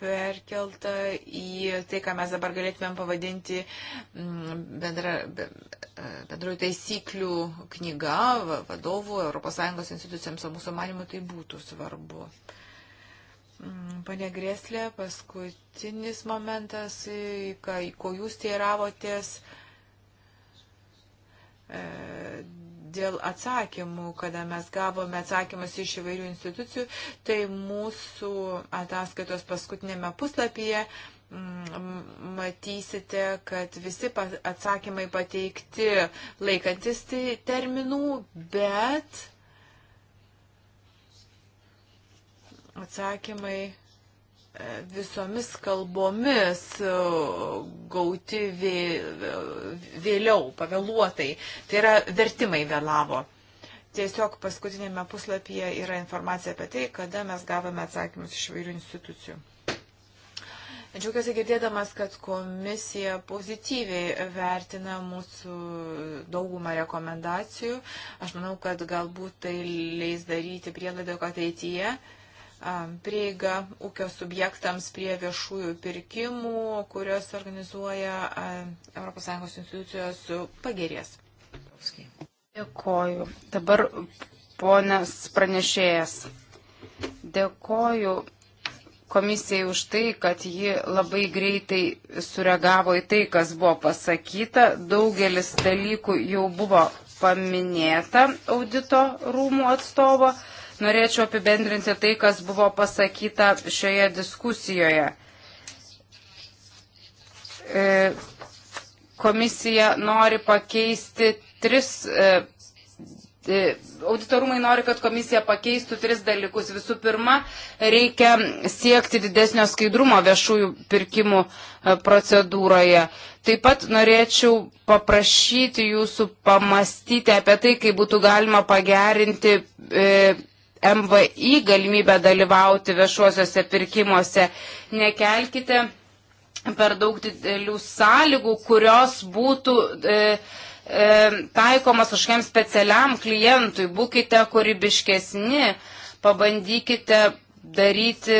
perkelta į tai, ką mes dabar galėtumėm pavadinti mm, bendra, e, bendrųjų taisyklių knyga vadovų ES institucijams, o mūsų manimų tai būtų svarbu. Mm, Pane Greslė, paskutinis momentas, kai, ko jūs teiravotės e, dėl atsakymų, kada mes gavome atsakymus iš įvairių institucijų, tai mūsų ataskaitos paskutinėme puslapyje mm, matysite, kad visi atsakymai pateikti laikantis tai terminų, bet atsakymai visomis kalbomis gauti vėliau, pavėluotai. Tai yra vertimai vėlavo. Tiesiog paskutinėme puslapyje yra informacija apie tai, kada mes gavome atsakymus iš vairių institucijų. Džiaugiuosi girdėdamas, kad komisija pozityviai vertina mūsų daugumą rekomendacijų. Aš manau, kad galbūt tai leis daryti prielaidą, kad ateityje tai prieiga ūkio subjektams prie viešųjų pirkimų, kurios organizuoja ES institucijos, pagerės. Dėkoju. Dabar ponas pranešėjas. Dėkoju komisijai už tai, kad ji labai greitai sureagavo į tai, kas buvo pasakyta. Daugelis dalykų jau buvo paminėta audito rūmų atstovo. Norėčiau apibendrinti tai, kas buvo pasakyta šioje diskusijoje. E, komisija nori pakeisti tris e, e, auditorumai nori, kad komisija pakeistų tris dalykus. Visų pirma, reikia siekti didesnio skaidrumo viešųjų pirkimų procedūroje. Taip pat norėčiau paprašyti jūsų pamastyti apie tai, kaip būtų galima pagerinti MVI galimybę dalyvauti viešuosiuose pirkimuose. Nekelkite per daug didelių sąlygų, kurios būtų e, e, taikomas kažkokiam specialiam klientui. Būkite kūrybiškesni, pabandykite daryti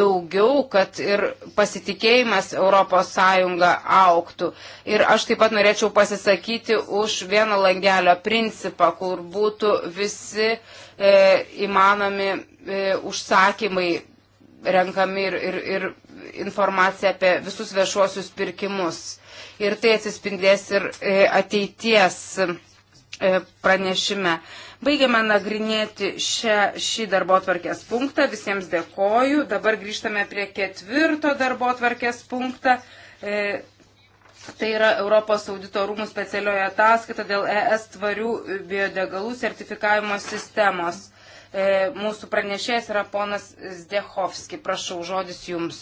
daugiau, kad ir pasitikėjimas ES auktų. Ir aš taip pat norėčiau pasisakyti už vieno langelio principą, kur būtų visi uh, E, įmanomi e, užsakymai renkami ir, ir, ir informacija apie visus viešuosius pirkimus. Ir tai atsispindės ir e, ateities pranešime. Baigiame nagrinėti šią, šį darbo tvarkės punktą. Visiems dėkoju. Dabar grįžtame prie ketvirto darbo tvarkės punktą. E, Tai yra Europos audito rūmų specialioje ataskaita dėl ES tvarių biodegalų sertifikavimo sistemos. E, mūsų pranešėjas yra ponas Zdechovski. Prašau, žodis jums.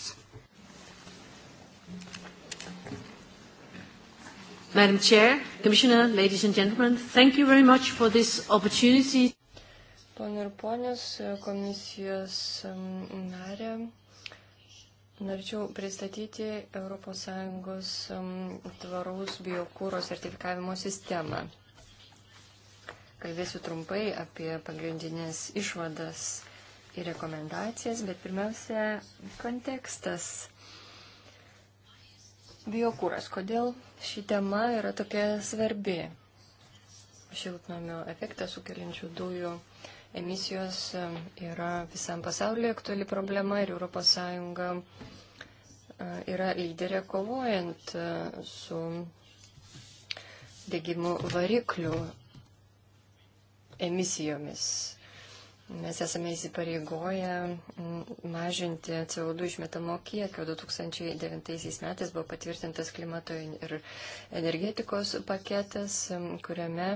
Madam Chair, Commissioner, ladies and gentlemen, thank you very much for this opportunity. Pone ir ponės, komisijos mm, narė, Norėčiau pristatyti ES um, tvaraus biokūro sertifikavimo sistemą. Kalbėsiu trumpai apie pagrindinės išvadas ir rekomendacijas, bet pirmiausia, kontekstas. Biokūras. Kodėl ši tema yra tokia svarbi? Šiltnamio efektą sukeliančių dujų Emisijos yra visam pasaulyje aktuali problema ir ES e, yra lyderė kovojant e, su degimų variklių emisijomis. Mes esame įsipareigoję mažinti CO2 išmetamo kiekio. 2009 metais buvo patvirtintas klimato ir energetikos paketas, kuriame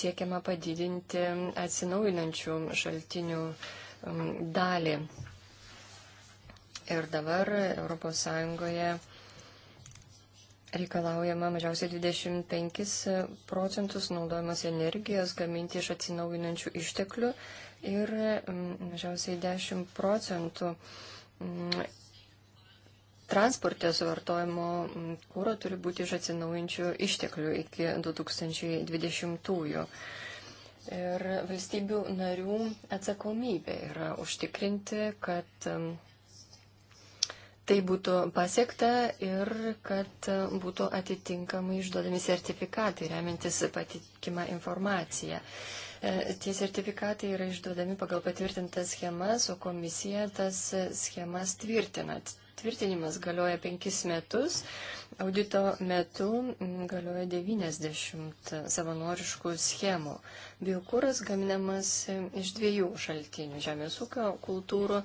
siekiama padidinti atsinaujinančių šaltinių um, dalį. Ir dabar ES reikalaujama mažiausiai 25 procentus naudojamos energijos gaminti iš atsinaujinančių išteklių ir mm, mažiausiai 10 procentų mm, transporte suvartojimo mm, kūro turi būti iš atsinaujančių išteklių iki 2020-ųjų. Ir valstybių narių atsakomybė yra užtikrinti, kad tai būtų pasiekta ir kad būtų atitinkamai išduodami sertifikatai, remiantis patikimą informaciją. E, tie sertifikatai yra išduodami pagal patvirtintas schemas, o komisija tas schemas tvirtina. Tvirtinimas galioja penkis metus, audito metu galioja 90 savanoriškų schemų. Biokūras gaminamas iš dviejų šaltinių - žemės ūkio, kultūrų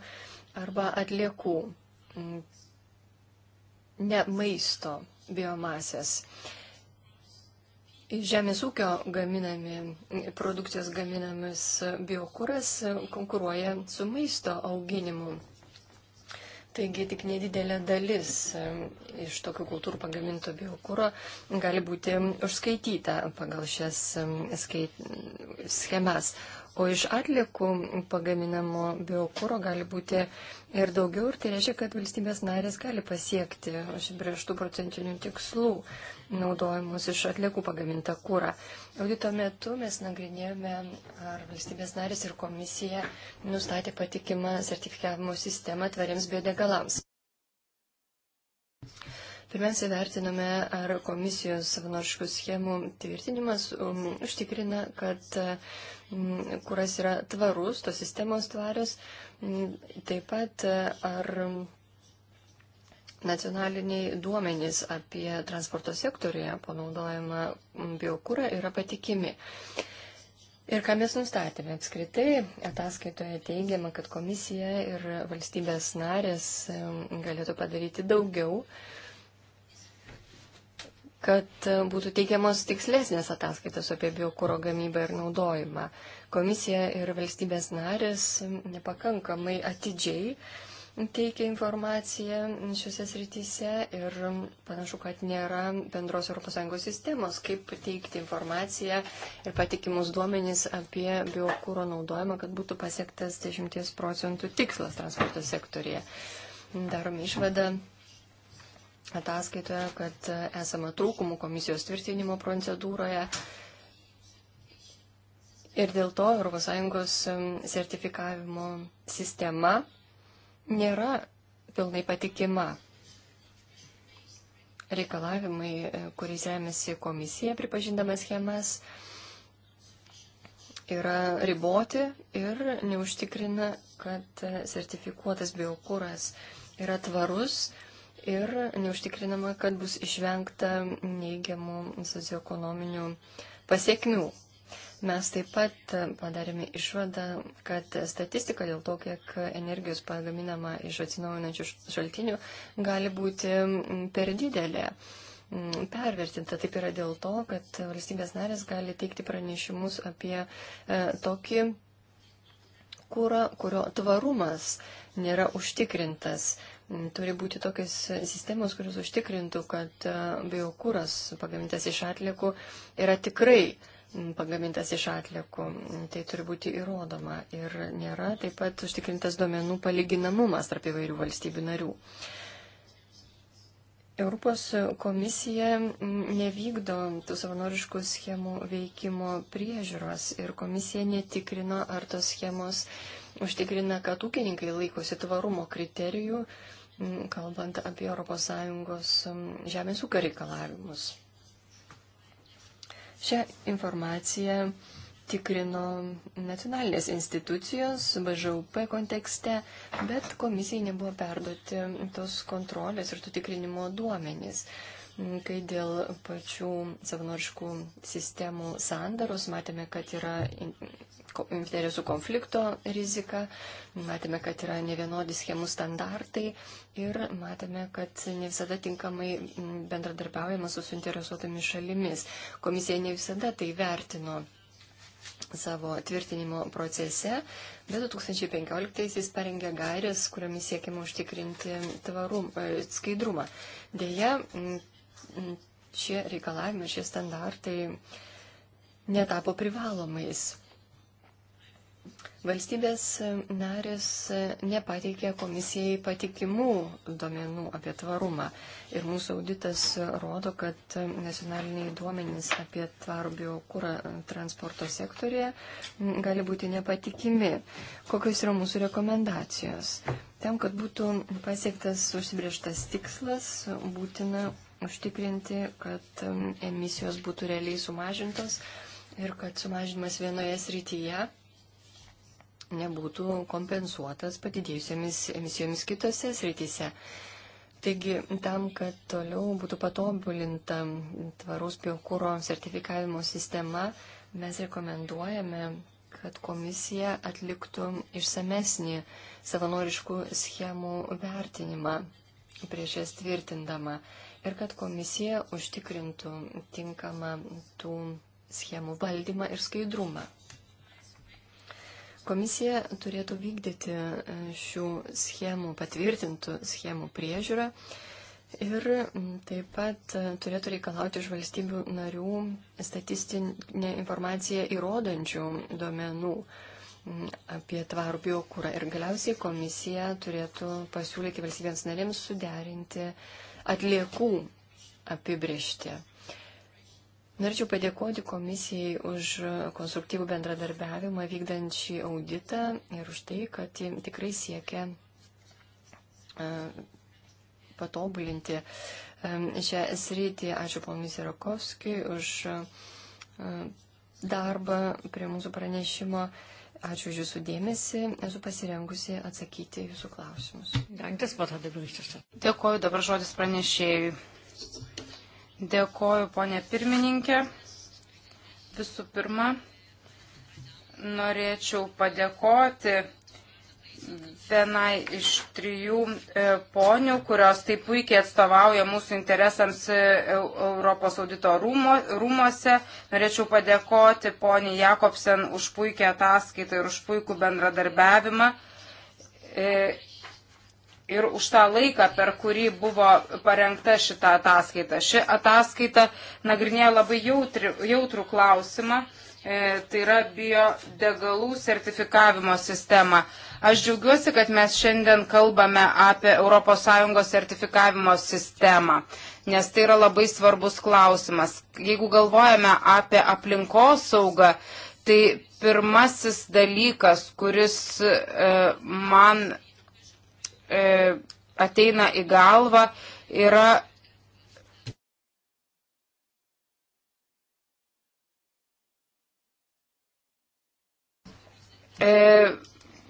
arba atliekų, ne maisto biomasės. Žemės ūkio gaminami, produkcijos gaminamas biokuras konkuruoja su maisto auginimu. Taigi tik nedidelė dalis e, iš tokių kultūrų pagaminto biokūro gali būti užskaityta pagal šias e, skait... schemas o iš atliekų pagaminamo biokūro gali būti ir daugiau, ir tai reiškia, kad valstybės narės gali pasiekti užsibrieštų procentinių tikslų naudojimus iš atliekų pagamintą kūrą. Audito metu mes nagrinėjome, ar valstybės narės ir komisija nustatė patikimą sertifikavimo sistemą tvariams biodegalams. Pirmiausia, vertiname, ar komisijos savanoriškų schemų tvirtinimas um, užtikrina, kad um, kuras yra tvarus, tos sistemos tvarios. Um, taip pat, ar nacionaliniai duomenys apie transporto sektoriuje panaudojimą um, biokūrą yra patikimi. Ir ką mes nustatėme apskritai, ataskaitoje teigiama, kad komisija ir valstybės narės um, galėtų padaryti daugiau, uh, kad būtų teikiamos tikslesnės ataskaitos apie biokūro gamybą ir naudojimą. Komisija ir valstybės narės nepakankamai atidžiai teikia informaciją šiuose srityse ir panašu, kad nėra bendros ES sistemos, kaip teikti informaciją ir patikimus duomenys apie biokūro naudojimą, kad būtų pasiektas 10 procentų tikslas transporto sektorėje. Darom išvadą ataskaitoje, kad esama trūkumų komisijos tvirtinimo procedūroje. Ir dėl to ES sertifikavimo sistema nėra pilnai patikima. Reikalavimai, kuriais remiasi komisija pripažindama schemas, yra riboti ir neužtikrina, kad sertifikuotas biokūras yra tvarus ir neužtikrinama, kad bus išvengta neigiamų socioekonominių pasiekmių. Mes taip pat padarėme išvadą, kad statistika dėl to, kiek energijos pagaminama iš atsinaujinančių šaltinių, gali būti per didelė mm, pervertinta. Taip yra dėl to, kad valstybės narės gali teikti pranešimus apie e, tokį kūrą, kurio tvarumas nėra užtikrintas. Turi būti tokios sistemos, kurios užtikrintų, kad e, biokūras pagamintas iš atliekų yra tikrai pagamintas iš atliekų. Tai turi būti įrodoma. Ir nėra taip pat užtikrintas duomenų palyginamumas tarp įvairių valstybių narių. Europos komisija nevykdo tų savanoriškų schemų veikimo priežiūros ir komisija netikrino, ar tos schemos uh, užtikrina, kad ūkininkai laikosi tvarumo kriterijų, kalbant apie ES žemės ūkio reikalavimus. Šią informaciją tikrino nacionalinės institucijos BŽUP kontekste, bet komisijai nebuvo perduoti tos kontrolės ir tų tikrinimo duomenys kai dėl pačių savanoriškų sistemų sandaros matėme, kad yra interesų konflikto riziką, matėme, kad yra ne vienodi schemų standartai ir matėme, kad ne visada tinkamai bendradarbiaujama su suinteresuotomis šalimis. Komisija ne visada tai vertino savo tvirtinimo procese, bet 2015-aisiais parengė gairės, kuriomis siekiama užtikrinti tvarum, e, skaidrumą. Deja, šie reikalavimai, šie standartai netapo privalomais. Valstybės narės nepateikė komisijai patikimų duomenų apie tvarumą. Ir mūsų auditas rodo, kad nacionaliniai duomenys apie tvarų biokūrą transporto sektorėje gali būti nepatikimi. Kokios yra mūsų rekomendacijos? Tam, kad būtų pasiektas užsibrieštas tikslas, būtina užtikrinti, kad emisijos būtų realiai sumažintos ir kad sumažinimas vienoje srityje nebūtų kompensuotas padidėjusiamis emisijomis kitose srityse. Taigi, tam, kad toliau būtų patobulinta tvaraus biokūro sertifikavimo sistema, mes rekomenduojame, kad komisija atliktų išsamesnį savanoriškų schemų vertinimą prieš jas tvirtindama ir kad komisija užtikrintų tinkamą tų schemų valdymą ir skaidrumą. Komisija turėtų vykdyti e, šių schemų, patvirtintų schemų priežiūrą ir taip pat e, turėtų reikalauti iš valstybių narių statistinę informaciją įrodančių duomenų apie tvarų biokūrą. Ir galiausiai komisija turėtų pasiūlyti valstybėms narėms suderinti atliekų apibriežtį. Norėčiau padėkoti komisijai už konstruktyvų bendradarbiavimą vykdant šį auditą ir už tai, kad tikrai siekia e, patobulinti e, šią sritį. Ačiū ponui Sirokovskijui už e, darbą prie mūsų pranešimo. Ačiū už Jūsų dėmesį. Esu pasirengusi atsakyti Jūsų klausimus. Dėkuoju dabar žodis pranešėjui. Dėkoju, ponė pirmininkė. Visų pirma, norėčiau padėkoti vienai iš trijų e, ponių, kurios taip puikiai atstovauja mūsų interesams e, Europos audito rūmo, rūmose. Norėčiau padėkoti poniai Jakobsen už puikią ataskaitą ir už puikų bendradarbiavimą. E, ir už tą laiką, per kurį buvo parengta šita ataskaita. Ši ataskaita nagrinėja labai jautri, jautrų klausimą, e, tai yra biodegalų sertifikavimo sistema. Aš džiaugiuosi, kad mes šiandien kalbame apie ES sertifikavimo sistemą, nes tai yra labai svarbus klausimas. Jeigu galvojame apie aplinkosaugą, tai pirmasis dalykas, kuris e, man e, ateina į galvą, yra. E,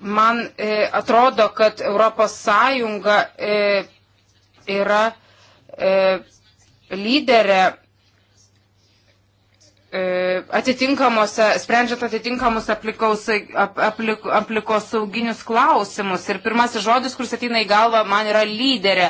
man e, atrodo, kad Europos Sąjunga e, yra e, lyderė E, atitinkamuose, sprendžiant atitinkamus aplikaus, aplik, aplikos sauginius klausimus. Ir pirmasis žodis, kuris ateina į galvą, man yra lyderė.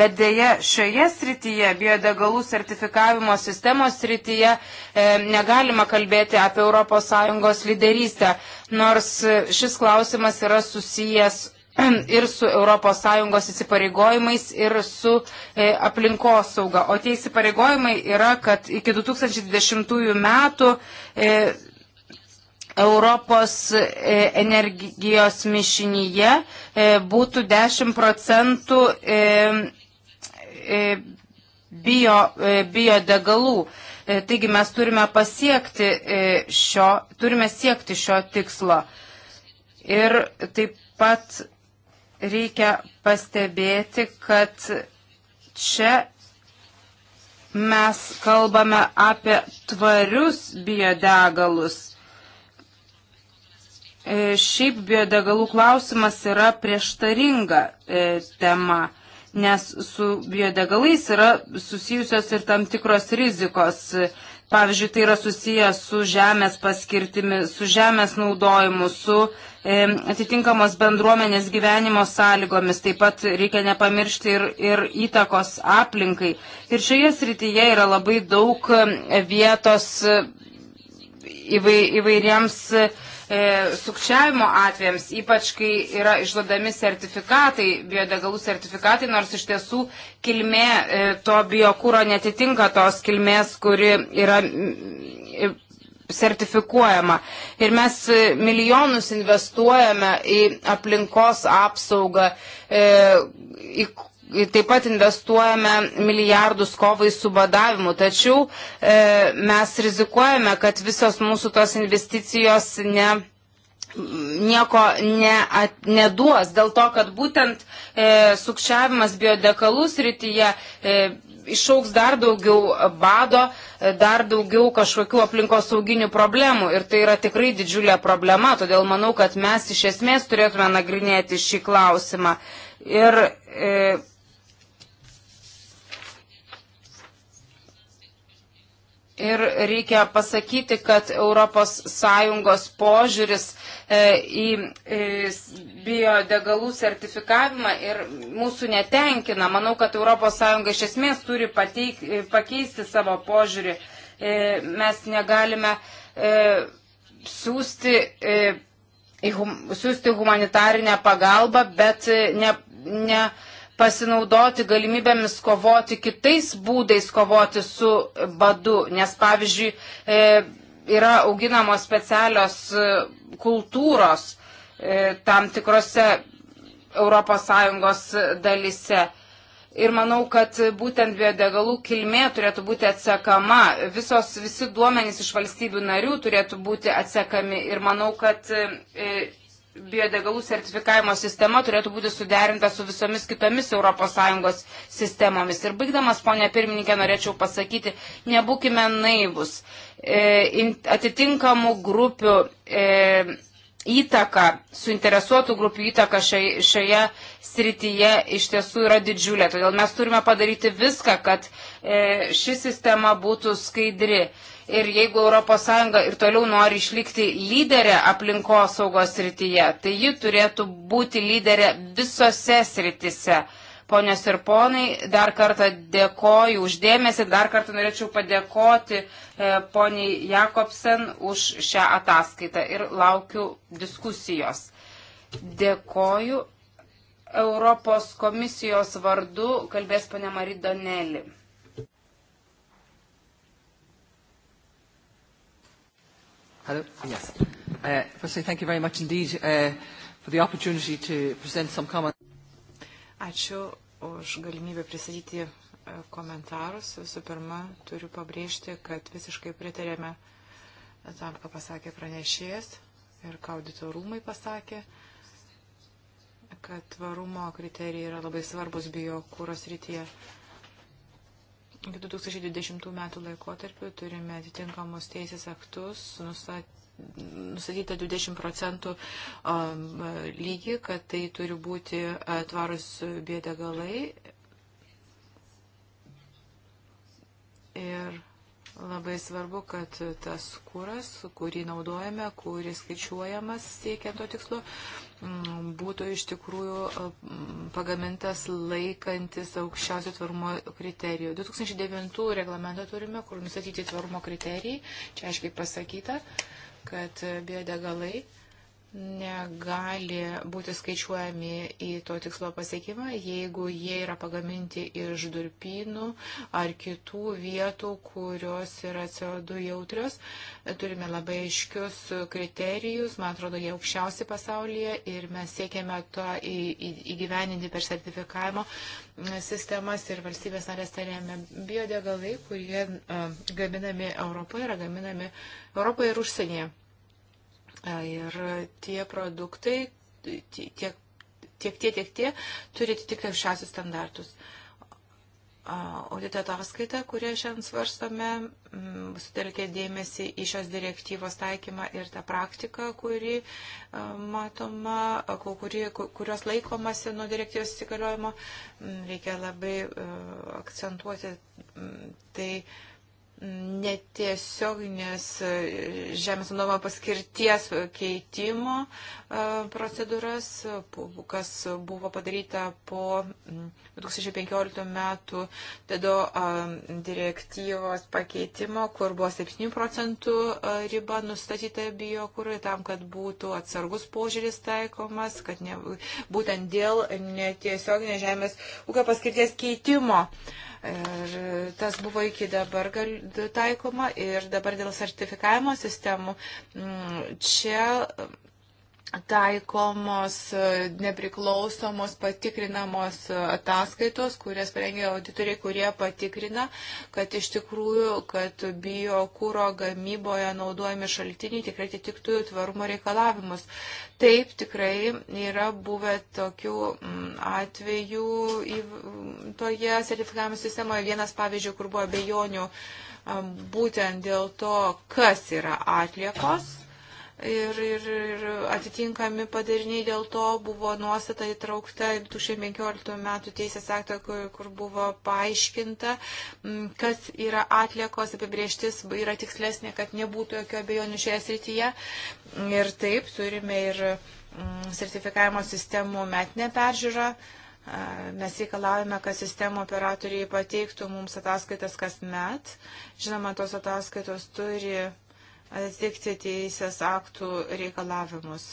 Bet dėja, šioje srityje, biodegalų sertifikavimo sistemos srityje, e, negalima kalbėti apie ES lyderystę, nors e, šis klausimas yra susijęs <clears throat> ir su ES įsipareigojimais, ir su e, aplinkosauga. O tie įsipareigojimai yra, kad iki 2020 metų e, Europos e, energijos mišinyje e, būtų 10 procentų e, e, bio, e, biodegalų. E, taigi mes turime pasiekti e, šio, turime siekti šio tikslo. Ir taip pat reikia pastebėti, kad čia mes kalbame apie tvarius biodegalus. E, šiaip biodegalų klausimas yra prieštaringa e, tema, nes su biodegalais yra susijusios ir tam tikros rizikos. Pavyzdžiui, tai yra susijęs su žemės paskirtimi, su žemės naudojimu, su e, atitinkamos bendruomenės gyvenimo sąlygomis. Taip pat reikia nepamiršti ir, ir įtakos aplinkai. Ir šioje srityje yra labai daug e, vietos e, įvai, įvairiems. E, e, sukčiavimo atvejams, ypač kai yra išduodami sertifikatai, biodegalų sertifikatai, nors iš tiesų kilmė e, to biokūro netitinka tos kilmės, kuri yra. E, sertifikuojama. Ir mes e, milijonus investuojame į aplinkos apsaugą, e, į taip pat investuojame milijardus kovai su badavimu, tačiau e, mes rizikuojame, kad visos mūsų tos investicijos ne nieko ne, at, neduos, dėl to, kad būtent e, sukčiavimas biodekalų srityje e, išauks dar daugiau bado, e, dar daugiau kažkokių aplinkos sauginių problemų ir tai yra tikrai didžiulė problema, todėl manau, kad mes iš esmės turėtume nagrinėti šį klausimą. Ir e, Ir reikia pasakyti, kad ES požiūris e, į e, biodegalų sertifikavimą ir mūsų netenkina. Manau, kad ES iš esmės turi pateik, e, pakeisti savo požiūrį. Mes negalime siūsti, siūsti humanitarinę pagalbą, bet ne. ne pasinaudoti galimybėmis kovoti kitais būdais, kovoti su badu, nes pavyzdžiui e, yra auginamos specialios e, kultūros e, tam tikrose ES dalise. Ir manau, kad būtent biodegalų kilmė turėtų būti atsekama. Visos, visi duomenys iš valstybių narių turėtų būti atsekami. Ir manau, kad biodegalų sertifikavimo sistema turėtų būti suderinta su visomis kitomis ES sistemomis. Ir baigdamas, ponė pirmininkė, norėčiau pasakyti, nebūkime naivus. E, atitinkamų grupių e, įtaka, suinteresuotų grupių įtaka šioje, šioje srityje iš tiesų yra didžiulė. Todėl mes turime padaryti viską, kad e, ši sistema būtų skaidri. E, Ir jeigu ES ir toliau nori išlikti lyderę aplinkos saugos srityje, tai ji turėtų būti lyderė visose srityse. Ponios ir ponai, dar kartą dėkoju uždėmesi, dar kartą norėčiau padėkoti e, poniai Jakobsen už šią ataskaitą ir laukiu diskusijos. Dėkoju. Europos komisijos vardu kalbės ponia Maridonelį. Hello? Yes. Uh, firstly, thank you very much indeed uh, for the opportunity to present some comments. Ačiū už galimybę pristatyti uh, komentarus. Visų pirma, turiu pabrėžti, kad visiškai pritarėme tam, ką pasakė pranešėjas ir ką audito rūmai pasakė, kad tvarumo kriterijai yra labai svarbus biokūros rytyje. Iki 2020 metų laikotarpiu turime atitinkamus teisės aktus, nustatyta 20 procentų um, lygį, kad tai turi būti uh, tvarus biodegalai. Ir Labai svarbu, kad tas kūras, kurį naudojame, kuris skaičiuojamas siekiant to tikslo, mm, būtų iš tikrųjų mm, pagamintas laikantis aukščiausių tvarumo kriterijų. 2009 reglamentą turime, kur nustatyti tvarumo kriterijai. Čia aiškiai pasakyta, kad biodegalai negali būti skaičiuojami į to tikslo pasiekimą, jeigu jie yra pagaminti iš durpynų ar kitų vietų, kurios yra CO2 jautrios. Turime labai aiškius kriterijus, man atrodo, jie aukščiausi pasaulyje ir mes siekiame to įgyveninti per sertifikavimo sistemas ir valstybės narės tarėme biodegalai, kurie gaminami Europoje, yra gaminami Europoje ir užsienyje. Ir tie produktai, tiek tie, tie, tiek tie, turi atitikti aukščiausius standartus. Audito ataskaita, kurią šiandien svarstome, mm, sutelkė dėmesį į šios direktyvos taikymą ir tą praktiką, kuri matoma, kuri, kurios laikomasi nuo direktyvos įsigaliojimo. Mm, reikia labai akcentuoti mm, tai netiesioginės e, žemės naudojimo paskirties keitimo e, procedūras, kas buvo padaryta po 2015 metų TEDO direktyvos pakeitimo, kur buvo 7 procentų riba nustatyta biokūrui, tam, kad būtų atsargus požiūris taikomas, kad ne, būtent dėl netiesioginės žemės ūkio paskirties keitimo. Uh, Ir tas buvo iki dabar gal, taikoma ir dabar dėl sertifikavimo sistemų. Mm, čia taikomos nepriklausomos patikrinamos ataskaitos, kurias rengia auditoriai, kurie patikrina, kad iš tikrųjų, kad biokūro gamyboje naudojami šaltiniai tikrai atitiktų tvarumo reikalavimus. Taip, tikrai yra buvę tokių mm, atvejų toje sertifikavimo sistemoje. Vienas pavyzdžių, kur buvo abejonių būtent dėl to, kas yra atliekos ir, ir, ir atitinkami padariniai dėl to buvo nuostata įtraukta 2015 metų teisės aktą, kur, kur buvo paaiškinta, kas yra atliekos apibrieštis, yra tikslesnė, kad nebūtų jokio abejonių šioje srityje. Ir taip turime ir sertifikavimo sistemų metinę peržiūrą. Mes reikalavome, kad sistemo operatoriai pateiktų mums ataskaitas kas met. Žinoma, tos ataskaitos turi atitikti teisės aktų reikalavimus.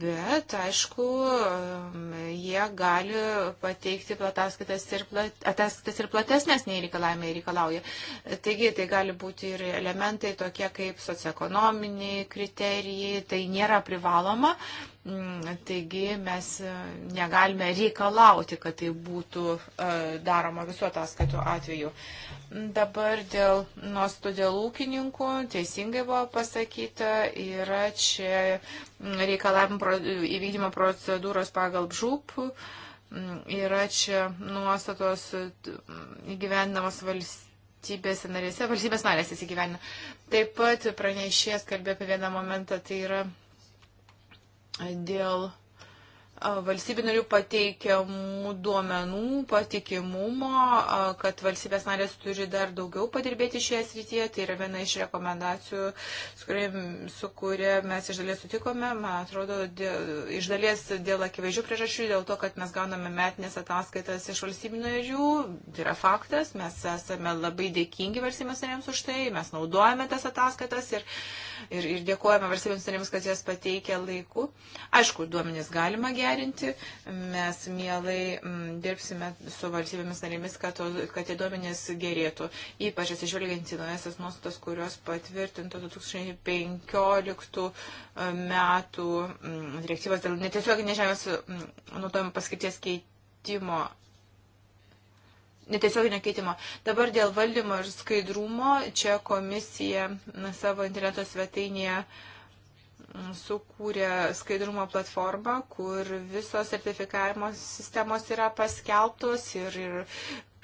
Bet, aišku, jie gali pateikti ataskaitas ir, plat, ataskaitas ir platesnės nei reikalavimai reikalauja. Taigi, tai gali būti ir elementai tokie kaip socioekonominiai kriterijai, tai nėra privaloma, Mm, taigi mes e, negalime reikalauti, kad tai būtų e, daroma visų ataskaitų atveju. Mm, dabar dėl nuostų dėl ūkininkų, teisingai buvo pasakyta, yra čia mm, reikalavimo įvykdymo procedūros pagal žūp yra čia nuostatos įgyvendinamos valstybės narėse, valstybės narės įsigyvendina. Taip pat pranešėjas kalbė apie vieną momentą, tai yra dėl valstybinarių pateikiamų duomenų patikimumo, kad valstybės narės turi dar daugiau padirbėti šioje srityje. Tai yra viena iš rekomendacijų, su kuria, su kuria mes iš dalies sutikome. Man atrodo, dėl, iš dalies dėl akivaizdžių priežasčių, dėl to, kad mes gauname metinės ataskaitas iš valstybinarių. Tai yra faktas. Mes esame labai dėkingi valstybės narėms už tai. Mes naudojame tas ataskaitas ir, ir, ir dėkojame valstybėms narėms, kad jas pateikė laiku. Aišku, duomenys galima gerinti pagerinti. Mes mielai m, mm, dirbsime su valstybėmis narėmis, kad, to, kad tie duomenys gerėtų, ypač atsižvelgiant į naujasias nuostatas, kurios patvirtinto 2015 e, metų m, mm, direktyvos dėl netiesioginės žemės mm, naudojimo paskirties keitimo netiesioginio keitimo. Dabar dėl valdymo ir skaidrumo čia komisija na, savo interneto svetainėje uh, sukūrė skaidrumo platformą, kur visos sertifikavimo sistemos yra paskelbtos ir, ir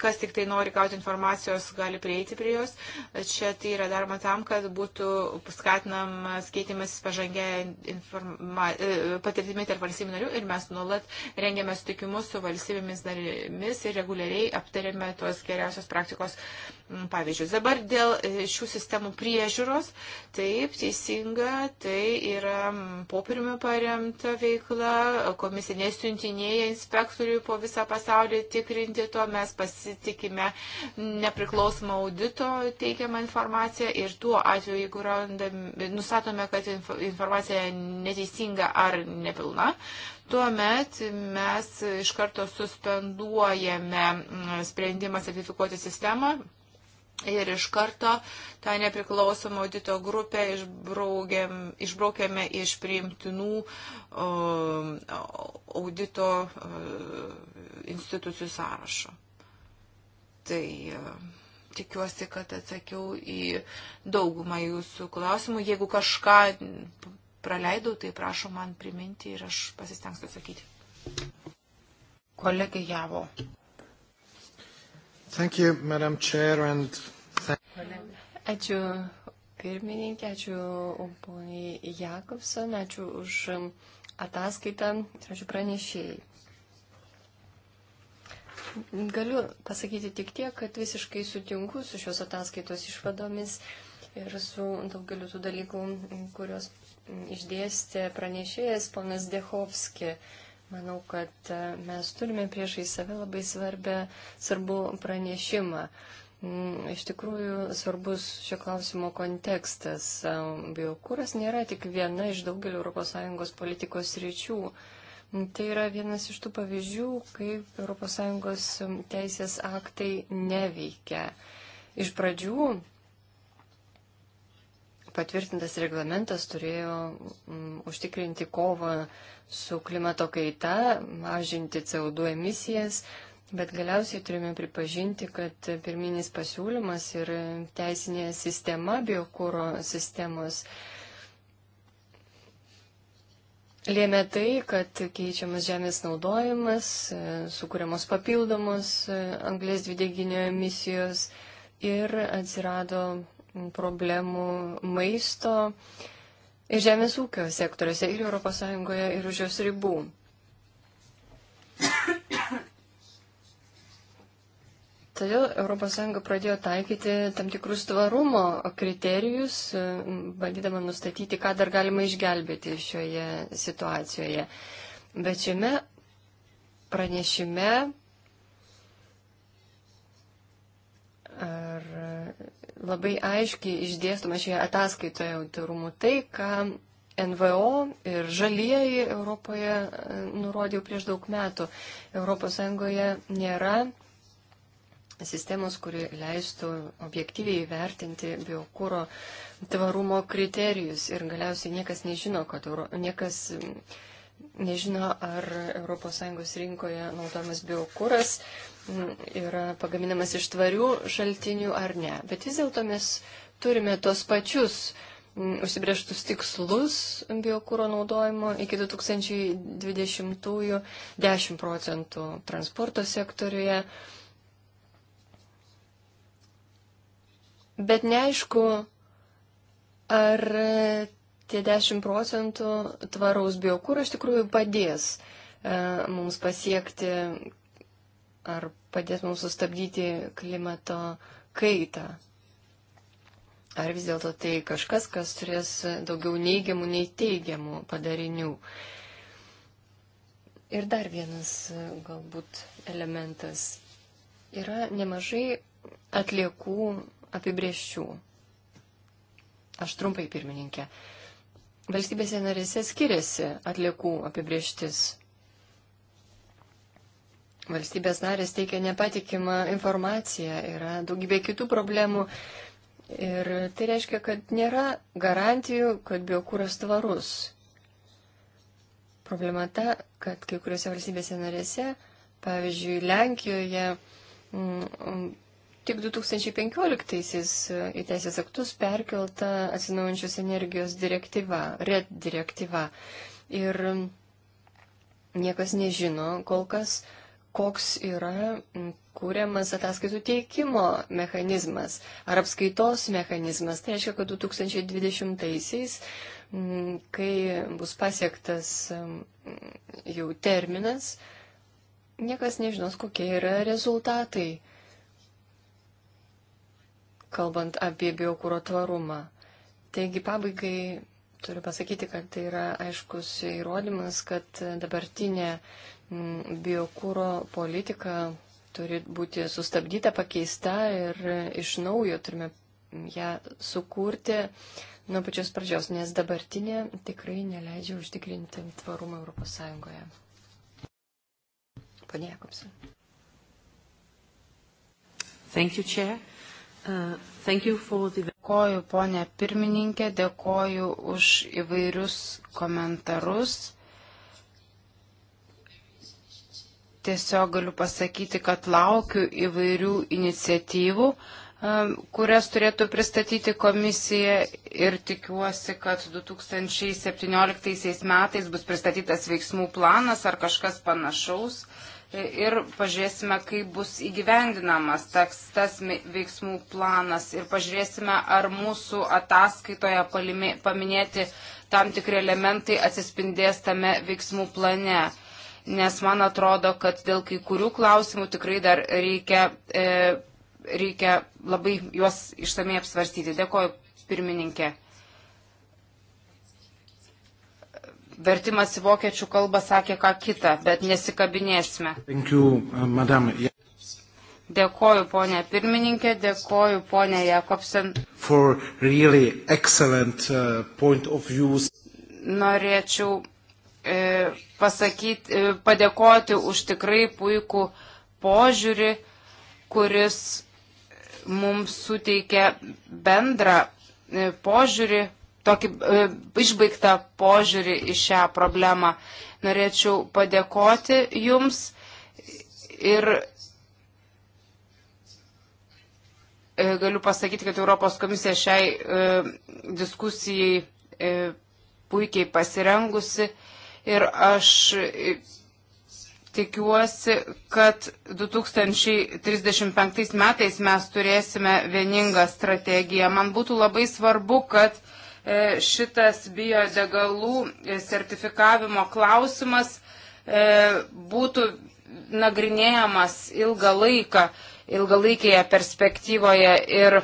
kas tik tai nori gauti informacijos, gali prieiti prie jos. Čia tai yra daroma tam, kad būtų skatinamas keitimas pažangę informa... E, patirtimi tarp valstybių narių ir mes nuolat rengiame sutikimus su valstybėmis narėmis ir reguliariai aptarėme tuos geriausios praktikos pavyzdžius. Dabar dėl e, šių sistemų priežiūros, taip, teisinga, tai yra popieriumi paremta veikla, komisija nesiuntinėja inspektorių po visą pasaulį tikrinti to, mes pasi pasitikime nepriklausomą audito teikiamą informaciją ir tuo atveju, jeigu randami, nustatome, kad informacija neteisinga ar nepilna, tuomet mes iš karto suspenduojame mm, sprendimą sertifikuoti sistemą Ir iš karto tą nepriklausomą audito grupę išbraukėme iš priimtinų um, audito uh, institucijų sąrašo. Tai e, tikiuosi, kad atsakiau į daugumą jūsų klausimų. Jeigu kažką praleidau, tai prašau man priminti ir aš pasistengsiu atsakyti. Kolegė Javo. Thank you, Madam Chair, and Ačiū pirmininkė, ačiū poniai Jakobson, ačiū už ataskaitą, ačiū pranešėjai. Galiu pasakyti tik tiek, kad visiškai sutinku su šios ataskaitos išvadomis ir su daugeliu tų dalykų, kuriuos išdėstė pranešėjas ponas Dehovski. Manau, kad e, mes turime priešai save labai svarbę, svarbu pranešimą. Mm, iš tikrųjų, svarbus šio klausimo kontekstas. E, Biokūras nėra tik viena iš daugelio ES politikos ryčių. Tai yra vienas iš tų pavyzdžių, kaip ES teisės aktai neveikia. Iš pradžių patvirtintas reglamentas turėjo mm, užtikrinti kovą su klimato kaita, mažinti CO2 emisijas, bet galiausiai turime pripažinti, kad pirminis pasiūlymas ir teisinė sistema biokūro sistemos lėmė tai, kad keičiamas žemės naudojimas, e, sukūriamos papildomos e, anglės dvideginio emisijos ir atsirado problemų maisto ir žemės ūkio sektoriuose ir ES ir už jos ribų. Todėl ES pradėjo taikyti tam tikrus tvarumo kriterijus, bandydama nustatyti, ką dar galima išgelbėti šioje situacijoje. Bet šiame pranešime ar labai aiškiai išdėstoma šioje ataskaitoje autorumų tai, ką NVO ir žalieji Europoje e, nurodė prieš daug metų. ES nėra sistemos, kuri leistų objektyviai vertinti biokūro tvarumo kriterijus. Ir galiausiai niekas nežino, kad Euro, niekas mm, nežino, ar ES rinkoje naudojamas biokūras mm, yra pagaminamas iš tvarių šaltinių ar ne. Bet vis dėlto mes turime tos pačius mm, užsibrieštus tikslus biokūro naudojimo iki 2020-ųjų 10 procentų transporto sektoriuje, Bet neaišku, ar tie 10 procentų tvaraus biokūro iš tikrųjų padės e, mums pasiekti ar padės mums sustabdyti klimato kaitą. Ar vis dėlto tai kažkas, kas turės daugiau neigiamų nei teigiamų padarinių. Ir dar vienas e, galbūt elementas. Yra nemažai atliekų apibrieščių. Aš trumpai pirmininkė. Valstybėse narėse skiriasi atliekų apibrieštis. Valstybės narės teikia nepatikimą informaciją, yra daugybė kitų problemų ir tai reiškia, kad nėra garantijų, kad biokūras tvarus. Problema ta, kad kai kuriuose valstybėse narėse, pavyzdžiui, Lenkijoje, mm, Tik 2015-aisiais e, į teisės aktus perkelta atsinaujančios energijos direktyva, RED direktyva. Ir niekas nežino kol kas, koks yra kūriamas ataskaitų teikimo mechanizmas ar apskaitos mechanizmas. Tai reiškia, kad 2020-aisiais, kai bus pasiektas jau terminas, niekas nežinos, kokie yra rezultatai kalbant apie biokūro tvarumą. Taigi pabaigai turiu pasakyti, kad tai yra aiškus įrodymas, kad dabartinė mm, biokūro politika turi būti sustabdyta, pakeista ir iš naujo turime ją sukurti nuo pačios pradžios, nes dabartinė tikrai neleidžia užtikrinti tvarumą Europos Sąjungoje. Pane Jakobsen. Thank you, Chair. Uh, dėkoju, ponė pirmininkė, dėkoju už įvairius komentarus. Tiesiog galiu pasakyti, kad laukiu įvairių iniciatyvų, um, kurias turėtų pristatyti komisija ir tikiuosi, kad 2017 metais bus pristatytas veiksmų planas ar kažkas panašaus ir pažiūrėsime, kaip bus įgyvendinamas tas, tas veiksmų planas ir pažiūrėsime, ar mūsų ataskaitoje palimi, paminėti tam tikri elementai atsispindės tame veiksmų plane. Nes man atrodo, kad dėl kai kurių klausimų tikrai dar reikia, e, reikia labai juos išsamei apsvarstyti. Dėkoju, pirmininkė. vertimas į vokiečių kalbą sakė ką kitą, bet nesikabinėsime. You, uh, dėkoju ponė pirmininkė, dėkoju ponė Jakobsen. Really excellent, uh, Norėčiau e, pasakyti, e, padėkoti už tikrai puikų požiūrį, kuris mums suteikia bendrą e, požiūrį tokį e, išbaigtą požiūrį į šią problemą. Norėčiau padėkoti Jums ir e, galiu pasakyti, kad Europos komisija šiai e, diskusijai e, puikiai pasirengusi ir aš e, tikiuosi, kad 2035 metais mes turėsime vieningą strategiją. Man būtų labai svarbu, kad E, šitas biodegalų sertifikavimo klausimas e, būtų nagrinėjamas ilgą laiką, ilgalaikėje perspektyvoje ir e,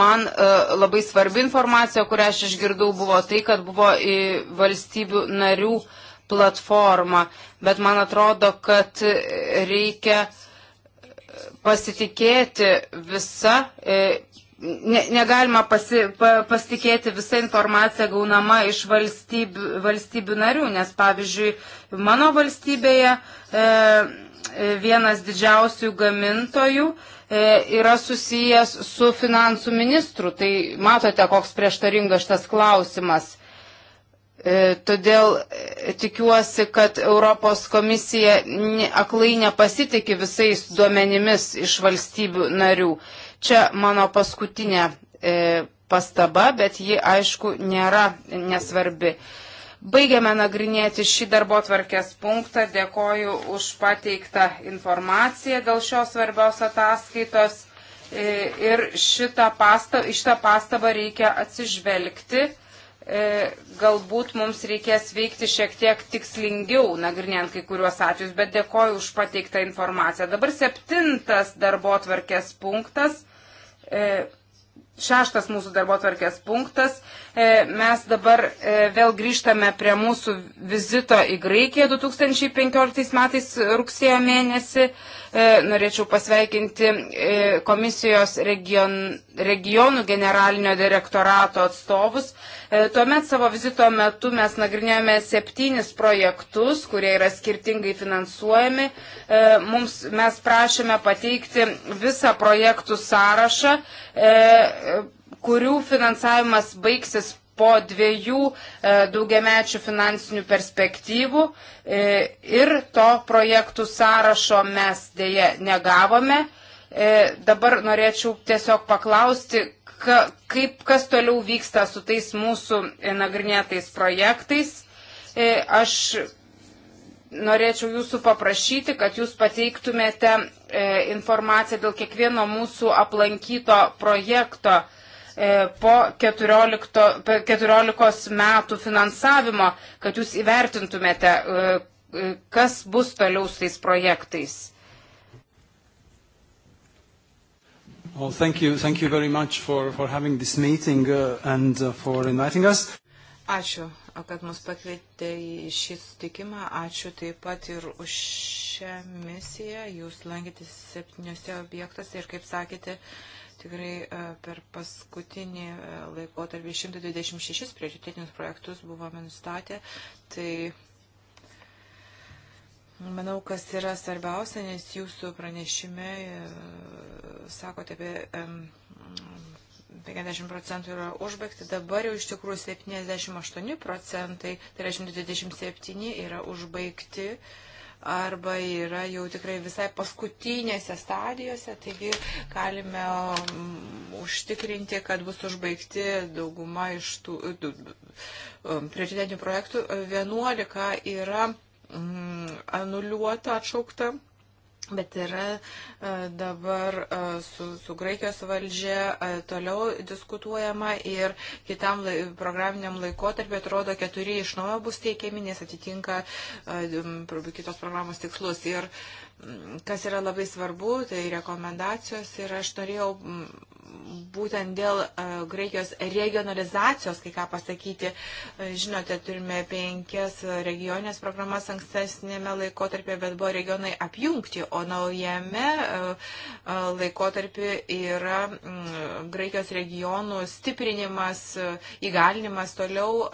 Man labai svarbi informacija, kurią aš išgirdau, buvo tai, kad buvo valstybių narių platforma, bet man atrodo, kad reikia pasitikėti visa ne, negalima pasi, pa, pasitikėti visą informaciją gaunama iš valstybių, valstybių narių, nes pavyzdžiui, mano valstybėje e, e, vienas didžiausių gamintojų e, yra susijęs su finansų ministru. Tai matote, koks prieštaringas šitas klausimas. E, todėl e, tikiuosi, kad Europos komisija aklai nepasitikė visais duomenimis iš valstybių narių. E, Čia mano paskutinė e, pastaba, bet ji aišku nėra nesvarbi. Baigiame nagrinėti šį darbo tvarkės punktą. Dėkoju už pateiktą informaciją dėl šios svarbios ataskaitos. E, ir šitą pastabą, šitą pastabą reikia atsižvelgti. E, galbūt mums reikės veikti šiek tiek tikslingiau, nagrinėjant kai kuriuos atvejus, bet dėkoju už pateiktą informaciją. Dabar septintas darbo tvarkės punktas E, šeštas mūsų darbo tvarkės punktas. E, mes dabar e, vėl grįžtame prie mūsų vizito į Graikiją 2015 metais rugsėjo mėnesį. E, norėčiau pasveikinti e, komisijos region, regionų generalinio direktorato atstovus. E, tuomet savo vizito metu mes nagrinėjome septynis projektus, kurie yra skirtingai finansuojami. Mums, mes prašėme pateikti visą projektų sąrašą kurių finansavimas baigsis po dviejų e, daugiamečių finansinių perspektyvų e, ir to projektų sąrašo mes dėje negavome. E, dabar norėčiau tiesiog paklausti, ka, kaip, kas toliau vyksta su tais mūsų nagrinėtais projektais. Aš norėčiau jūsų paprašyti, kad jūs pateiktumėte informaciją dėl kiekvieno mūsų aplankyto projekto E, po 14, 14 metų finansavimo, kad jūs įvertintumėte, e, e, kas bus toliau su tais projektais. Well, thank you, thank you very much for, for having this meeting uh, and uh, for inviting us. Ačiū, kad mus pakvietė į šį sutikimą. Ačiū taip pat ir už šią misiją. Jūs lankėtės septyniose objektuose ir, kaip sakėte, uh, Tikrai e, per paskutinį e, laikotarpį 126 prioritetinius projektus buvome nustatę. Tai manau, kas yra svarbiausia, nes jūsų pranešime e, sakote apie 50 procentų yra užbaigti, dabar jau iš tikrųjų 78 procentai, tai yra 127 yra užbaigti. Uh, arba yra jau tikrai visai paskutinėse stadijose, taigi galime mm, užtikrinti, kad bus užbaigti dauguma iš tų um, prioritetinių projektų. 11 yra mm, anuliuota, atšaukta Bet yra e, dabar e, su, su Graikijos valdžia e, toliau diskutuojama ir kitam lai, programiniam laikotarpiu atrodo keturi iš naujo bus teikiami, nes atitinka kitos programos tikslus. Ir uh, kas yra labai svarbu, tai rekomendacijos ir aš norėjau mm, būtent dėl e, Graikijos regionalizacijos kai ką pasakyti. E, žinote, turime penkias regionės programas ankstesnėme laikotarpėje, bet buvo regionai apjungti, o naujame e, laikotarpį yra mm, Graikijos regionų stiprinimas, įgalinimas toliau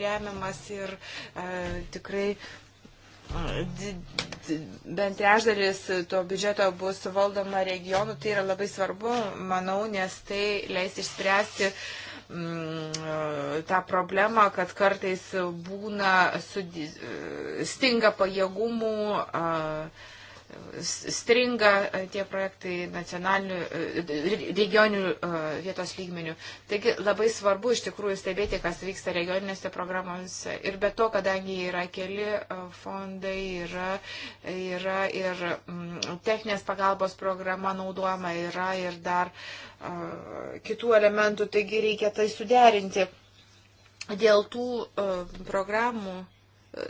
remiamas ir tikrai bent trešdalis to biudžeto bus valdoma regionų, tai yra labai svarbu, manau, nes tai leis išspręsti mm, tą problemą, kad kartais būna sudi, stinga pajėgumų. Uh, stringa e, tie projektai nacionalinių, e, regioninių e, vietos lygmenių. Taigi labai svarbu iš tikrųjų stebėti, kas vyksta regioninėse programuose. Ir be to, kadangi yra keli fondai, yra, yra ir mm, techninės pagalbos programa naudojama, yra ir dar kitų elementų, taigi reikia tai suderinti. Dėl tų programų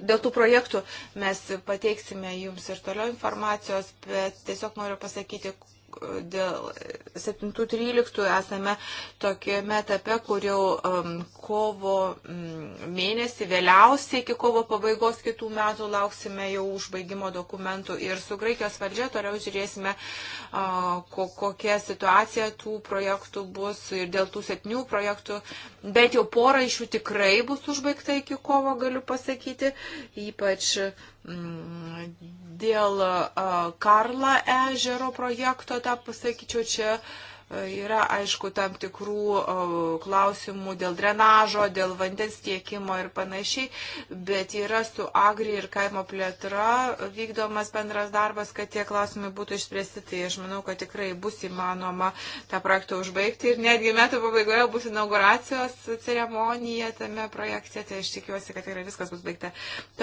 dėl tų projektų mes pateiksime jums ir toliau informacijos, bet tiesiog noriu pasakyti, dėl 7.13 esame tokiame etape, kur jau um, kovo mm, mėnesį, vėliausiai iki kovo pabaigos kitų metų lauksime jau užbaigimo dokumentų ir su Graikijos valdžia toliau žiūrėsime, uh, ko, kokia situacija tų projektų bus ir dėl tų septynių projektų, bet jau pora iš jų tikrai bus užbaigta iki kovo, galiu pasakyti, ypač uh, Mm, dėl Karla ežero projekto, tą pasakyčiau, čia yra, aišku, tam tikrų klausimų dėl drenažo, dėl vandens tiekimo ir panašiai, bet yra su agri ir kaimo plėtra vykdomas bendras darbas, kad tie klausimai būtų išspręsti. Tai aš manau, kad tikrai bus įmanoma tą projektą užbaigti ir netgi metų pabaigoje bus inauguracijos ceremonija tame projekte, tai aš tikiuosi, kad tikrai viskas bus baigta.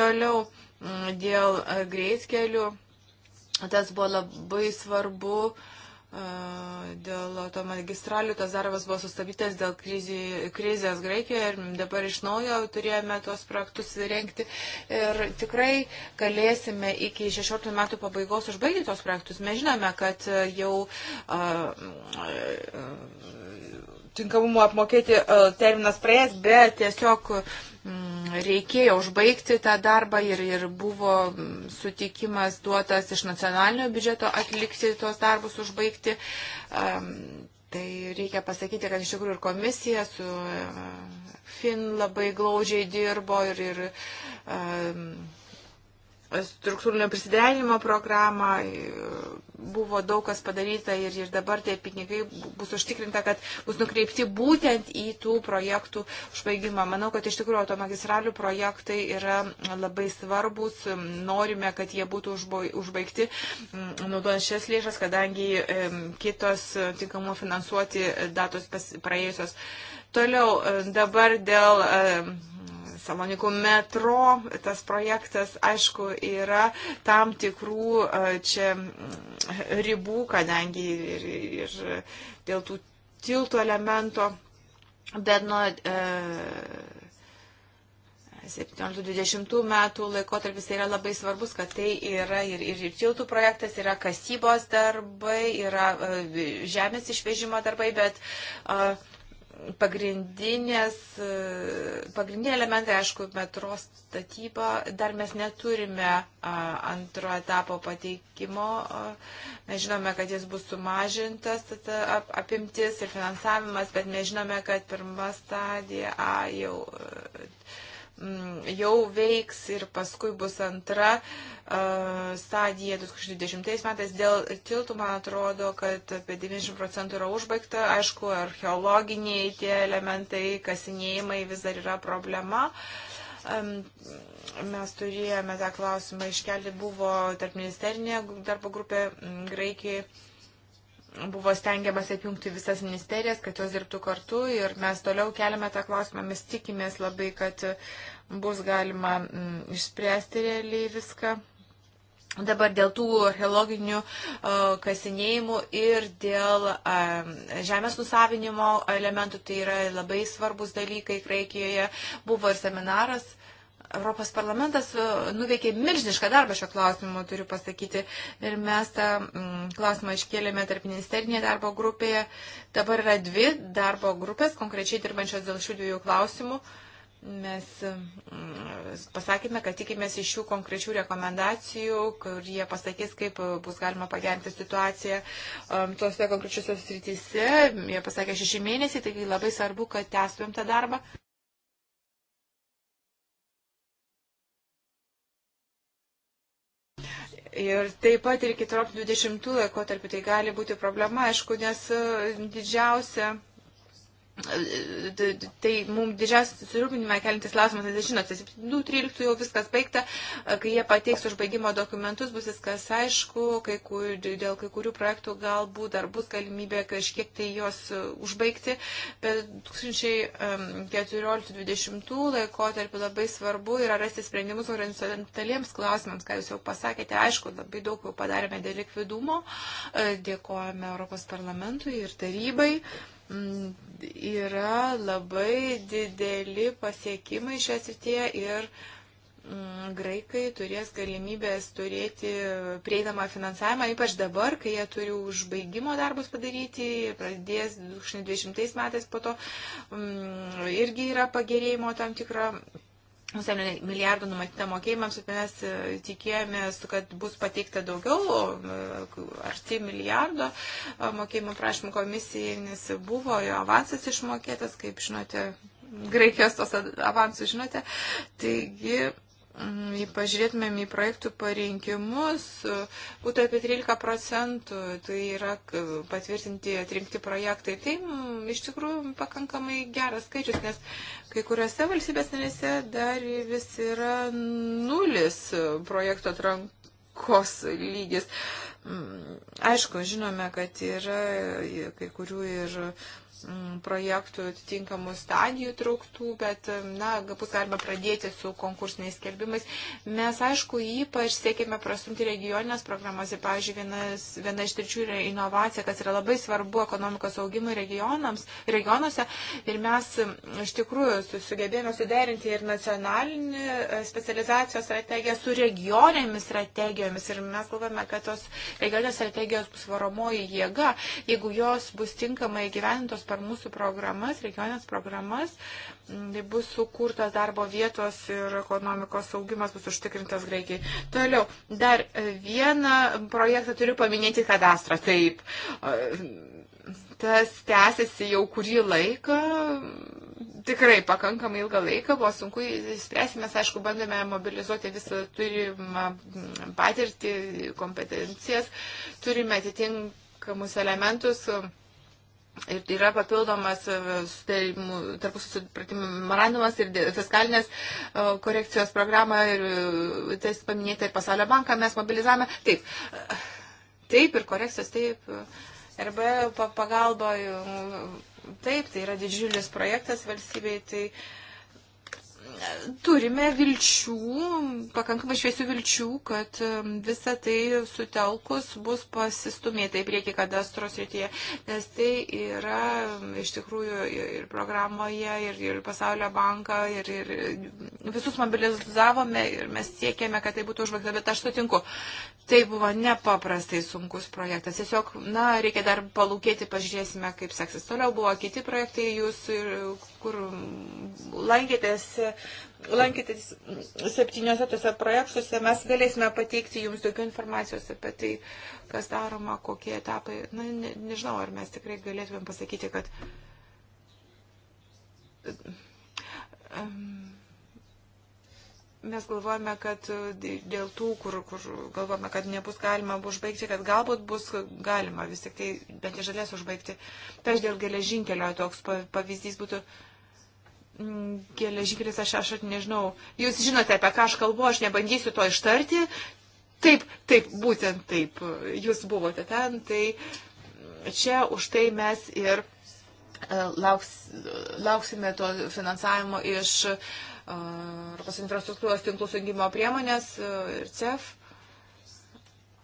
Toliau. Mm, dėl e, greitkelių. Tas buvo labai svarbu e, dėl to magistralių tas darbas buvo sustabdytas dėl krizi, krizės Graikijoje ir dabar iš naujo turėjome tuos projektus rengti ir tikrai galėsime iki 16 metų pabaigos užbaigti tuos projektus. Mes žinome, kad jau a, a, a, tinkamumo apmokėti e, terminas praėjęs, bet tiesiog Mm, reikėjo užbaigti tą darbą ir, ir buvo mm, sutikimas duotas iš nacionalinio biudžeto atlikti tuos darbus užbaigti. Tai reikia pasakyti, kad iš tikrųjų ir komisija su e, Fin labai glaudžiai dirbo ir, ir struktūrinio prisidenimo programą, buvo daug kas padaryta ir, ir dabar tie pinigai bus užtikrinta, kad bus nukreipti būtent į tų projektų užbaigimą. Manau, kad iš tikrųjų automagistralių projektai yra labai svarbus, norime, kad jie būtų užbaigti mm, naudojant šias lėšas, kadangi kitos tinkamų finansuoti datos praėjusios. Toliau dabar dėl Salonikų metro, tas projektas, aišku, yra tam tikrų čia mm, ribų, kadangi ir, ir dėl tų tiltų elemento, bet nuo. E, 17-20 metų laikotarpis yra labai svarbus, kad tai yra ir, ir, ir tiltų projektas, yra kasybos darbai, yra e, žemės išvežimo darbai, bet uh, pagrindinės, e, pagrindiniai elementai, aišku, metro statyba, dar mes neturime antro etapo pateikimo, mes žinome, kad jis bus sumažintas apimtis ir finansavimas, bet mes žinome, kad pirma stadija A jau e, Mm, jau veiks ir paskui bus antra stadija 2020 metais. Dėl tiltų, man atrodo, kad apie 90 procentų yra užbaigta. Aišku, archeologiniai tie elementai, kasinėjimai vis dar yra problema mes turėjome tą klausimą iškelti, buvo tarp ministerinė darbo grupė Graikijoje buvo stengiamas apjungti visas ministerijas, kad jos dirbtų kartu ir mes toliau keliame tą klausimą, mes tikimės labai, kad bus galima mm, išspręsti realiai viską. Dabar dėl tų archeologinių kasinėjimų ir dėl žemės nusavinimo elementų, tai yra labai svarbus dalykai Graikijoje. Buvo ir seminaras Europos parlamentas e, nuveikė milžinišką darbą šio klausimu, turiu pasakyti. Ir mes tą mm, klausimą iškėlėme tarp ministerinėje darbo grupėje. Dabar yra dvi darbo grupės, konkrečiai dirbančios dėl šių dviejų klausimų. Mes mm, pasakėme, kad tikimės iš šių konkrečių rekomendacijų, kur jie pasakys, kaip bus galima pagerinti situaciją um, tuose konkrečiuose srityse. Jie pasakė šeši mėnesiai, taigi labai svarbu, kad tęstumėm tą darbą. Ir taip pat ir iki 20 laiko tarp tai gali būti problema, aišku, nes e, didžiausia Tai mums didžiausias susirūpinimą kelintis klausimas, nes žinote, 7.13 jau viskas baigta, kai jie pateiks užbaigimo dokumentus, bus viskas aišku, kai kur, dėl kai kurių projektų galbūt dar bus galimybė kažkiek tai juos užbaigti, bet 2014-2020 um, laikotarpį labai svarbu yra rasti sprendimus horizontaliems klausimams, ką jūs jau pasakėte, aišku, labai daug jau padarėme dėl likvidumo, e, dėkojame Europos parlamentui ir tarybai. Mm, yra labai dideli pasiekimai šią srityje ir mm, graikai turės galimybės turėti prieinamą finansavimą, ypač dabar, kai jie turi užbaigimo darbus padaryti, pradės 2020 metais po to mm, irgi yra pagerėjimo tam tikra 7 milijardų numatyta mokėjimams, mes e, tikėjomės, kad bus pateikta daugiau, e, arti milijardo e, mokėjimų prašymų komisijai, nes buvo jo avansas išmokėtas, kaip žinote, Graikijos tos avansų žinote. Taigi Jei pažiūrėtumėm į projektų parinkimus, būtų apie 13 procentų, tai yra patvirtinti atrinkti projektai. Tai m, mm, iš tikrųjų pakankamai geras skaičius, nes kai kuriuose valstybės narėse dar vis yra nulis projektų atrankos lygis. Mm, aišku, žinome, kad yra kai kurių ir Mm, projektų atitinkamų stadijų trauktų, bet, mm, na, bus galima pradėti su konkursiniais skelbimais. Mes, aišku, ypač siekėme prastumti regioninės programas ir, pavyzdžiui, vienas, viena iš tričių yra inovacija, kas yra labai svarbu ekonomikos augimui regionams, regionuose. Ir mes mm, iš tikrųjų sugebėjome suderinti ir nacionalinį e, specializacijos strategiją su regioninėmis strategijomis. Ir mes galvome, kad tos regioninės strategijos bus varomoji jėga, jeigu jos bus tinkamai gyventos per mūsų programas, regionės programas, tai bus sukurtos darbo vietos ir ekonomikos augimas bus užtikrintas Graikijai. Toliau, dar vieną projektą turiu paminėti kadastrą. Taip, tas tęsiasi jau kurį laiką, tikrai pakankamai ilgą laiką, buvo sunku spręsti, mes aišku bandėme mobilizuoti visą turimą patirtį, kompetencijas, turime atitinkamus elementus Ir tai yra papildomas e, tarpusų supratimų memorandumas ir fiskalinės e, korekcijos programą ir e, tais paminėta ir pasaulio banką mes mobilizavome. Taip, taip ir korekcijos, taip, RB pagalba, taip, tai yra didžiulis projektas valstybei, tai uh, turime vilčių, pakankamai šviesių vilčių, kad um, visa tai sutelkus bus pasistumėta į priekį kadastros rytyje, nes tai yra um, iš tikrųjų ir programoje, ir, ir pasaulio banką, ir, ir visus mobilizavome ir mes siekėme, kad tai būtų užvakta, bet aš sutinku. Tai buvo nepaprastai sunkus projektas. Tiesiog, na, reikia dar palūkėti, pažiūrėsime, kaip seksis. Toliau buvo kiti projektai, jūs kur lankėtės, lankėtės septyniose tose projektuose, mes galėsime pateikti jums daugiau informacijos apie tai, kas daroma, kokie etapai. Na, ne, nežinau, ar mes tikrai galėtumėm pasakyti, kad. Um, mes galvojame, kad dėl tų, kur, kur galvojame, kad nebus galima užbaigti, kad galbūt bus galima vis tik tai bent iš žalės užbaigti. Tai aš dėl geležinkelio toks pavyzdys būtų. Uh, Mm, geležikelis, aš, aš nežinau, jūs žinote, apie ką aš kalbu, aš nebandysiu to ištarti. Taip, taip, būtent taip, jūs buvote ten, tai čia už tai mes ir e, lauks, lauksime to finansavimo iš e, Europos infrastruktūros tinklų sujungimo priemonės e, ir CEF.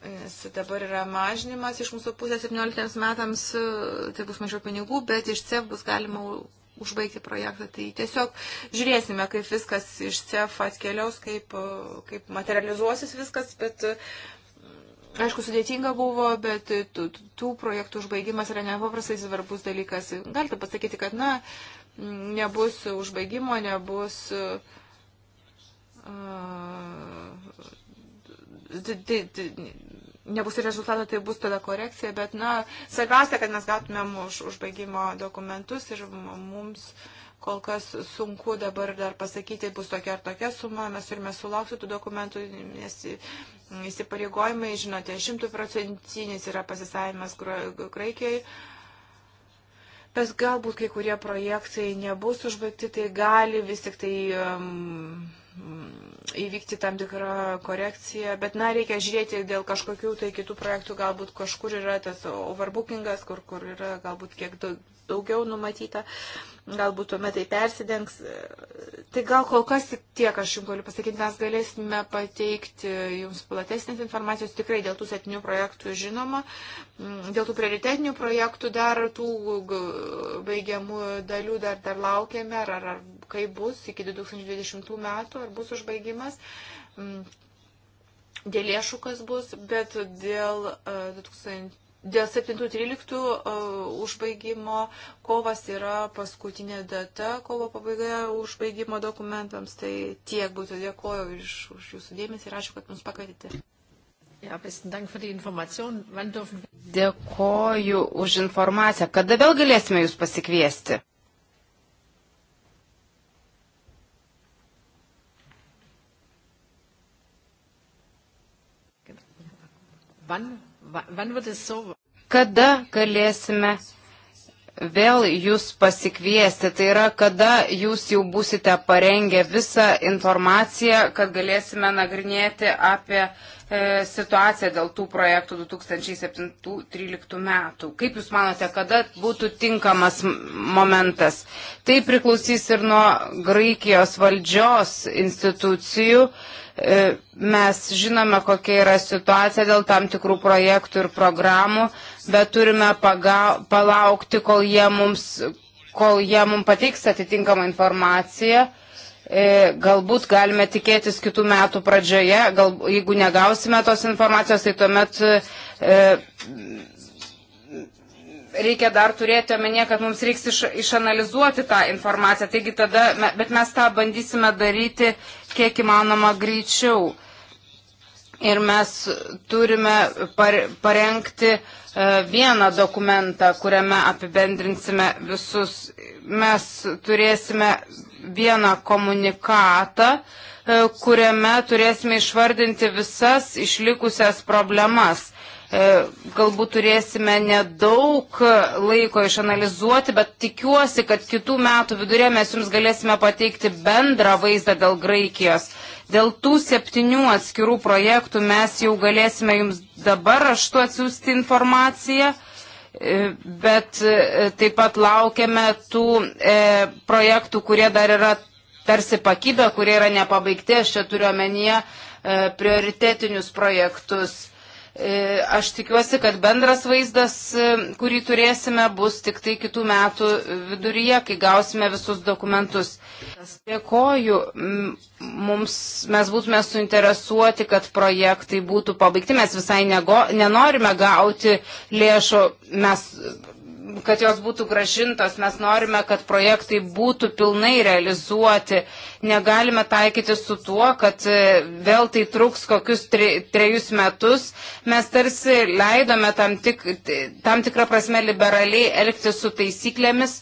Nes dabar yra mažinimas iš mūsų pusės 17 metams, tai bus mažiau pinigų, bet iš CEF bus galima užbaigti projektą. Tai tiesiog žiūrėsime, kaip viskas iš CEF atkeliaus, kaip, kaip materializuosis viskas, bet mm, aišku, sudėtinga buvo, bet tų, tų projektų užbaigimas yra nepaprastai svarbus dalykas. Galite pasakyti, kad, na, nebus užbaigimo, nebus uh, nebus ir rezultato, tai bus tada korekcija, bet, na, svarbiausia, kad mes gautumėm už, užbaigimo dokumentus ir mums kol kas sunku dabar dar pasakyti, bus tokia ar tokia suma, mes turime sulaukti tų dokumentų, nes įsipareigojimai, žinote, šimtų procentinis yra pasisavimas Graikijai. Bet galbūt kai kurie projektai nebus užbaigti, tai gali vis tik tai um, įvykti tam tikrą korekciją, bet na, reikia žiūrėti dėl kažkokių tai kitų projektų, galbūt kažkur yra tas overbookingas, kur, kur yra galbūt kiek daug, daugiau numatyta, galbūt tuomet tai persidengs. Tai gal kol kas tik tiek aš jums galiu pasakyti, mes galėsime pateikti jums platesnės informacijos tikrai dėl tų setinių projektų žinoma, dėl tų prioritetinių projektų dar tų baigiamų dalių dar, dar laukiame, ar, ar, ar kaip bus iki 2020 metų, ar bus užbaigimas mm, dėl lėšų kas bus, bet dėl 2000 e, Dėl 7.13 e, užbaigimo kovas yra paskutinė data, kovo pabaiga užbaigimo dokumentams. Tai tiek būtų dėkoju iš, už jūsų dėmesį ir ačiū, kad mus pakvietėte. Ja, dėkoju už informaciją. Kada vėl galėsime jūs pasikviesti? Wann Kada galėsime vėl jūs pasikviesti? Tai yra, kada jūs jau būsite parengę visą informaciją, kad galėsime nagrinėti apie e, situacija dėl tų projektų 2007-2013 metų. Kaip Jūs manote, kada būtų tinkamas momentas? Tai priklausys ir nuo Graikijos valdžios institucijų. E, mes žinome, kokia yra situacija dėl tam tikrų projektų ir programų, bet turime paga, palaukti, kol jie mums, kol jie mums pateiks atitinkamą informaciją. E, galbūt galime tikėtis kitų metų pradžioje, gal, jeigu negausime tos informacijos, tai tuomet e, reikia dar turėti omenyje, kad mums reiks iš, išanalizuoti tą informaciją, taigi tada, bet mes tą bandysime daryti kiek įmanoma greičiau. Ir mes turime par, parengti uh, vieną dokumentą, kuriame apibendrinsime visus. Mes turėsime vieną komunikatą, uh, kuriame turėsime išvardinti visas išlikusias problemas E, galbūt turėsime nedaug laiko išanalizuoti, bet tikiuosi, kad kitų metų vidurė mes jums galėsime pateikti bendrą vaizdą dėl Graikijos. Dėl tų septynių atskirų projektų mes jau galėsime jums dabar raštu atsiųsti informaciją. E, bet e, taip pat laukiame tų e, projektų, kurie dar yra tarsi pakybę, kurie yra nepabaigti, aš čia turiu omenyje e, prioritetinius projektus E, aš tikiuosi, kad bendras vaizdas, e, kurį turėsime, bus tik tai kitų metų viduryje, kai gausime visus dokumentus. Dėkoju, mums, mes būtume suinteresuoti, kad projektai būtų pabaigti. Mes visai nego, nenorime gauti lėšų, mes kad jos būtų gražintos, mes norime, kad projektai būtų pilnai realizuoti. Negalime taikyti su tuo, kad e, vėl tai truks kokius tre, trejus metus. Mes tarsi leidome tam, tik, tam tikrą prasme liberaliai elgti su taisyklėmis,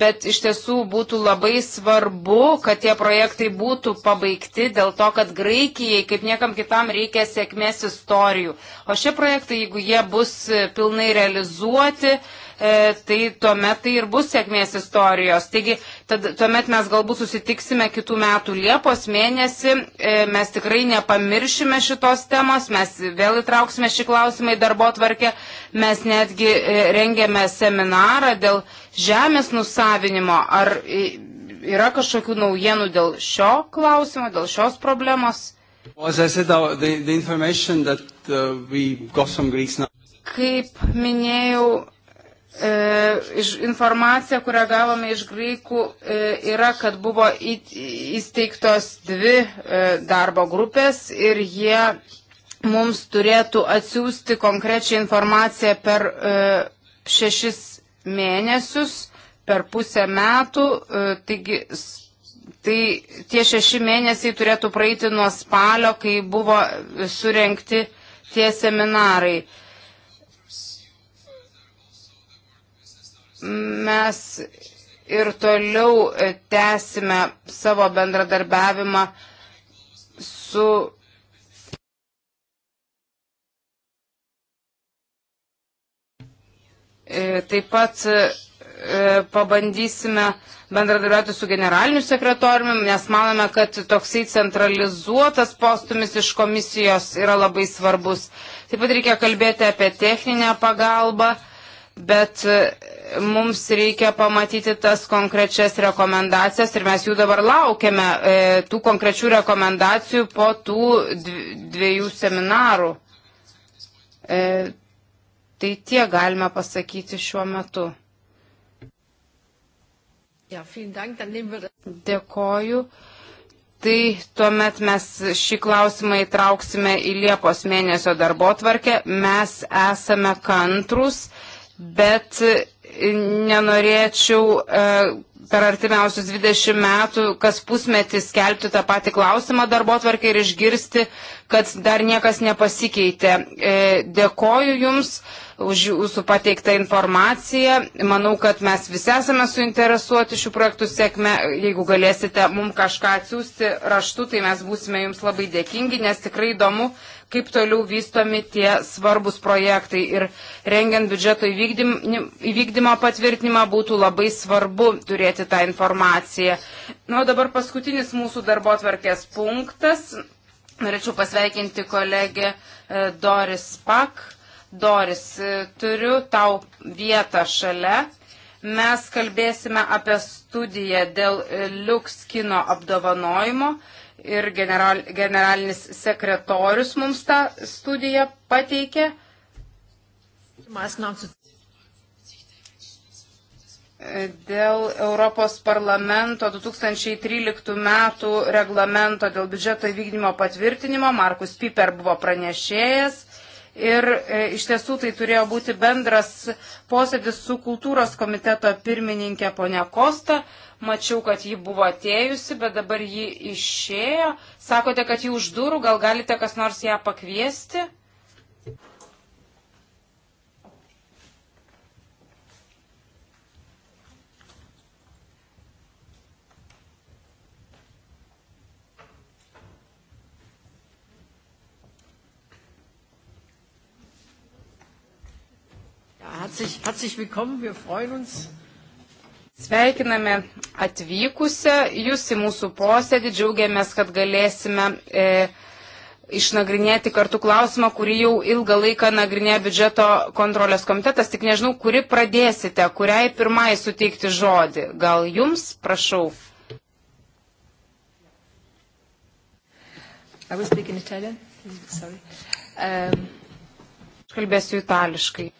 bet iš tiesų būtų labai svarbu, kad tie projektai būtų pabaigti dėl to, kad Graikijai kaip niekam kitam reikia sėkmės istorijų. O šie projektai, jeigu jie bus e, pilnai realizuoti, e, tai tuomet tai ir bus sėkmės istorijos. Taigi, tad, tuomet mes galbūt susitiksime kitų metų Liepos mėnesį, e, mes tikrai nepamiršime šitos temos, mes vėl įtrauksime šį klausimą į darbo tvarkę, mes netgi e, rengėme seminarą dėl žemės nusavinimo. Ar, e, Yra kažkokių naujienų dėl šio klausimo, dėl šios problemos? Uh, Kaip minėjau, E, informacija, kurią gavome iš graikų, e, yra, kad buvo įsteigtos dvi e, darbo grupės ir jie mums turėtų atsiųsti konkrečią informaciją per šešis mėnesius, per pusę metų. Taigi, tai tie šeši mėnesiai turėtų praeiti nuo spalio, kai buvo surenkti tie seminarai. mes ir toliau tęsime savo bendradarbiavimą su e, Taip pat e, pabandysime bendradarbiauti su generaliniu sekretoriumi, nes manome, kad toksai centralizuotas postumis iš komisijos yra labai svarbus. Taip pat reikia kalbėti apie techninę pagalbą, bet e, mums reikia pamatyti tas konkrečias rekomendacijas ir mes jų dabar laukiame, e, tų konkrečių rekomendacijų po tų dviejų seminarų. E, tai tie galime pasakyti šiuo metu. Dėkoju. Tai tuomet mes šį klausimą įtrauksime į Liepos mėnesio darbo tvarkę. Mes esame kantrus, bet nenorėčiau e, per artimiausius 20 metų kas pusmetį skelbti tą patį klausimą darbo tvarkį ir išgirsti, kad dar niekas nepasikeitė. E, dėkoju Jums už jūsų pateiktą informaciją. Manau, kad mes visi esame suinteresuoti šių projektų sėkme. Jeigu galėsite mums kažką atsiųsti raštu, tai mes būsime jums labai dėkingi, nes tikrai įdomu, kaip toliau vystomi tie svarbus projektai. Ir rengiant biudžeto įvykdymo patvirtinimą būtų labai svarbu turėti tą informaciją. Na, nu, dabar paskutinis mūsų darbo tvarkės punktas. Norėčiau pasveikinti kolegę e, Doris Pak Doris, turiu tau vietą šalia. Mes kalbėsime apie studiją dėl liuks kino apdovanojimo ir general, generalinis sekretorius mums tą studiją pateikė. Dėl Europos parlamento 2013 metų reglamento dėl biudžeto įvykdymo patvirtinimo Markus Piper buvo pranešėjas ir e, iš tiesų tai turėjo būti bendras posėdis su kultūros komiteto pirmininkė ponia Kosta. Mačiau, kad ji buvo atėjusi, bet dabar ji išėjo. Sakote, kad ji už durų, gal galite kas nors ją pakviesti? herzlich, herzlich willkommen, wir freuen uns. Sveikiname atvykusią jūs į mūsų posėdį, džiaugiamės, kad galėsime e, išnagrinėti kartu klausimą, kurį jau ilgą laiką nagrinėjo biudžeto kontrolės komitetas, tik nežinau, kuri pradėsite, kuriai pirmai suteikti žodį. Gal jums, prašau. Um, Aš um... kalbėsiu itališkai.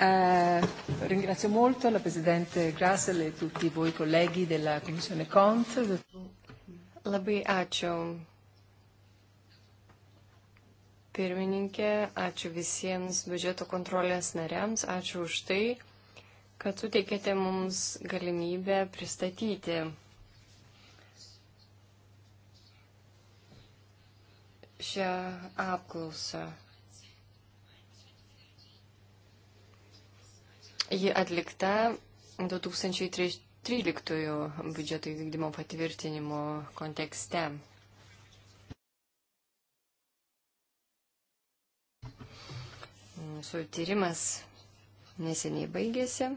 Eh, ringrazio molto la Presidente Grassel e tutti voi colleghi della Commissione Cont. Labai ačiū. Pirmininkė, ačiū visiems biudžeto kontrolės nariams, ačiū už tai, kad suteikėte mums galimybę pristatyti šią apklausą. Ji atlikta 2013 biudžeto įvykdymo patvirtinimo kontekste. Mūsų tyrimas neseniai baigėsi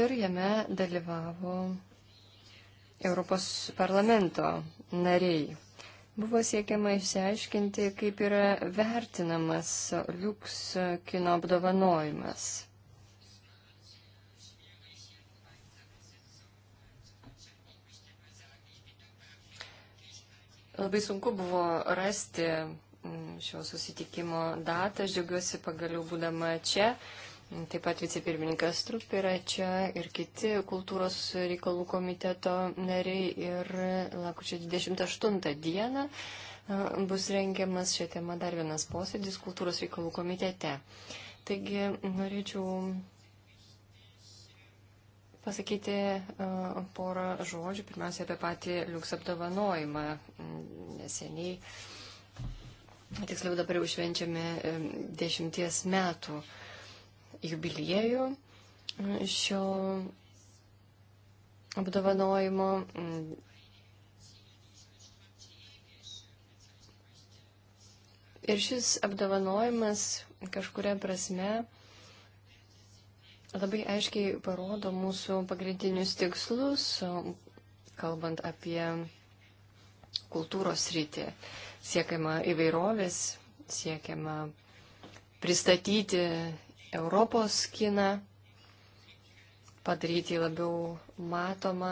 ir jame dalyvavo Europos parlamento nariai. Buvo siekiama išsiaiškinti, kaip yra vertinamas liuks kino apdovanojimas. Labai sunku buvo rasti mm, šio susitikimo datą, aš džiaugiuosi pagaliau būdama čia. Uh, Taip pat vicepirmininkas Trup yra čia ir kiti kultūros reikalų komiteto nariai ir lakučio 28 dieną e, bus rengiamas šią temą dar vienas posėdis kultūros reikalų komitete. Taigi norėčiau pasakyti e, porą žodžių, pirmiausia, apie patį liuks apdovanojimą. Neseniai, tiksliau dabar jau švenčiame e, dešimties metų jubiliejų e, šio apdovanojimo. Ir šis apdovanojimas kažkuria prasme labai aiškiai parodo mūsų pagrindinius tikslus, kalbant apie kultūros rytį. Siekiama įvairovės, siekiama pristatyti Europos kiną, padaryti jį labiau matomą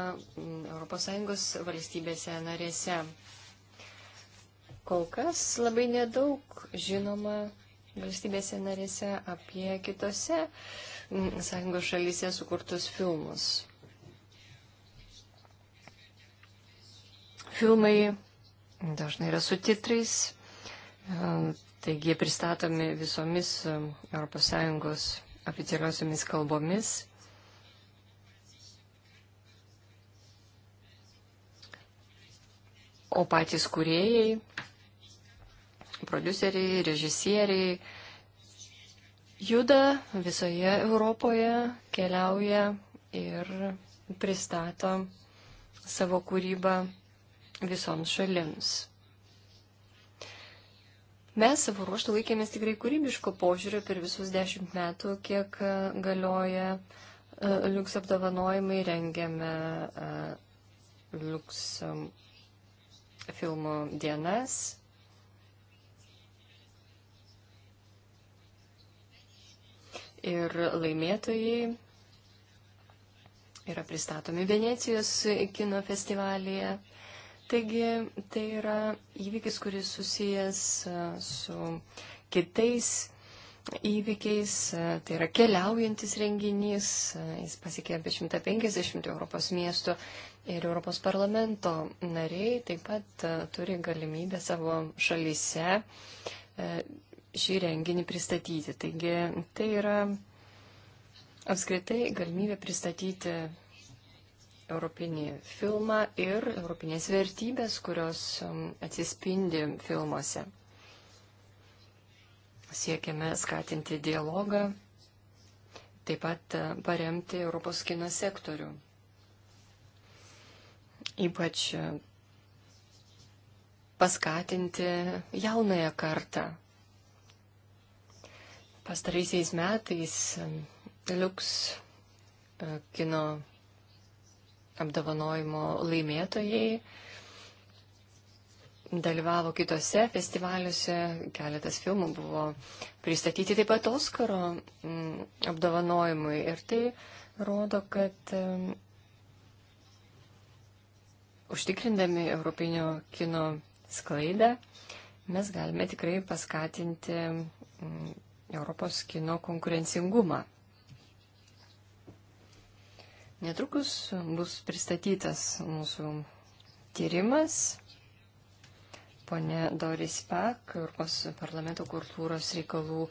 ES valstybėse narėse. Kol kas labai nedaug žinoma valstybėse narėse apie kitose sąjungos šalyse sukurtus filmus. Filmai dažnai yra su titrais, Taigi pristatomi visomis ES oficialiosiomis kalbomis. O patys kūrėjai, produceriai, režisieriai juda visoje Europoje, keliauja ir pristato savo kūrybą visoms šalims. Mes savo ruoštų laikėmės tikrai kūrybiško požiūrio per visus dešimt metų, kiek e, galioja e, liuks apdovanojimai, rengiame e, liuks filmų dienas. Ir laimėtojai yra pristatomi Venecijos kino festivalyje. Taigi tai yra įvykis, kuris susijęs e, su kitais įvykiais, e, tai yra keliaujantis renginys, e, jis pasiekė apie 150 Europos miestų ir Europos parlamento nariai taip pat turi galimybę savo šalyse šį renginį pristatyti. Taigi tai yra apskritai galimybė pristatyti europinį filmą ir europinės vertybės, kurios um, atsispindi filmuose. Siekiame skatinti dialogą, taip pat uh, paremti Europos kino sektorių. Ypač uh, paskatinti jaunąją kartą. Pastaraisiais metais um, Liuks uh, kino apdovanojimo laimėtojai dalyvavo kitose festivaliuose, keletas filmų buvo pristatyti taip pat Oskaro mm, apdovanojimui. Ir tai rodo, kad mm, užtikrindami europinio kino sklaidą mes galime tikrai paskatinti mm, Europos kino konkurencingumą. Netrukus bus pristatytas mūsų tyrimas. Pone Doris Pak, Europos parlamento kultūros reikalų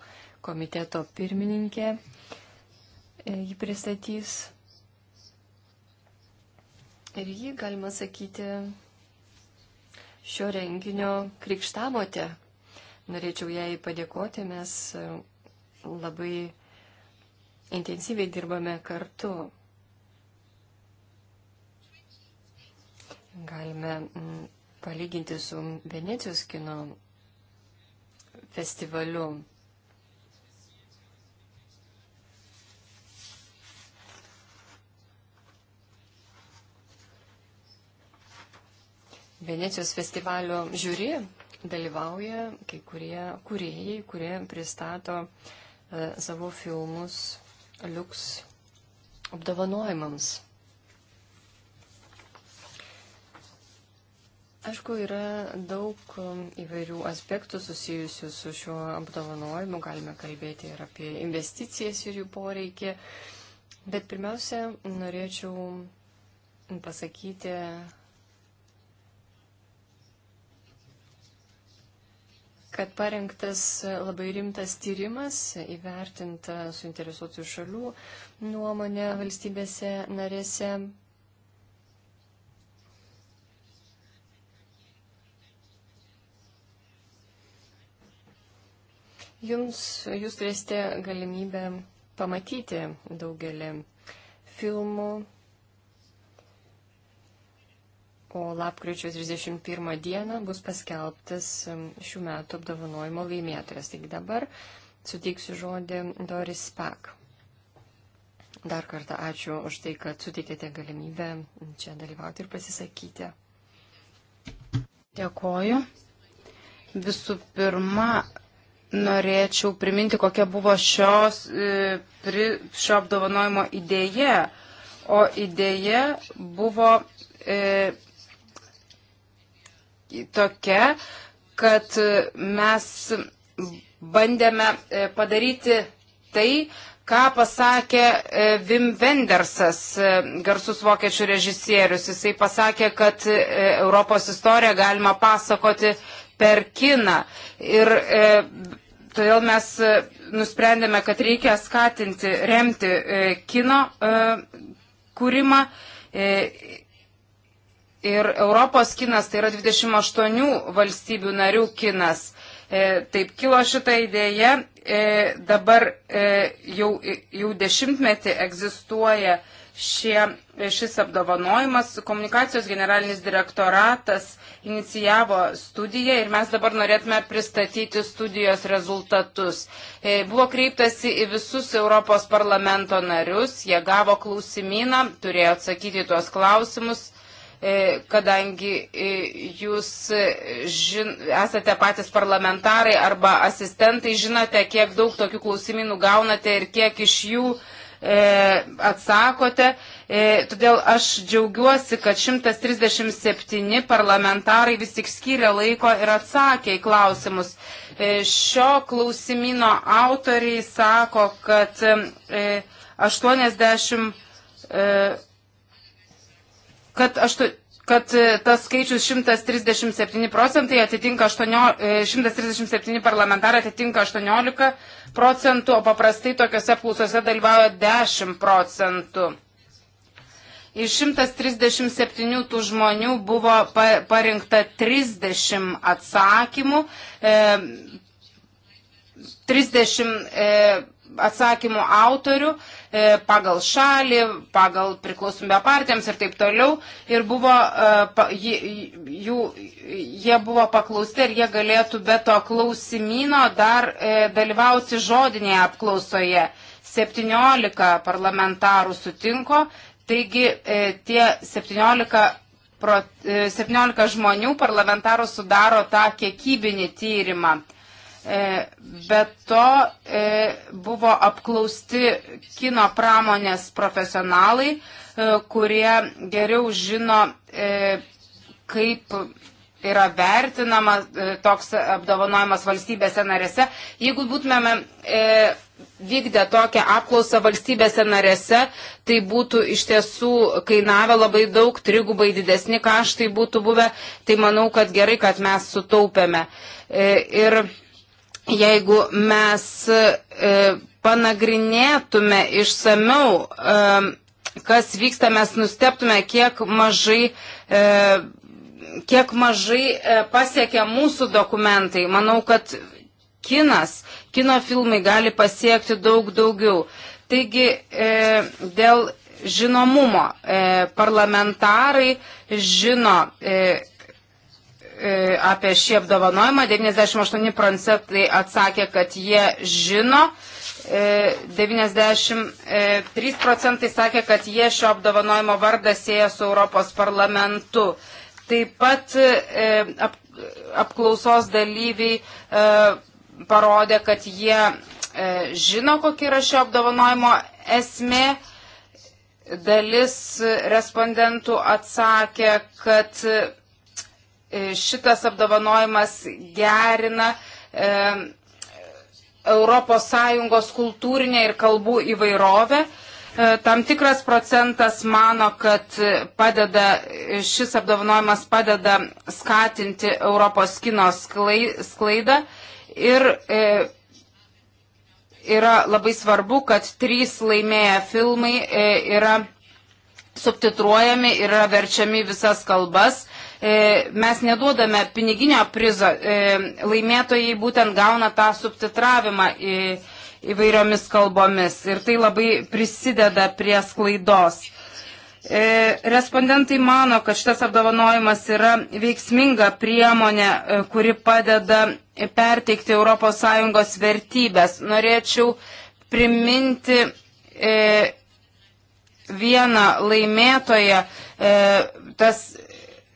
komiteto pirmininkė, e, jį pristatys. Ir jį, galima sakyti, šio renginio krikštamote. Norėčiau jai padėkoti, mes labai intensyviai dirbame kartu. galime mm, palyginti su Venecijos kino festivaliu. Venecijos festivalio žiūri dalyvauja kai kurie kūrėjai, kurie pristato e, savo filmus liuks apdovanojimams. Aišku, yra daug um, įvairių aspektų susijusių su šiuo apdovanojimu. Galime kalbėti ir apie investicijas ir jų poreikį. Bet pirmiausia, norėčiau pasakyti. kad parengtas labai rimtas tyrimas, įvertinta suinteresuotų šalių nuomonė valstybėse narėse Jums, jūs turėsite galimybę pamatyti daugelį filmų. O lapkričio 31 dieną bus paskelbtas um, šių metų apdovanojimo laimėtojas. Taigi dabar suteiksiu žodį Doris Pak. Dar kartą ačiū už tai, kad suteikėte galimybę čia dalyvauti ir pasisakyti. Dėkoju. Visų pirma, norėčiau priminti, kokia buvo šios, e, šio apdovanojimo idėja. O idėja buvo e, tokia, kad mes bandėme e, padaryti tai, ką pasakė e, Wim Wendersas, garsus vokiečių režisierius. Jisai pasakė, kad Europos istoriją galima pasakoti per kiną. Ir Todėl mes e, nusprendėme, kad reikia skatinti, remti e, kino e, kūrimą. Ir Europos kinas tai yra 28 valstybių narių kinas. Taip kilo šitą idėją. Dabar jau, jau dešimtmetį egzistuoja šie, šis apdovanojimas. Komunikacijos generalinis direktoratas inicijavo studiją ir mes dabar norėtume pristatyti studijos rezultatus. E, buvo kreiptasi į visus Europos parlamento narius, jie gavo klausimyną, turėjo atsakyti tuos klausimus e, kadangi e, jūs žin, esate patys parlamentarai arba asistentai, žinote, kiek daug tokių klausimynų gaunate ir kiek iš jų uh, E, atsakote. E, todėl aš džiaugiuosi, kad 137 parlamentarai vis tik skyrė laiko ir atsakė į klausimus. E, šio klausimino autoriai sako, kad 80 kad 80 kad e, tas skaičius 137 procentai atitinka 8, 137 e, parlamentarai atitinka 18 procentų, o paprastai tokiuose apklausose dalyvauja 10 procentų. Iš 137 tų žmonių buvo parinkta 30 atsakymų, 30 e, atsakymų autorių e, pagal šalį, pagal priklausomybę partijams ir taip toliau. Ir buvo, e, jų, jie buvo paklausti, ar jie galėtų be to klausimino dar e, dalyvauti žodinėje apklausoje. 17 parlamentarų sutinko, taigi tie 17, pro, 17 žmonių parlamentarų sudaro tą kiekybinį tyrimą. E, be to e, buvo apklausti kino pramonės profesionalai, e, kurie geriau žino, kaip yra vertinama toks apdovanojimas valstybėse narėse. Jeigu būtumėme e, vykdę tokią apklausą valstybėse narėse, tai būtų iš tiesų kainavę labai daug, trigubai didesni kaštai būtų buvę, tai manau, kad gerai, kad mes sutaupėme. E, ir jeigu mes e, panagrinėtume išsameu, e, kas vyksta, mes nusteptume, kiek mažai, e, kiek mažai e, pasiekia mūsų dokumentai. Manau, kad kinas, kino filmai gali pasiekti daug daugiau. Taigi, e, dėl žinomumo e, parlamentarai žino. E, E, apie šį apdovanojimą. 98 procentai atsakė, kad jie žino. 93 e, procentai sakė, kad jie šio apdovanojimo vardą sieja su Europos parlamentu. Taip pat e, apklausos dalyviai parodė, kad jie žino, kokia yra šio apdovanojimo esmė. Dalis respondentų atsakė, kad E, šitas apdovanojimas gerina e, ES kultūrinę ir kalbų įvairovę. E, tam tikras procentas mano, kad padeda, šis apdovanojimas padeda skatinti Europos kino sklaidą ir e, yra labai svarbu, kad trys laimėję filmai e, yra subtitruojami, yra verčiami visas kalbas E, mes neduodame piniginio prizo, e, laimėtojai būtent gauna tą subtitravimą į, įvairiomis kalbomis ir tai labai prisideda prie sklaidos. E, respondentai mano, kad šitas apdovanojimas yra veiksminga priemonė, kuri padeda perteikti ES vertybės. Norėčiau priminti e, vieną laimėtoją. E, tas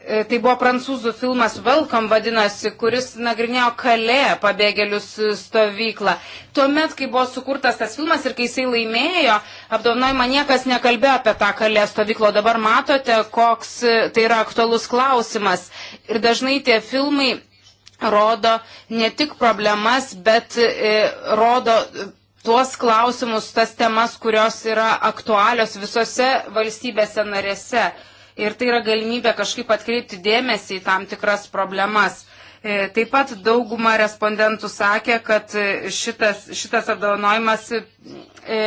E, tai buvo prancūzų filmas Welcome vadinasi, kuris nagrinėjo kalė pabėgėlius stovyklą. Tuomet, kai buvo sukurtas tas filmas ir kai jisai laimėjo, apdovanojimą niekas nekalbėjo apie tą kalė stovyklą. Dabar matote, koks e, tai yra aktualus klausimas. Ir dažnai tie filmai rodo ne tik problemas, bet e, rodo tuos klausimus, tas temas, kurios yra aktualios visose valstybėse narėse ir tai yra galimybė kažkaip atkreipti dėmesį į tam tikras problemas. E, taip pat dauguma respondentų sakė, kad šitas, šitas apdovanojimas e,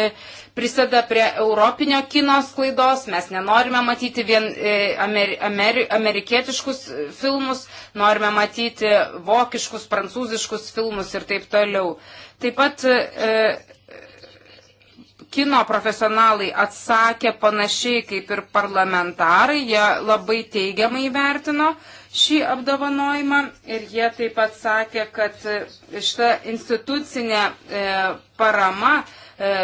prisėda prie europinio kino sklaidos. Mes nenorime matyti vien e, amer, amer, amerikietiškus filmus, norime matyti vokiškus, prancūziškus filmus ir taip toliau. Taip pat kino profesionalai atsakė panašiai kaip ir parlamentarai, jie labai teigiamai vertino šį apdovanojimą ir jie taip pat sakė, kad e, šita institucinė e, parama, e,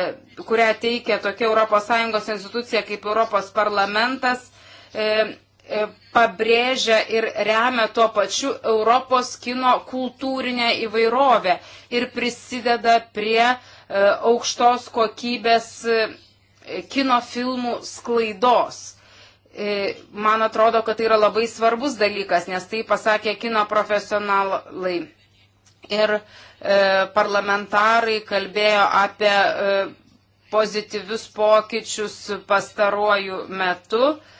kurią teikia tokia ES institucija kaip Europos parlamentas, e, e, pabrėžia ir remia tuo pačiu Europos kino kultūrinę įvairovę ir prisideda prie uh, E, aukštos kokybės e, kino filmų sklaidos. E, man atrodo, kad tai yra labai svarbus dalykas, nes tai pasakė kino profesionalai. Ir e, parlamentarai kalbėjo apie e, pozityvius pokyčius pastaruoju metu. E,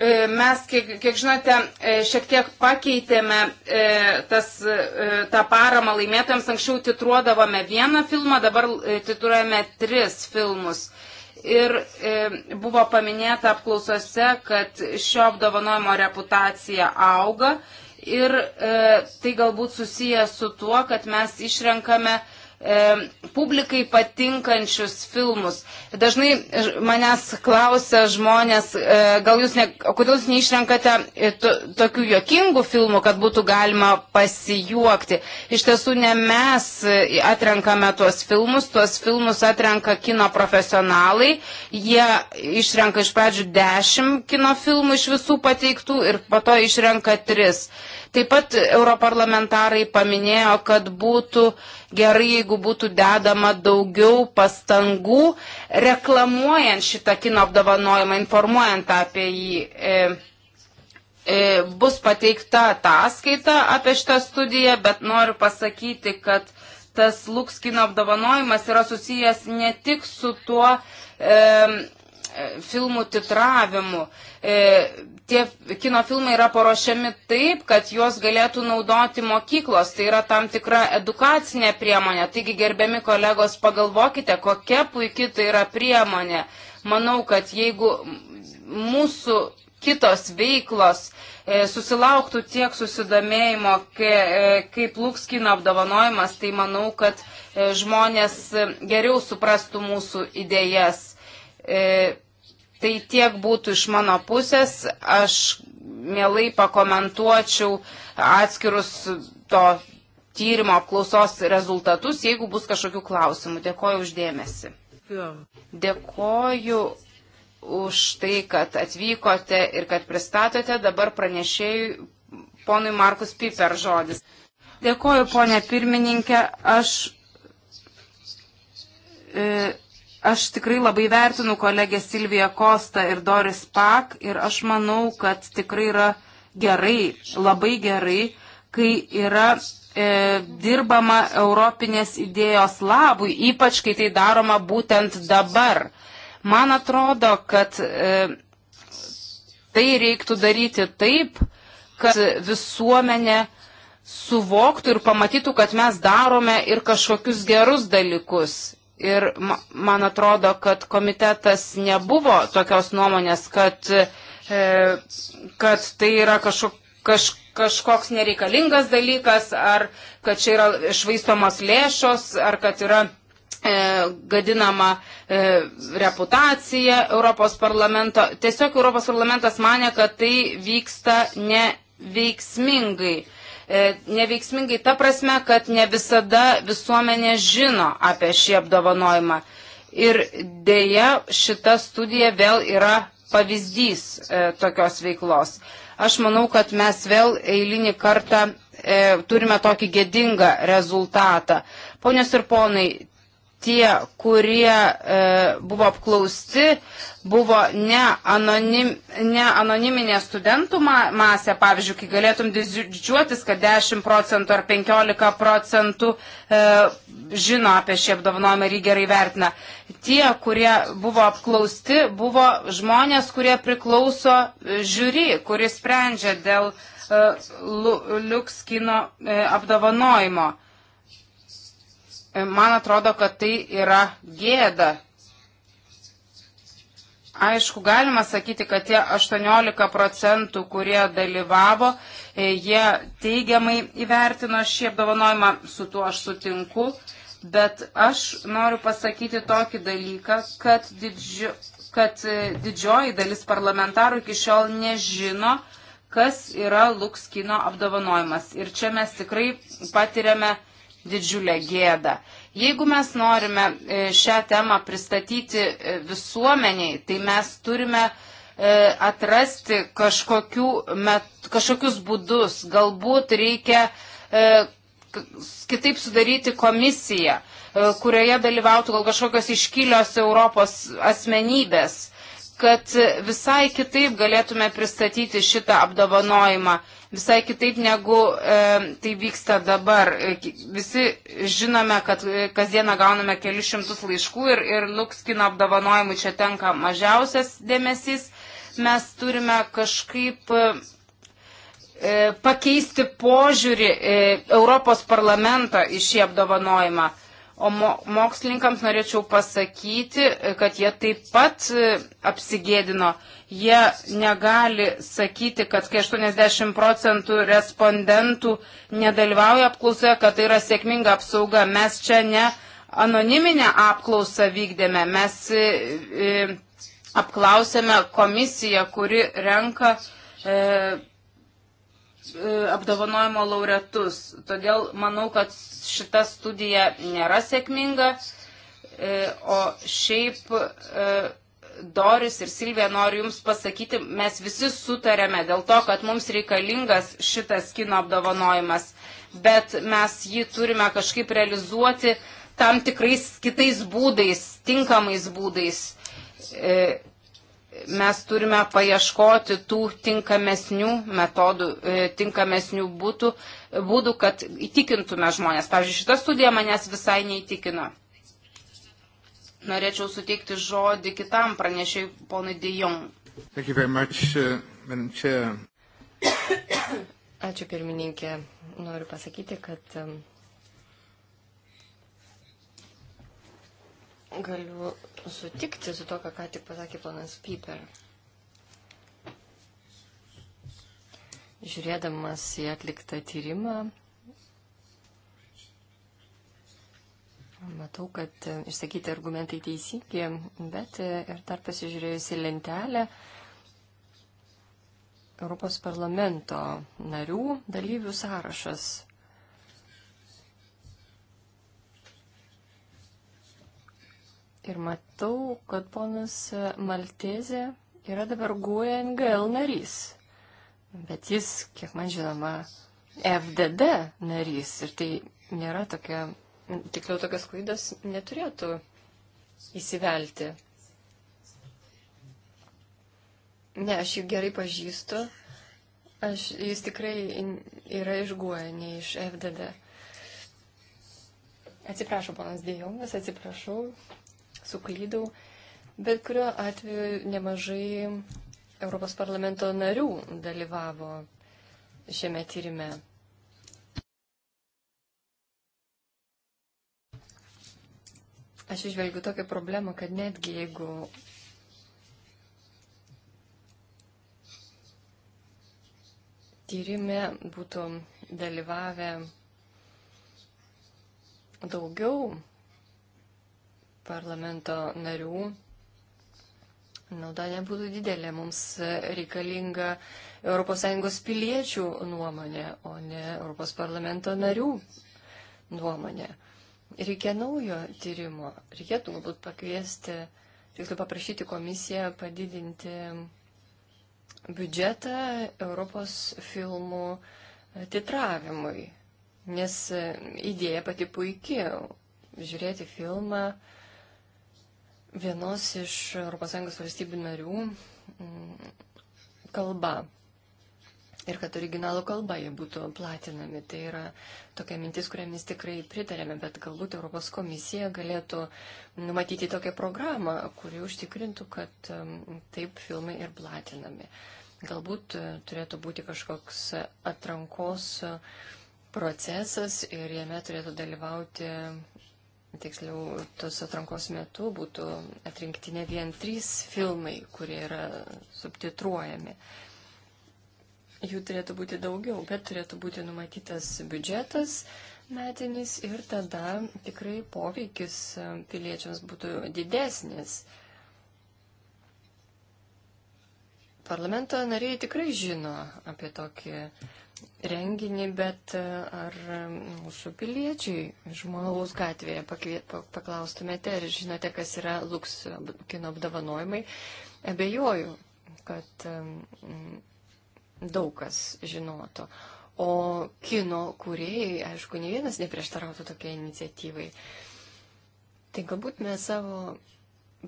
E, mes, kiek, kiek žinote, e, šiek tiek pakeitėme e, tas, tą paramą laimėtojams. Anksčiau titruodavome vieną filmą, dabar titruojame tris filmus. Ir buvo paminėta apklausose, kad šio apdovanojimo reputacija auga. Ir e, tai galbūt susiję su tuo, kad mes išrenkame E, publikai patinkančius filmus. Dažnai manęs klausia žmonės, e, gal jūs ne, kodėl jūs neišrenkate e, to, tokių juokingų filmų, kad būtų galima pasijuokti. Iš tiesų ne mes atrenkame tuos filmus, tuos filmus atrenka kino profesionalai. Jie išrenka iš pradžių dešimt kino filmų iš visų pateiktų ir po to išrenka tris. Taip pat europarlamentarai paminėjo, kad būtų gerai, jeigu būtų dedama daugiau pastangų reklamuojant šitą kino apdovanojimą, informuojant apie jį. E, e, bus pateikta ataskaita apie šitą studiją, bet noriu pasakyti, kad tas Lux kino apdovanojimas yra susijęs ne tik su tuo e, e filmų titravimu. E, tie kino filmai yra paruošiami taip, kad juos galėtų naudoti mokyklos. Tai yra tam tikra edukacinė priemonė. Taigi, gerbiami kolegos, pagalvokite, kokia puikia tai yra priemonė. Manau, kad jeigu mūsų kitos veiklos e, susilauktų tiek susidomėjimo, kai, e, kaip Lūkskino apdovanojimas, tai manau, kad e, žmonės e, geriau suprastų mūsų idėjas. E, Tai tiek būtų iš mano pusės. Aš mielai pakomentuočiau atskirus to tyrimo apklausos rezultatus, jeigu bus kažkokių klausimų. Dėkoju uždėmesi. Dėkoju už tai, kad atvykote ir kad pristatote. Dabar pranešėjui ponui Markus Piper žodis. Dėkoju, ponė pirmininkė. Aš. E, Aš tikrai labai vertinu kolegę Silviją Kostą ir Doris Pak ir aš manau, kad tikrai yra gerai, labai gerai, kai yra e, dirbama europinės idėjos labui, ypač kai tai daroma būtent dabar. Man atrodo, kad e, tai reiktų daryti taip, kad visuomenė suvoktų ir pamatytų, kad mes darome ir kažkokius gerus dalykus. Ir man atrodo, kad komitetas nebuvo tokios nuomonės, kad, e, kad tai yra kažko, kaž, kažkoks nereikalingas dalykas, ar kad čia yra švaistomos lėšos, ar kad yra e, gadinama e, reputacija Europos parlamento. Tiesiog Europos parlamentas mane, kad tai vyksta neveiksmingai. E, neveiksmingai ta prasme, kad ne visada visuomenė žino apie šį apdovanojimą. Ir dėja šita studija vėl yra pavyzdys e, tokios veiklos. Aš manau, kad mes vėl eilinį kartą e, turime tokį gedingą rezultatą. Ponios ir ponai, tie, kurie e, buvo apklausti, buvo ne, anonim, ne anoniminė studentų masė, pavyzdžiui, kai galėtum didžiuotis, kad 10 procentų ar 15 procentų e, žino apie šį apdovanojimą ir jį gerai vertina. Tie, kurie buvo apklausti, buvo žmonės, kurie priklauso e, žiūri, kuris sprendžia dėl e, Liuks kino e, apdovanojimo. E, E, man atrodo, kad tai yra gėda. Aišku, galima sakyti, kad tie 18 procentų, kurie dalyvavo, e, jie teigiamai įvertino šį apdovanojimą, su tuo aš sutinku, bet aš noriu pasakyti tokį dalyką, kad, didžio, kad e, didžioji dalis parlamentarų iki šiol nežino, kas yra Lux kino apdovanojimas. Ir čia mes tikrai patiriame didžiulė gėda. Jeigu mes norime e, šią temą pristatyti e, visuomeniai, tai mes turime e, atrasti met, kažkokius būdus. Galbūt reikia kitaip sudaryti komisiją, kurioje dalyvautų gal kažkokios iškilios Europos asmenybės, kad visai kitaip galėtume pristatyti šitą apdovanojimą visai kitaip negu e, tai vyksta dabar. Visi žinome, kad e, kasdieną gauname kelius šimtus laiškų ir, ir Lukskino apdovanojimui čia tenka mažiausias dėmesys. Mes turime kažkaip e, e, pakeisti požiūrį e, Europos parlamentą į šį apdovanojimą. E, O mo mokslininkams norėčiau pasakyti, kad jie taip pat e, apsigėdino. Jie negali sakyti, kad kai 80 procentų respondentų nedalyvauja apklausoje, kad tai yra sėkminga apsauga. Mes čia ne anoniminę apklausą vykdėme, mes e, e, apklausėme komisiją, kuri renka. E, E, apdovanojimo laureatus. Todėl manau, kad šita studija nėra sėkminga, e, o šiaip e, Doris ir Silvija noriu Jums pasakyti, mes visi sutarėme dėl to, kad mums reikalingas šitas kino apdovanojimas, bet mes jį turime kažkaip realizuoti tam tikrais kitais būdais, tinkamais būdais mes turime paieškoti tų tinkamesnių metodų, e, tinkamesnių būtų, būdų, kad įtikintume žmonės. Pavyzdžiui, šita studija manęs visai neįtikino. Norėčiau suteikti žodį kitam pranešėjui, ponui Dijong. Uh, <coughs> Ačiū pirmininkė. Noriu pasakyti, kad um, galiu sutikti su to, ką ką tik pasakė ponas Piper. Žiūrėdamas į atliktą tyrimą, matau, kad išsakyti argumentai teisingi, bet ir dar pasižiūrėjusi lentelę Europos parlamento narių dalyvių sąrašas Ir matau, kad ponas Maltezė yra dabar GUNGL narys. Bet jis, kiek man žinoma, FDD narys. Ir tai nėra tokia, tikliau tokios klaidos neturėtų įsivelti. Ne, aš jį gerai pažįstu. Aš, jis tikrai yra iš GUE, ne iš FDD. Atsiprašau, ponas Dėjongas, atsiprašau suklydau, bet kuriuo atveju nemažai Europos parlamento narių dalyvavo šiame tyrime. Aš išvelgiu tokią problemą, kad netgi jeigu tyrimė būtų dalyvavę daugiau parlamento narių, nauda nebūtų didelė. Mums reikalinga ES piliečių nuomonė, o ne ES parlamento narių nuomonė. Reikia naujo tyrimo. Reikėtų galbūt pakviesti, tiksliau paprašyti komisiją padidinti biudžetą Europos filmų titravimui. Nes idėja pati puikia. Žiūrėti filmą, uh, vienos iš ES valstybių narių mm, kalba. Ir kad originalų kalba jie būtų platinami. Tai yra tokia mintis, kurią mes tikrai pritarėme, bet galbūt Europos komisija galėtų numatyti tokią programą, kuri užtikrintų, kad mm, taip filmai ir platinami. Galbūt e, turėtų būti kažkoks atrankos e, procesas ir jame turėtų dalyvauti tiksliau, tos atrankos metu būtų atrinkti ne vien trys filmai, kurie yra subtitruojami. Jų turėtų būti daugiau, bet turėtų būti numatytas biudžetas metinis ir tada tikrai poveikis e, piliečiams būtų didesnis. Parlamento nariai tikrai žino apie tokį renginį, bet e, ar mūsų piliečiai žmogaus gatvėje paklaustumėte, ar žinote, kas yra Lux kino apdovanojimai, abejoju, kad daug kas žinotų. O kino kūrėjai, aišku, ne vienas neprieštarautų tokiai iniciatyvai. Tai galbūt mes savo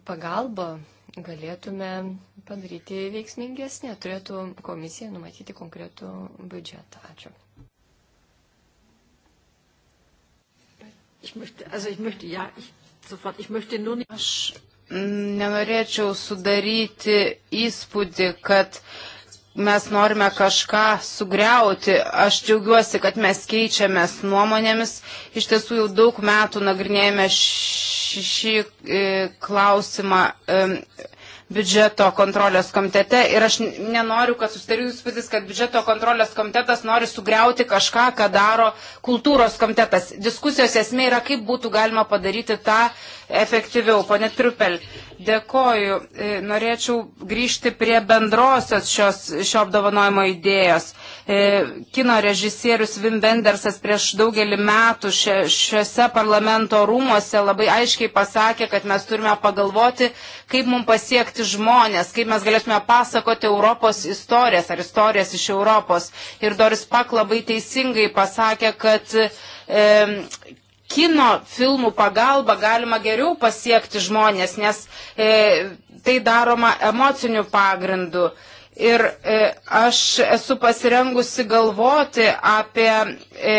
pagalbą galėtume padaryti veiksmingesnė, turėtų komisija numatyti konkretų biudžetą. Ačiū. Aš nenorėčiau sudaryti įspūdį, kad mes norime kažką sugriauti. Aš džiaugiuosi, kad mes keičiamės nuomonėmis. Iš tiesų jau daug metų nagrinėjame šį, šį e, klausimą e, biudžeto kontrolės komitete ir aš nenoriu, kad susitarytų spūdis, kad biudžeto kontrolės komitetas nori sugriauti kažką, ką daro kultūros komitetas. Diskusijos esmė yra, kaip būtų galima padaryti tą efektyviau. Pone Triupel, dėkoju. E, norėčiau grįžti prie bendrosios šios, šio apdovanojimo idėjos. E, kino režisierius Vim Vendersas prieš daugelį metų šiuose parlamento rūmose labai aiškiai pasakė, kad mes turime pagalvoti, kaip mums pasiekti žmonės, kaip mes galėtume pasakoti Europos istorijas ar istorijas iš Europos. Ir Doris Pak labai teisingai pasakė, kad e, kino filmų pagalba galima geriau pasiekti žmonės, nes e, tai daroma emocinių pagrindų. Ir e, aš esu pasirengusi galvoti apie e,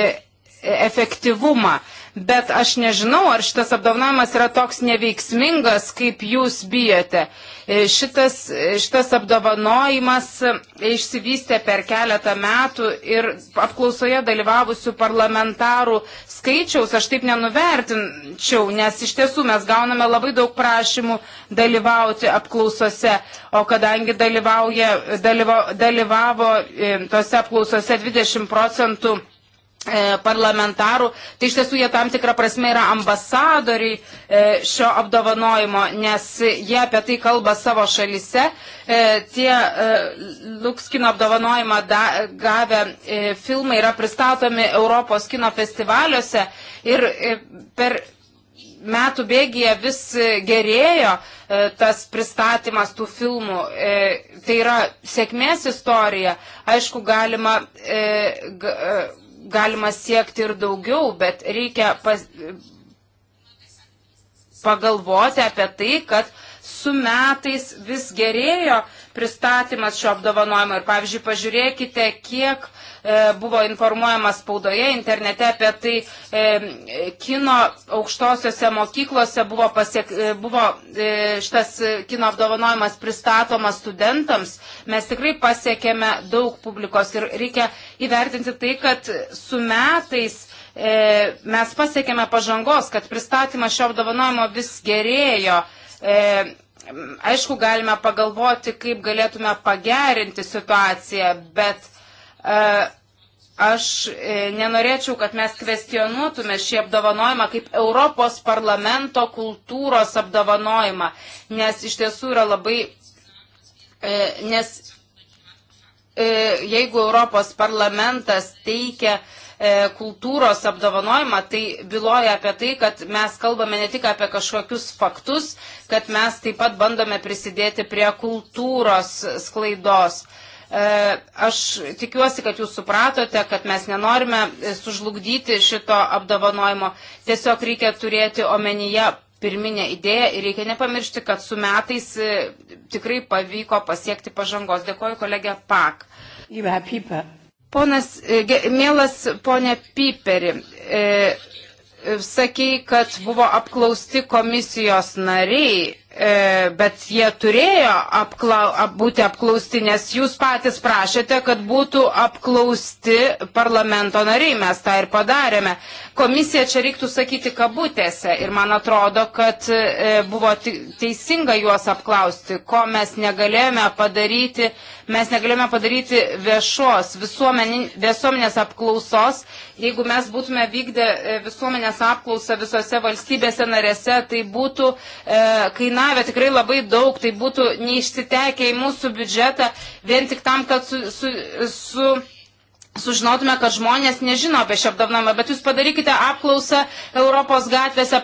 efektyvumą bet aš nežinau, ar šitas apdovanojimas yra toks neveiksmingas, kaip jūs bijote. E, šitas, e, šitas apdovanojimas e, išsivystė per keletą metų ir apklausoje dalyvavusių parlamentarų skaičiaus aš taip nenuvertinčiau, nes iš tiesų mes gauname labai daug prašymų dalyvauti apklausose, o kadangi dalyvauja, dalyva, dalyvavo tose apklausose 20 procentų E, parlamentarų, tai iš tiesų jie tam tikrą prasme yra ambasadoriai e, šio apdovanojimo, nes jie apie tai kalba savo šalise. E, tie Lux kino apdovanojimą gavę filmai yra pristatomi Europos kino festivaliuose ir per metų bėgėje vis gerėjo tas pristatymas tų filmų. Tai yra sėkmės istorija. Aišku, galima galima siekti ir daugiau, bet reikia pas, pagalvoti apie tai, kad su metais vis gerėjo pristatymas šio apdovanojimo. Ir pavyzdžiui, pažiūrėkite, kiek uh, E, buvo informuojama spaudoje, internete apie tai, e, kino aukštosiuose mokyklose buvo, pasiek, e, buvo šitas kino apdovanojimas pristatomas studentams. Mes tikrai pasiekėme daug publikos ir reikia įvertinti tai, kad su metais mes pasiekėme pažangos, kad pristatymas šio apdovanojimo vis gerėjo. Aišku, galime pagalvoti, kaip galėtume pagerinti situaciją, bet E, aš e, nenorėčiau, kad mes kvestionuotume šį apdovanojimą kaip Europos parlamento kultūros apdovanojimą, nes iš tiesų yra labai, e, nes jeigu Europos parlamentas teikia kultūros apdovanojimą, tai byloja apie tai, kad mes kalbame ne tik apie kažkokius faktus, kad mes taip pat bandome prisidėti prie kultūros sklaidos. E, aš tikiuosi, kad jūs supratote, kad mes nenorime sužlugdyti šito apdovanojimo. Tiesiog reikia turėti omenyje pirminę idėją ir reikia nepamiršti, kad su metais e, tikrai pavyko pasiekti pažangos. Dėkoju kolegė Pak. Ponas, e, mielas ponė Piperi, sakei, kad buvo apklausti komisijos nariai E, bet jie turėjo apklau, ap, būti apklausti, nes jūs patys prašėte, kad būtų apklausti parlamento nariai, mes tą ir padarėme. Komisija čia reiktų sakyti kabutėse ir man atrodo, kad e, buvo teisinga juos apklausti, ko mes negalėjome padaryti. Mes negalėjome padaryti viešos visuomenės apklausos. Jeigu mes būtume vykdę e, visuomenės apklausą visose valstybėse narėse, tai būtų e, kainavę tikrai labai daug, tai būtų neišsitekę į mūsų biudžetą vien tik tam, kad su. su, su sužinotume, kad žmonės nežino apie šį apdovanojimą, bet jūs padarykite apklausą Europos gatvėse,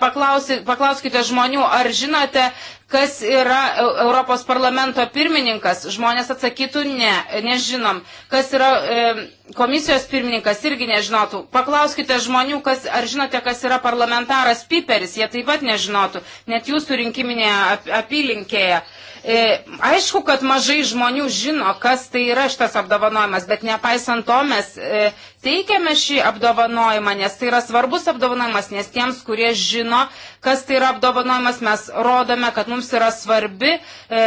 paklauskite žmonių, ar žinote, kas yra e, Europos parlamento pirmininkas. Žmonės atsakytų, ne, nežinom. Kas yra e, komisijos pirmininkas, irgi nežinotų. Paklauskite žmonių, kas, ar žinote, kas yra parlamentaras Piperis, jie taip pat nežinotų, net jūsų rinkiminėje ap apylinkėje. Ap E, aišku, kad mažai žmonių žino, kas tai yra šitas apdovanojimas, bet nepaisant to mes e, teikiame šį apdovanojimą, nes tai yra svarbus apdovanojimas, nes tiems, kurie žino, kas tai yra apdovanojimas, mes rodome, kad mums yra svarbi e,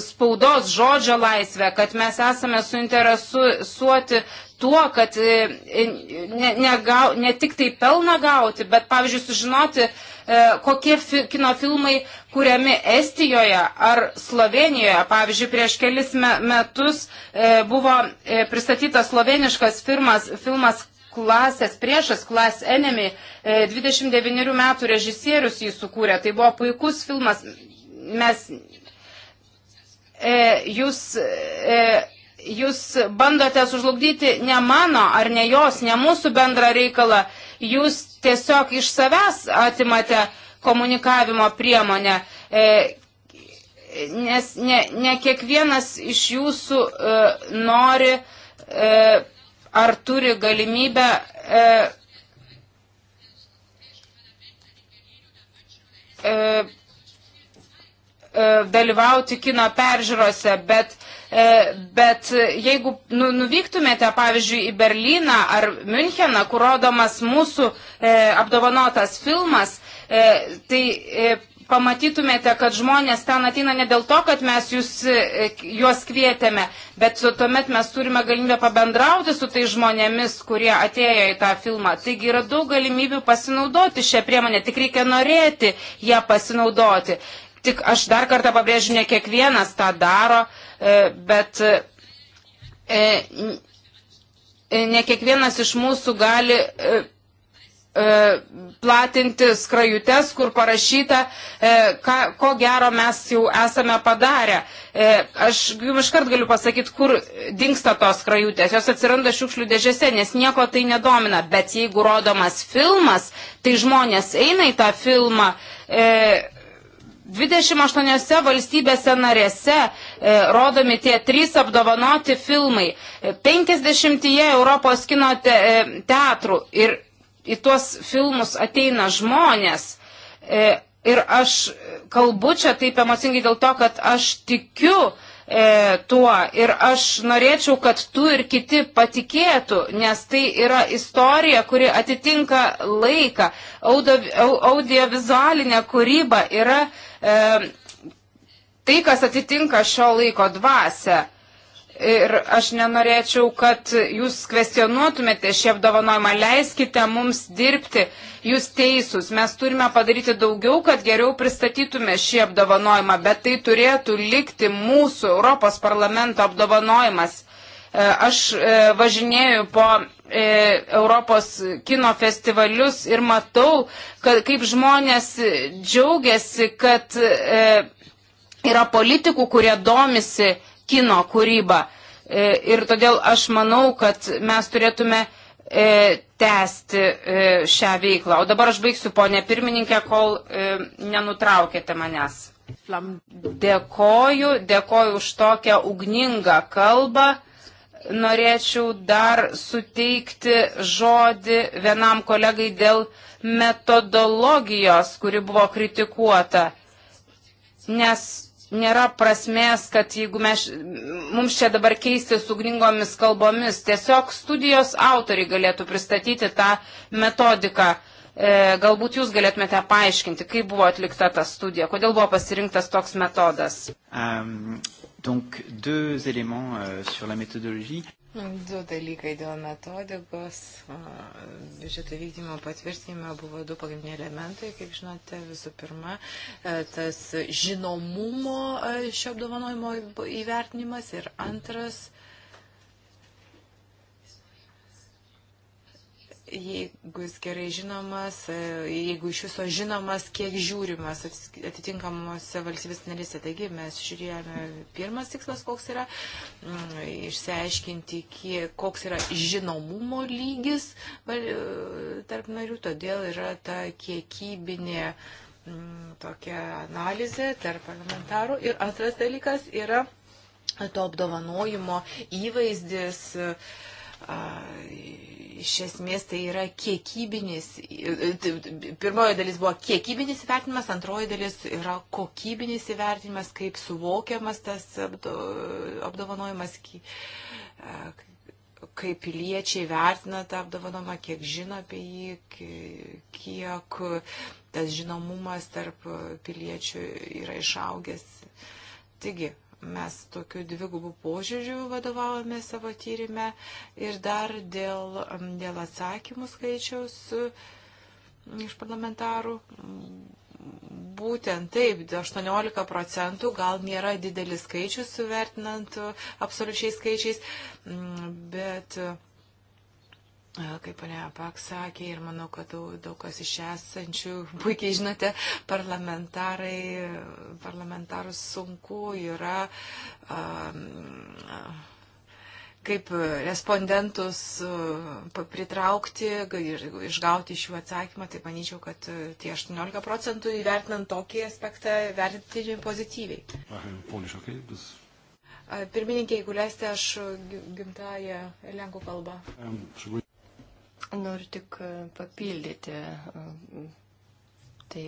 spaudos žodžio laisvę, kad mes esame suinteresuoti tuo, kad e, e, ne, ne, gau, ne tik tai pelną gauti, bet, pavyzdžiui, sužinoti, e, kokie fi, kino filmai kuriami Estijoje ar Slovenijoje. Pavyzdžiui, prieš kelis me, metus buvo pristatytas sloveniškas firmas, filmas klasės priešas, Class Enemy, 29 metų režisierius jį sukūrė. Tai buvo puikus filmas. Mes E, jūs, e, jūs bandote sužlugdyti ne mano ar ne jos, ne mūsų bendrą reikalą, jūs tiesiog iš savęs atimate komunikavimo priemonę, e, nes ne, ne kiekvienas iš jūsų nori ar turi galimybę E, dalyvauti kino peržiūrose, bet, e, bet jeigu nu, nuvyktumėte, pavyzdžiui, į Berliną ar Müncheną, kur rodomas mūsų e, apdovanotas filmas, tai pamatytumėte, kad žmonės ten ateina ne dėl to, kad mes jūs, juos kvietėme, bet tuomet mes turime galimybę pabendrauti su tai žmonėmis, kurie atėjo į tą filmą. Taigi yra daug galimybių pasinaudoti šią priemonę, tik reikia norėti ją pasinaudoti. Tik aš dar kartą pabrėžiu, ne kiekvienas tą daro, e, bet e, e, ne kiekvienas iš mūsų gali platinti skrajutes, kur parašyta, ką, ko gero mes jau esame padarę. Aš jums iškart galiu pasakyti, kur dinksta tos skrajutės. Jos atsiranda šiukšlių dėžėse, nes nieko tai nedomina. Bet jeigu rodomas filmas, tai žmonės eina į tą filmą. E, 28 valstybėse narėse e, rodomi tie trys apdovanoti filmai, 50 e, Europos kino te, e, teatrų ir į tuos filmus ateina žmonės. E, ir aš kalbu čia taip emocingai dėl to, kad aš tikiu e, tuo ir aš norėčiau, kad tu ir kiti patikėtų, nes tai yra istorija, kuri atitinka laiką. Audiovizualinė audio kūryba yra e, E, tai, kas atitinka šio laiko dvasę. Ir aš nenorėčiau, kad jūs kvestionuotumėte šį apdovanojimą, leiskite mums dirbti, jūs teisūs, mes turime padaryti daugiau, kad geriau pristatytume šį apdovanojimą, bet tai turėtų likti mūsų Europos parlamento apdovanojimas. E, aš e, važinėjau po e, Europos kino festivalius ir matau, kad, kaip žmonės džiaugiasi, kad e, yra politikų, kurie domisi kino kūryba. E, ir todėl aš manau, kad mes turėtume e, tęsti e, šią veiklą. O dabar aš baigsiu, ponė pirmininkė, kol e, nenutraukėte manęs. Dėkoju, dėkoju už tokią ugningą kalbą norėčiau dar suteikti žodį vienam kolegai dėl metodologijos, kuri buvo kritikuota. Nes nėra prasmės, kad jeigu mes, mums čia dabar keisti su gringomis kalbomis, tiesiog studijos autoriai galėtų pristatyti tą metodiką. E, galbūt jūs galėtumėte paaiškinti, kaip buvo atlikta ta studija, kodėl buvo pasirinktas toks metodas. Um, Donc, deux éléments euh, sur la méthodologie. Du dalykai dėl metodikos. Biudžeto vykdymo patvirtinime buvo du pagrindiniai elementai, kaip žinote, visų pirma, tas žinomumo šio apdovanojimo įvertinimas ir antras jeigu jis gerai žinomas, e, jeigu iš viso žinomas, kiek žiūrimas atitinkamuose valstybės narėse. Taigi mes žiūrėjome pirmas tikslas, koks yra, mm, išsiaiškinti, kiek, koks yra žinomumo lygis e, tarp narių, todėl yra ta kiekybinė mm, tokia analizė tarp parlamentarų. Ir antras dalykas yra to apdovanojimo įvaizdis. Uh, Iš esmės tai yra kiekybinis, pirmoji dalis buvo kiekybinis įvertinimas, antroji dalis yra kokybinis įvertinimas, kaip suvokiamas tas apdovanojimas, kaip piliečiai vertina tą apdovanojimą, kiek žino apie jį, kiek tas žinomumas tarp piliečių yra išaugęs. Taigi, Mes tokiu dvigubu požiūriu vadovavome savo tyrimę ir dar dėl, dėl atsakymų skaičiaus iš parlamentarų. Būtent taip, 18 procentų gal nėra didelis skaičius, vertinant absoliučiais skaičiais, bet kaip ponia Pak sakė, ir manau, kad daug, daug kas iš esančių, <laughs> puikiai žinote, parlamentarai, parlamentarus sunku yra. Um, kaip respondentus pritraukti ir išgauti iš jų atsakymą, tai manyčiau, kad tie 18 procentų įvertinant tokį aspektą vertinti pozityviai. Pirmininkė, jeigu leisite, aš gimtają lenkų kalbą. Noriu tik e, papildyti e, tai,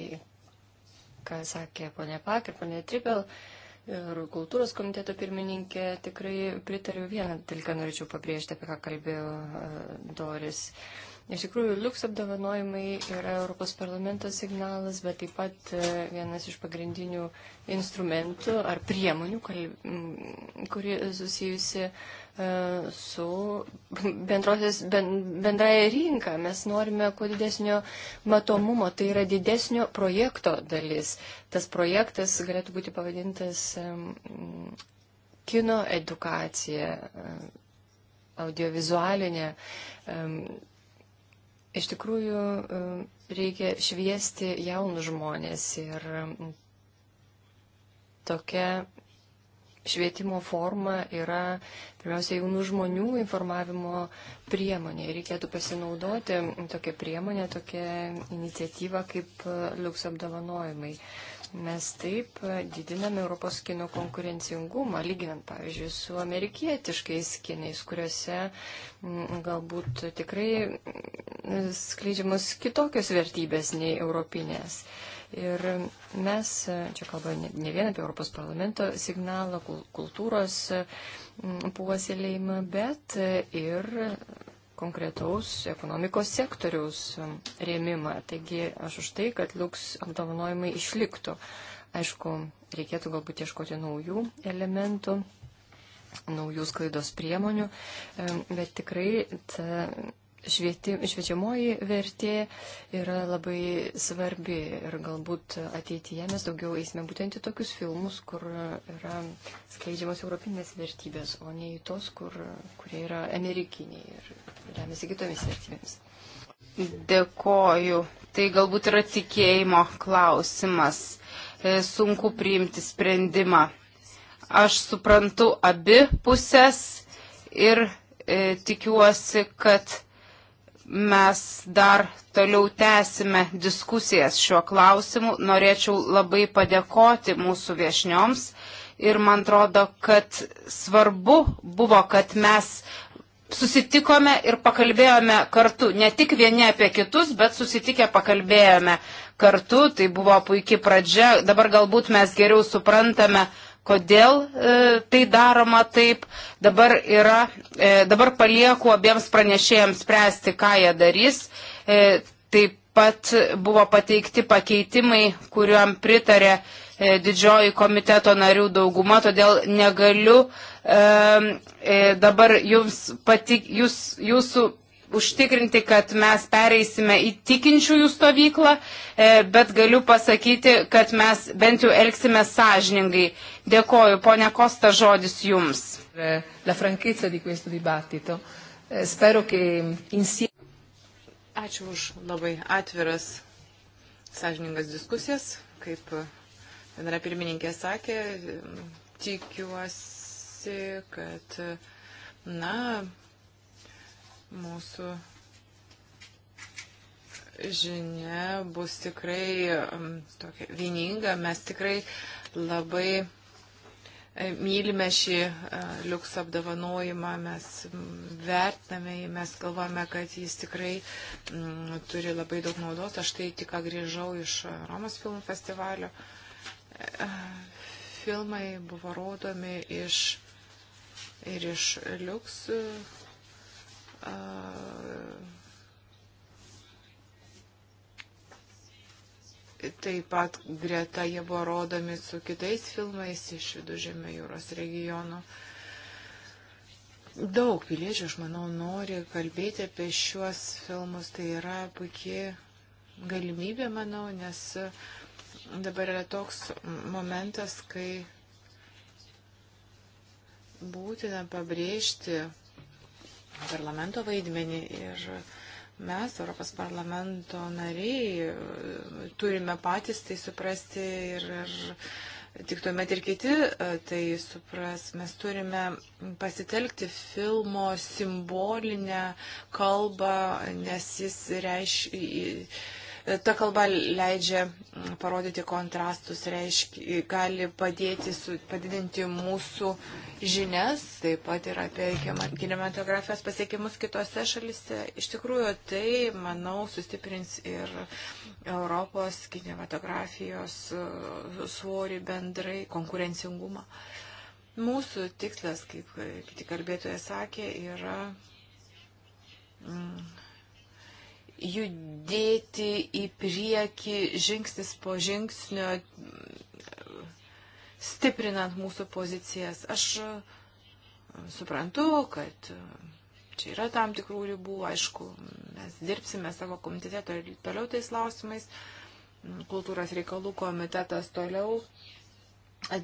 ką sakė ponė Pak ir ponė Tripel ir kultūros komiteto pirmininkė, tikrai pritariu vieną dalyką, norėčiau pabrėžti, apie ką kalbėjo e, Doris. Iš tikrųjų, liuks apdovanojimai yra Europos parlamento signalas, bet taip pat vienas iš pagrindinių instrumentų ar priemonių, kuri susijusi uh, E, su bendrosios, bendraja rinka. Mes norime kuo didesnio matomumo, tai yra didesnio projekto dalis. Tas projektas galėtų būti pavadintas kino edukacija, e, audiovizualinė. Iš tikrųjų, e, reikia šviesti jaunus žmonės ir tokia švietimo forma yra pirmiausia jaunų žmonių informavimo priemonė. Reikėtų pasinaudoti tokią priemonę, tokią iniciatyvą kaip e, liuks apdovanojimai. Mes taip didiname Europos kino konkurencingumą, lyginant, pavyzdžiui, su amerikietiškais kinais, kuriuose m, galbūt tikrai skleidžiamos kitokios vertybės nei europinės. Uh, Ir mes, čia kalba ne vien apie Europos parlamento signalą, kultūros mm, puoselėjimą, bet ir konkretaus ekonomikos sektoriaus rėmimą. Taigi aš už tai, kad liuks apdovanojimai išliktų. Aišku, reikėtų galbūt ieškoti naujų elementų, naujų sklaidos priemonių, e, bet tikrai ta šviečiamoji vertė yra labai svarbi ir galbūt ateityje mes daugiau eisime būtent į tokius filmus, kur yra skleidžiamas europinės vertybės, o ne į tos, kur, kurie yra amerikiniai ir remiasi kitomis vertybėmis. Dėkoju. Tai galbūt yra tikėjimo klausimas. E, sunku priimti sprendimą. Aš suprantu abi pusės ir e, tikiuosi, kad mes dar toliau tęsime diskusijas šiuo klausimu. Norėčiau labai padėkoti mūsų viešnioms ir man atrodo, kad svarbu buvo, kad mes susitikome ir pakalbėjome kartu. Ne tik vieni apie kitus, bet susitikę pakalbėjome kartu. Tai buvo puikia pradžia. Dabar galbūt mes geriau suprantame, uh, kodėl e, tai daroma taip. Dabar, yra, e, dabar palieku abiems pranešėjams spręsti, ką jie darys. E, taip pat buvo pateikti pakeitimai, kuriuom pritarė e, didžioji komiteto narių dauguma, todėl negaliu e, e, dabar jums patik, jūs, jūsų užtikrinti, kad mes pereisime į tikinčiųjų stovyklą, e, bet galiu pasakyti, kad mes bent jau elgsime sąžiningai. Dėkoju, ponia Kosta, žodis jums. Eh, eh, Ačiū už labai atviras, sąžiningas diskusijas, kaip bendra pirmininkė sakė, tikiuosi, kad, na, mūsų žinia bus tikrai mm, tokia vieninga. Mes tikrai labai e, mylime šį e, liuks apdovanojimą, mes mm, vertiname jį, mes galvojame, kad jis tikrai m, mm, turi labai daug naudos. Aš tai tik grįžau iš Romos filmų festivalio. E, filmai buvo rodomi iš, ir iš liuks Taip pat greta jie buvo rodomi su kitais filmais iš Vidužėmio jūros regionų. Daug piliečių, aš manau, nori kalbėti apie šiuos filmus. Tai yra puikiai galimybė, manau, nes dabar yra toks momentas, kai būtina pabrėžti parlamento vaidmenį ir mes, Europos parlamento nariai, turime patys tai suprasti ir, ir tik tuomet ir kiti e, tai supras. Mes turime pasitelkti filmo simbolinę kalbą, nes jis reiškia Ta kalba leidžia mm, parodyti kontrastus, reiškia, gali padėti su, padidinti mūsų žinias, taip pat ir apie kinematografijos pasiekimus kitose šalise. Iš tikrųjų, tai, manau, sustiprins ir Europos kinematografijos e, svorį bendrai, konkurencingumą. Mūsų tikslas, kaip kiti kalbėtojai sakė, yra. Mm, judėti į priekį žingsnis po žingsnio, stiprinant mūsų pozicijas. Aš e, suprantu, kad e, čia yra tam tikrų ribų, aišku, mes dirbsime savo komitete toliau tais klausimais, kultūros reikalų komitetas toliau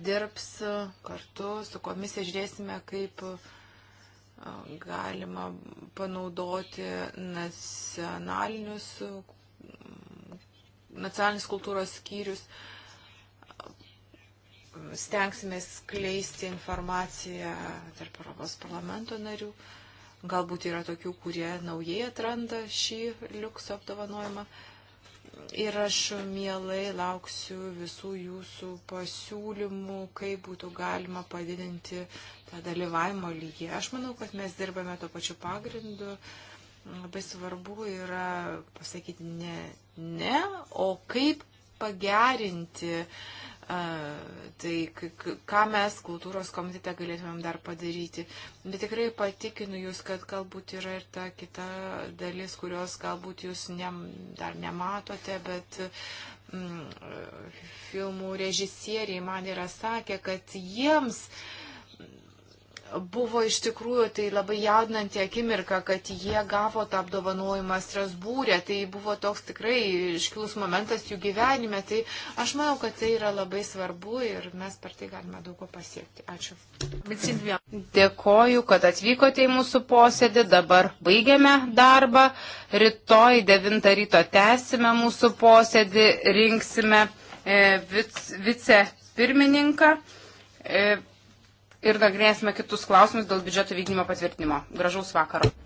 dirbs e, kartu su komisija, žiūrėsime, kaip uh, galima panaudoti nacionalinius, nacionalinius kultūros skyrius. Stengsime skleisti informaciją tarp Europos parlamento narių. Galbūt yra tokių, kurie naujai atranda šį liuks apdovanojimą. Uh, Ir aš mielai lauksiu visų jūsų pasiūlymų, kaip būtų galima padidinti tą dalyvavimo lygį. Aš manau, kad mes dirbame to pačiu pagrindu. Labai svarbu yra pasakyti ne, ne, o kaip pagerinti uh, Tai ką mes kultūros komitete galėtumėm dar padaryti. Bet tikrai patikinu Jūs, kad galbūt yra ir ta kita dalis, kurios galbūt Jūs ne, dar nematote, bet mm, filmų režisieriai man yra sakę, kad jiems uh, buvo iš tikrųjų tai labai jaudinanti akimirka, kad jie gavo tą apdovanojimą Strasbūrė. Tai buvo toks tikrai iškilus momentas jų gyvenime. Tai aš manau, kad tai yra labai svarbu ir mes per tai galime daug ko pasiekti. Ačiū. Dėkoju, kad atvykote į mūsų posėdį. Dabar baigiame darbą. Rytoj 9 ryto tęsime mūsų posėdį. Rinksime e, vic, vicepirmininką. E, ir nagrinėsime kitus klausimus dėl biudžeto vykdymo patvirtinimo. Gražaus vakaro.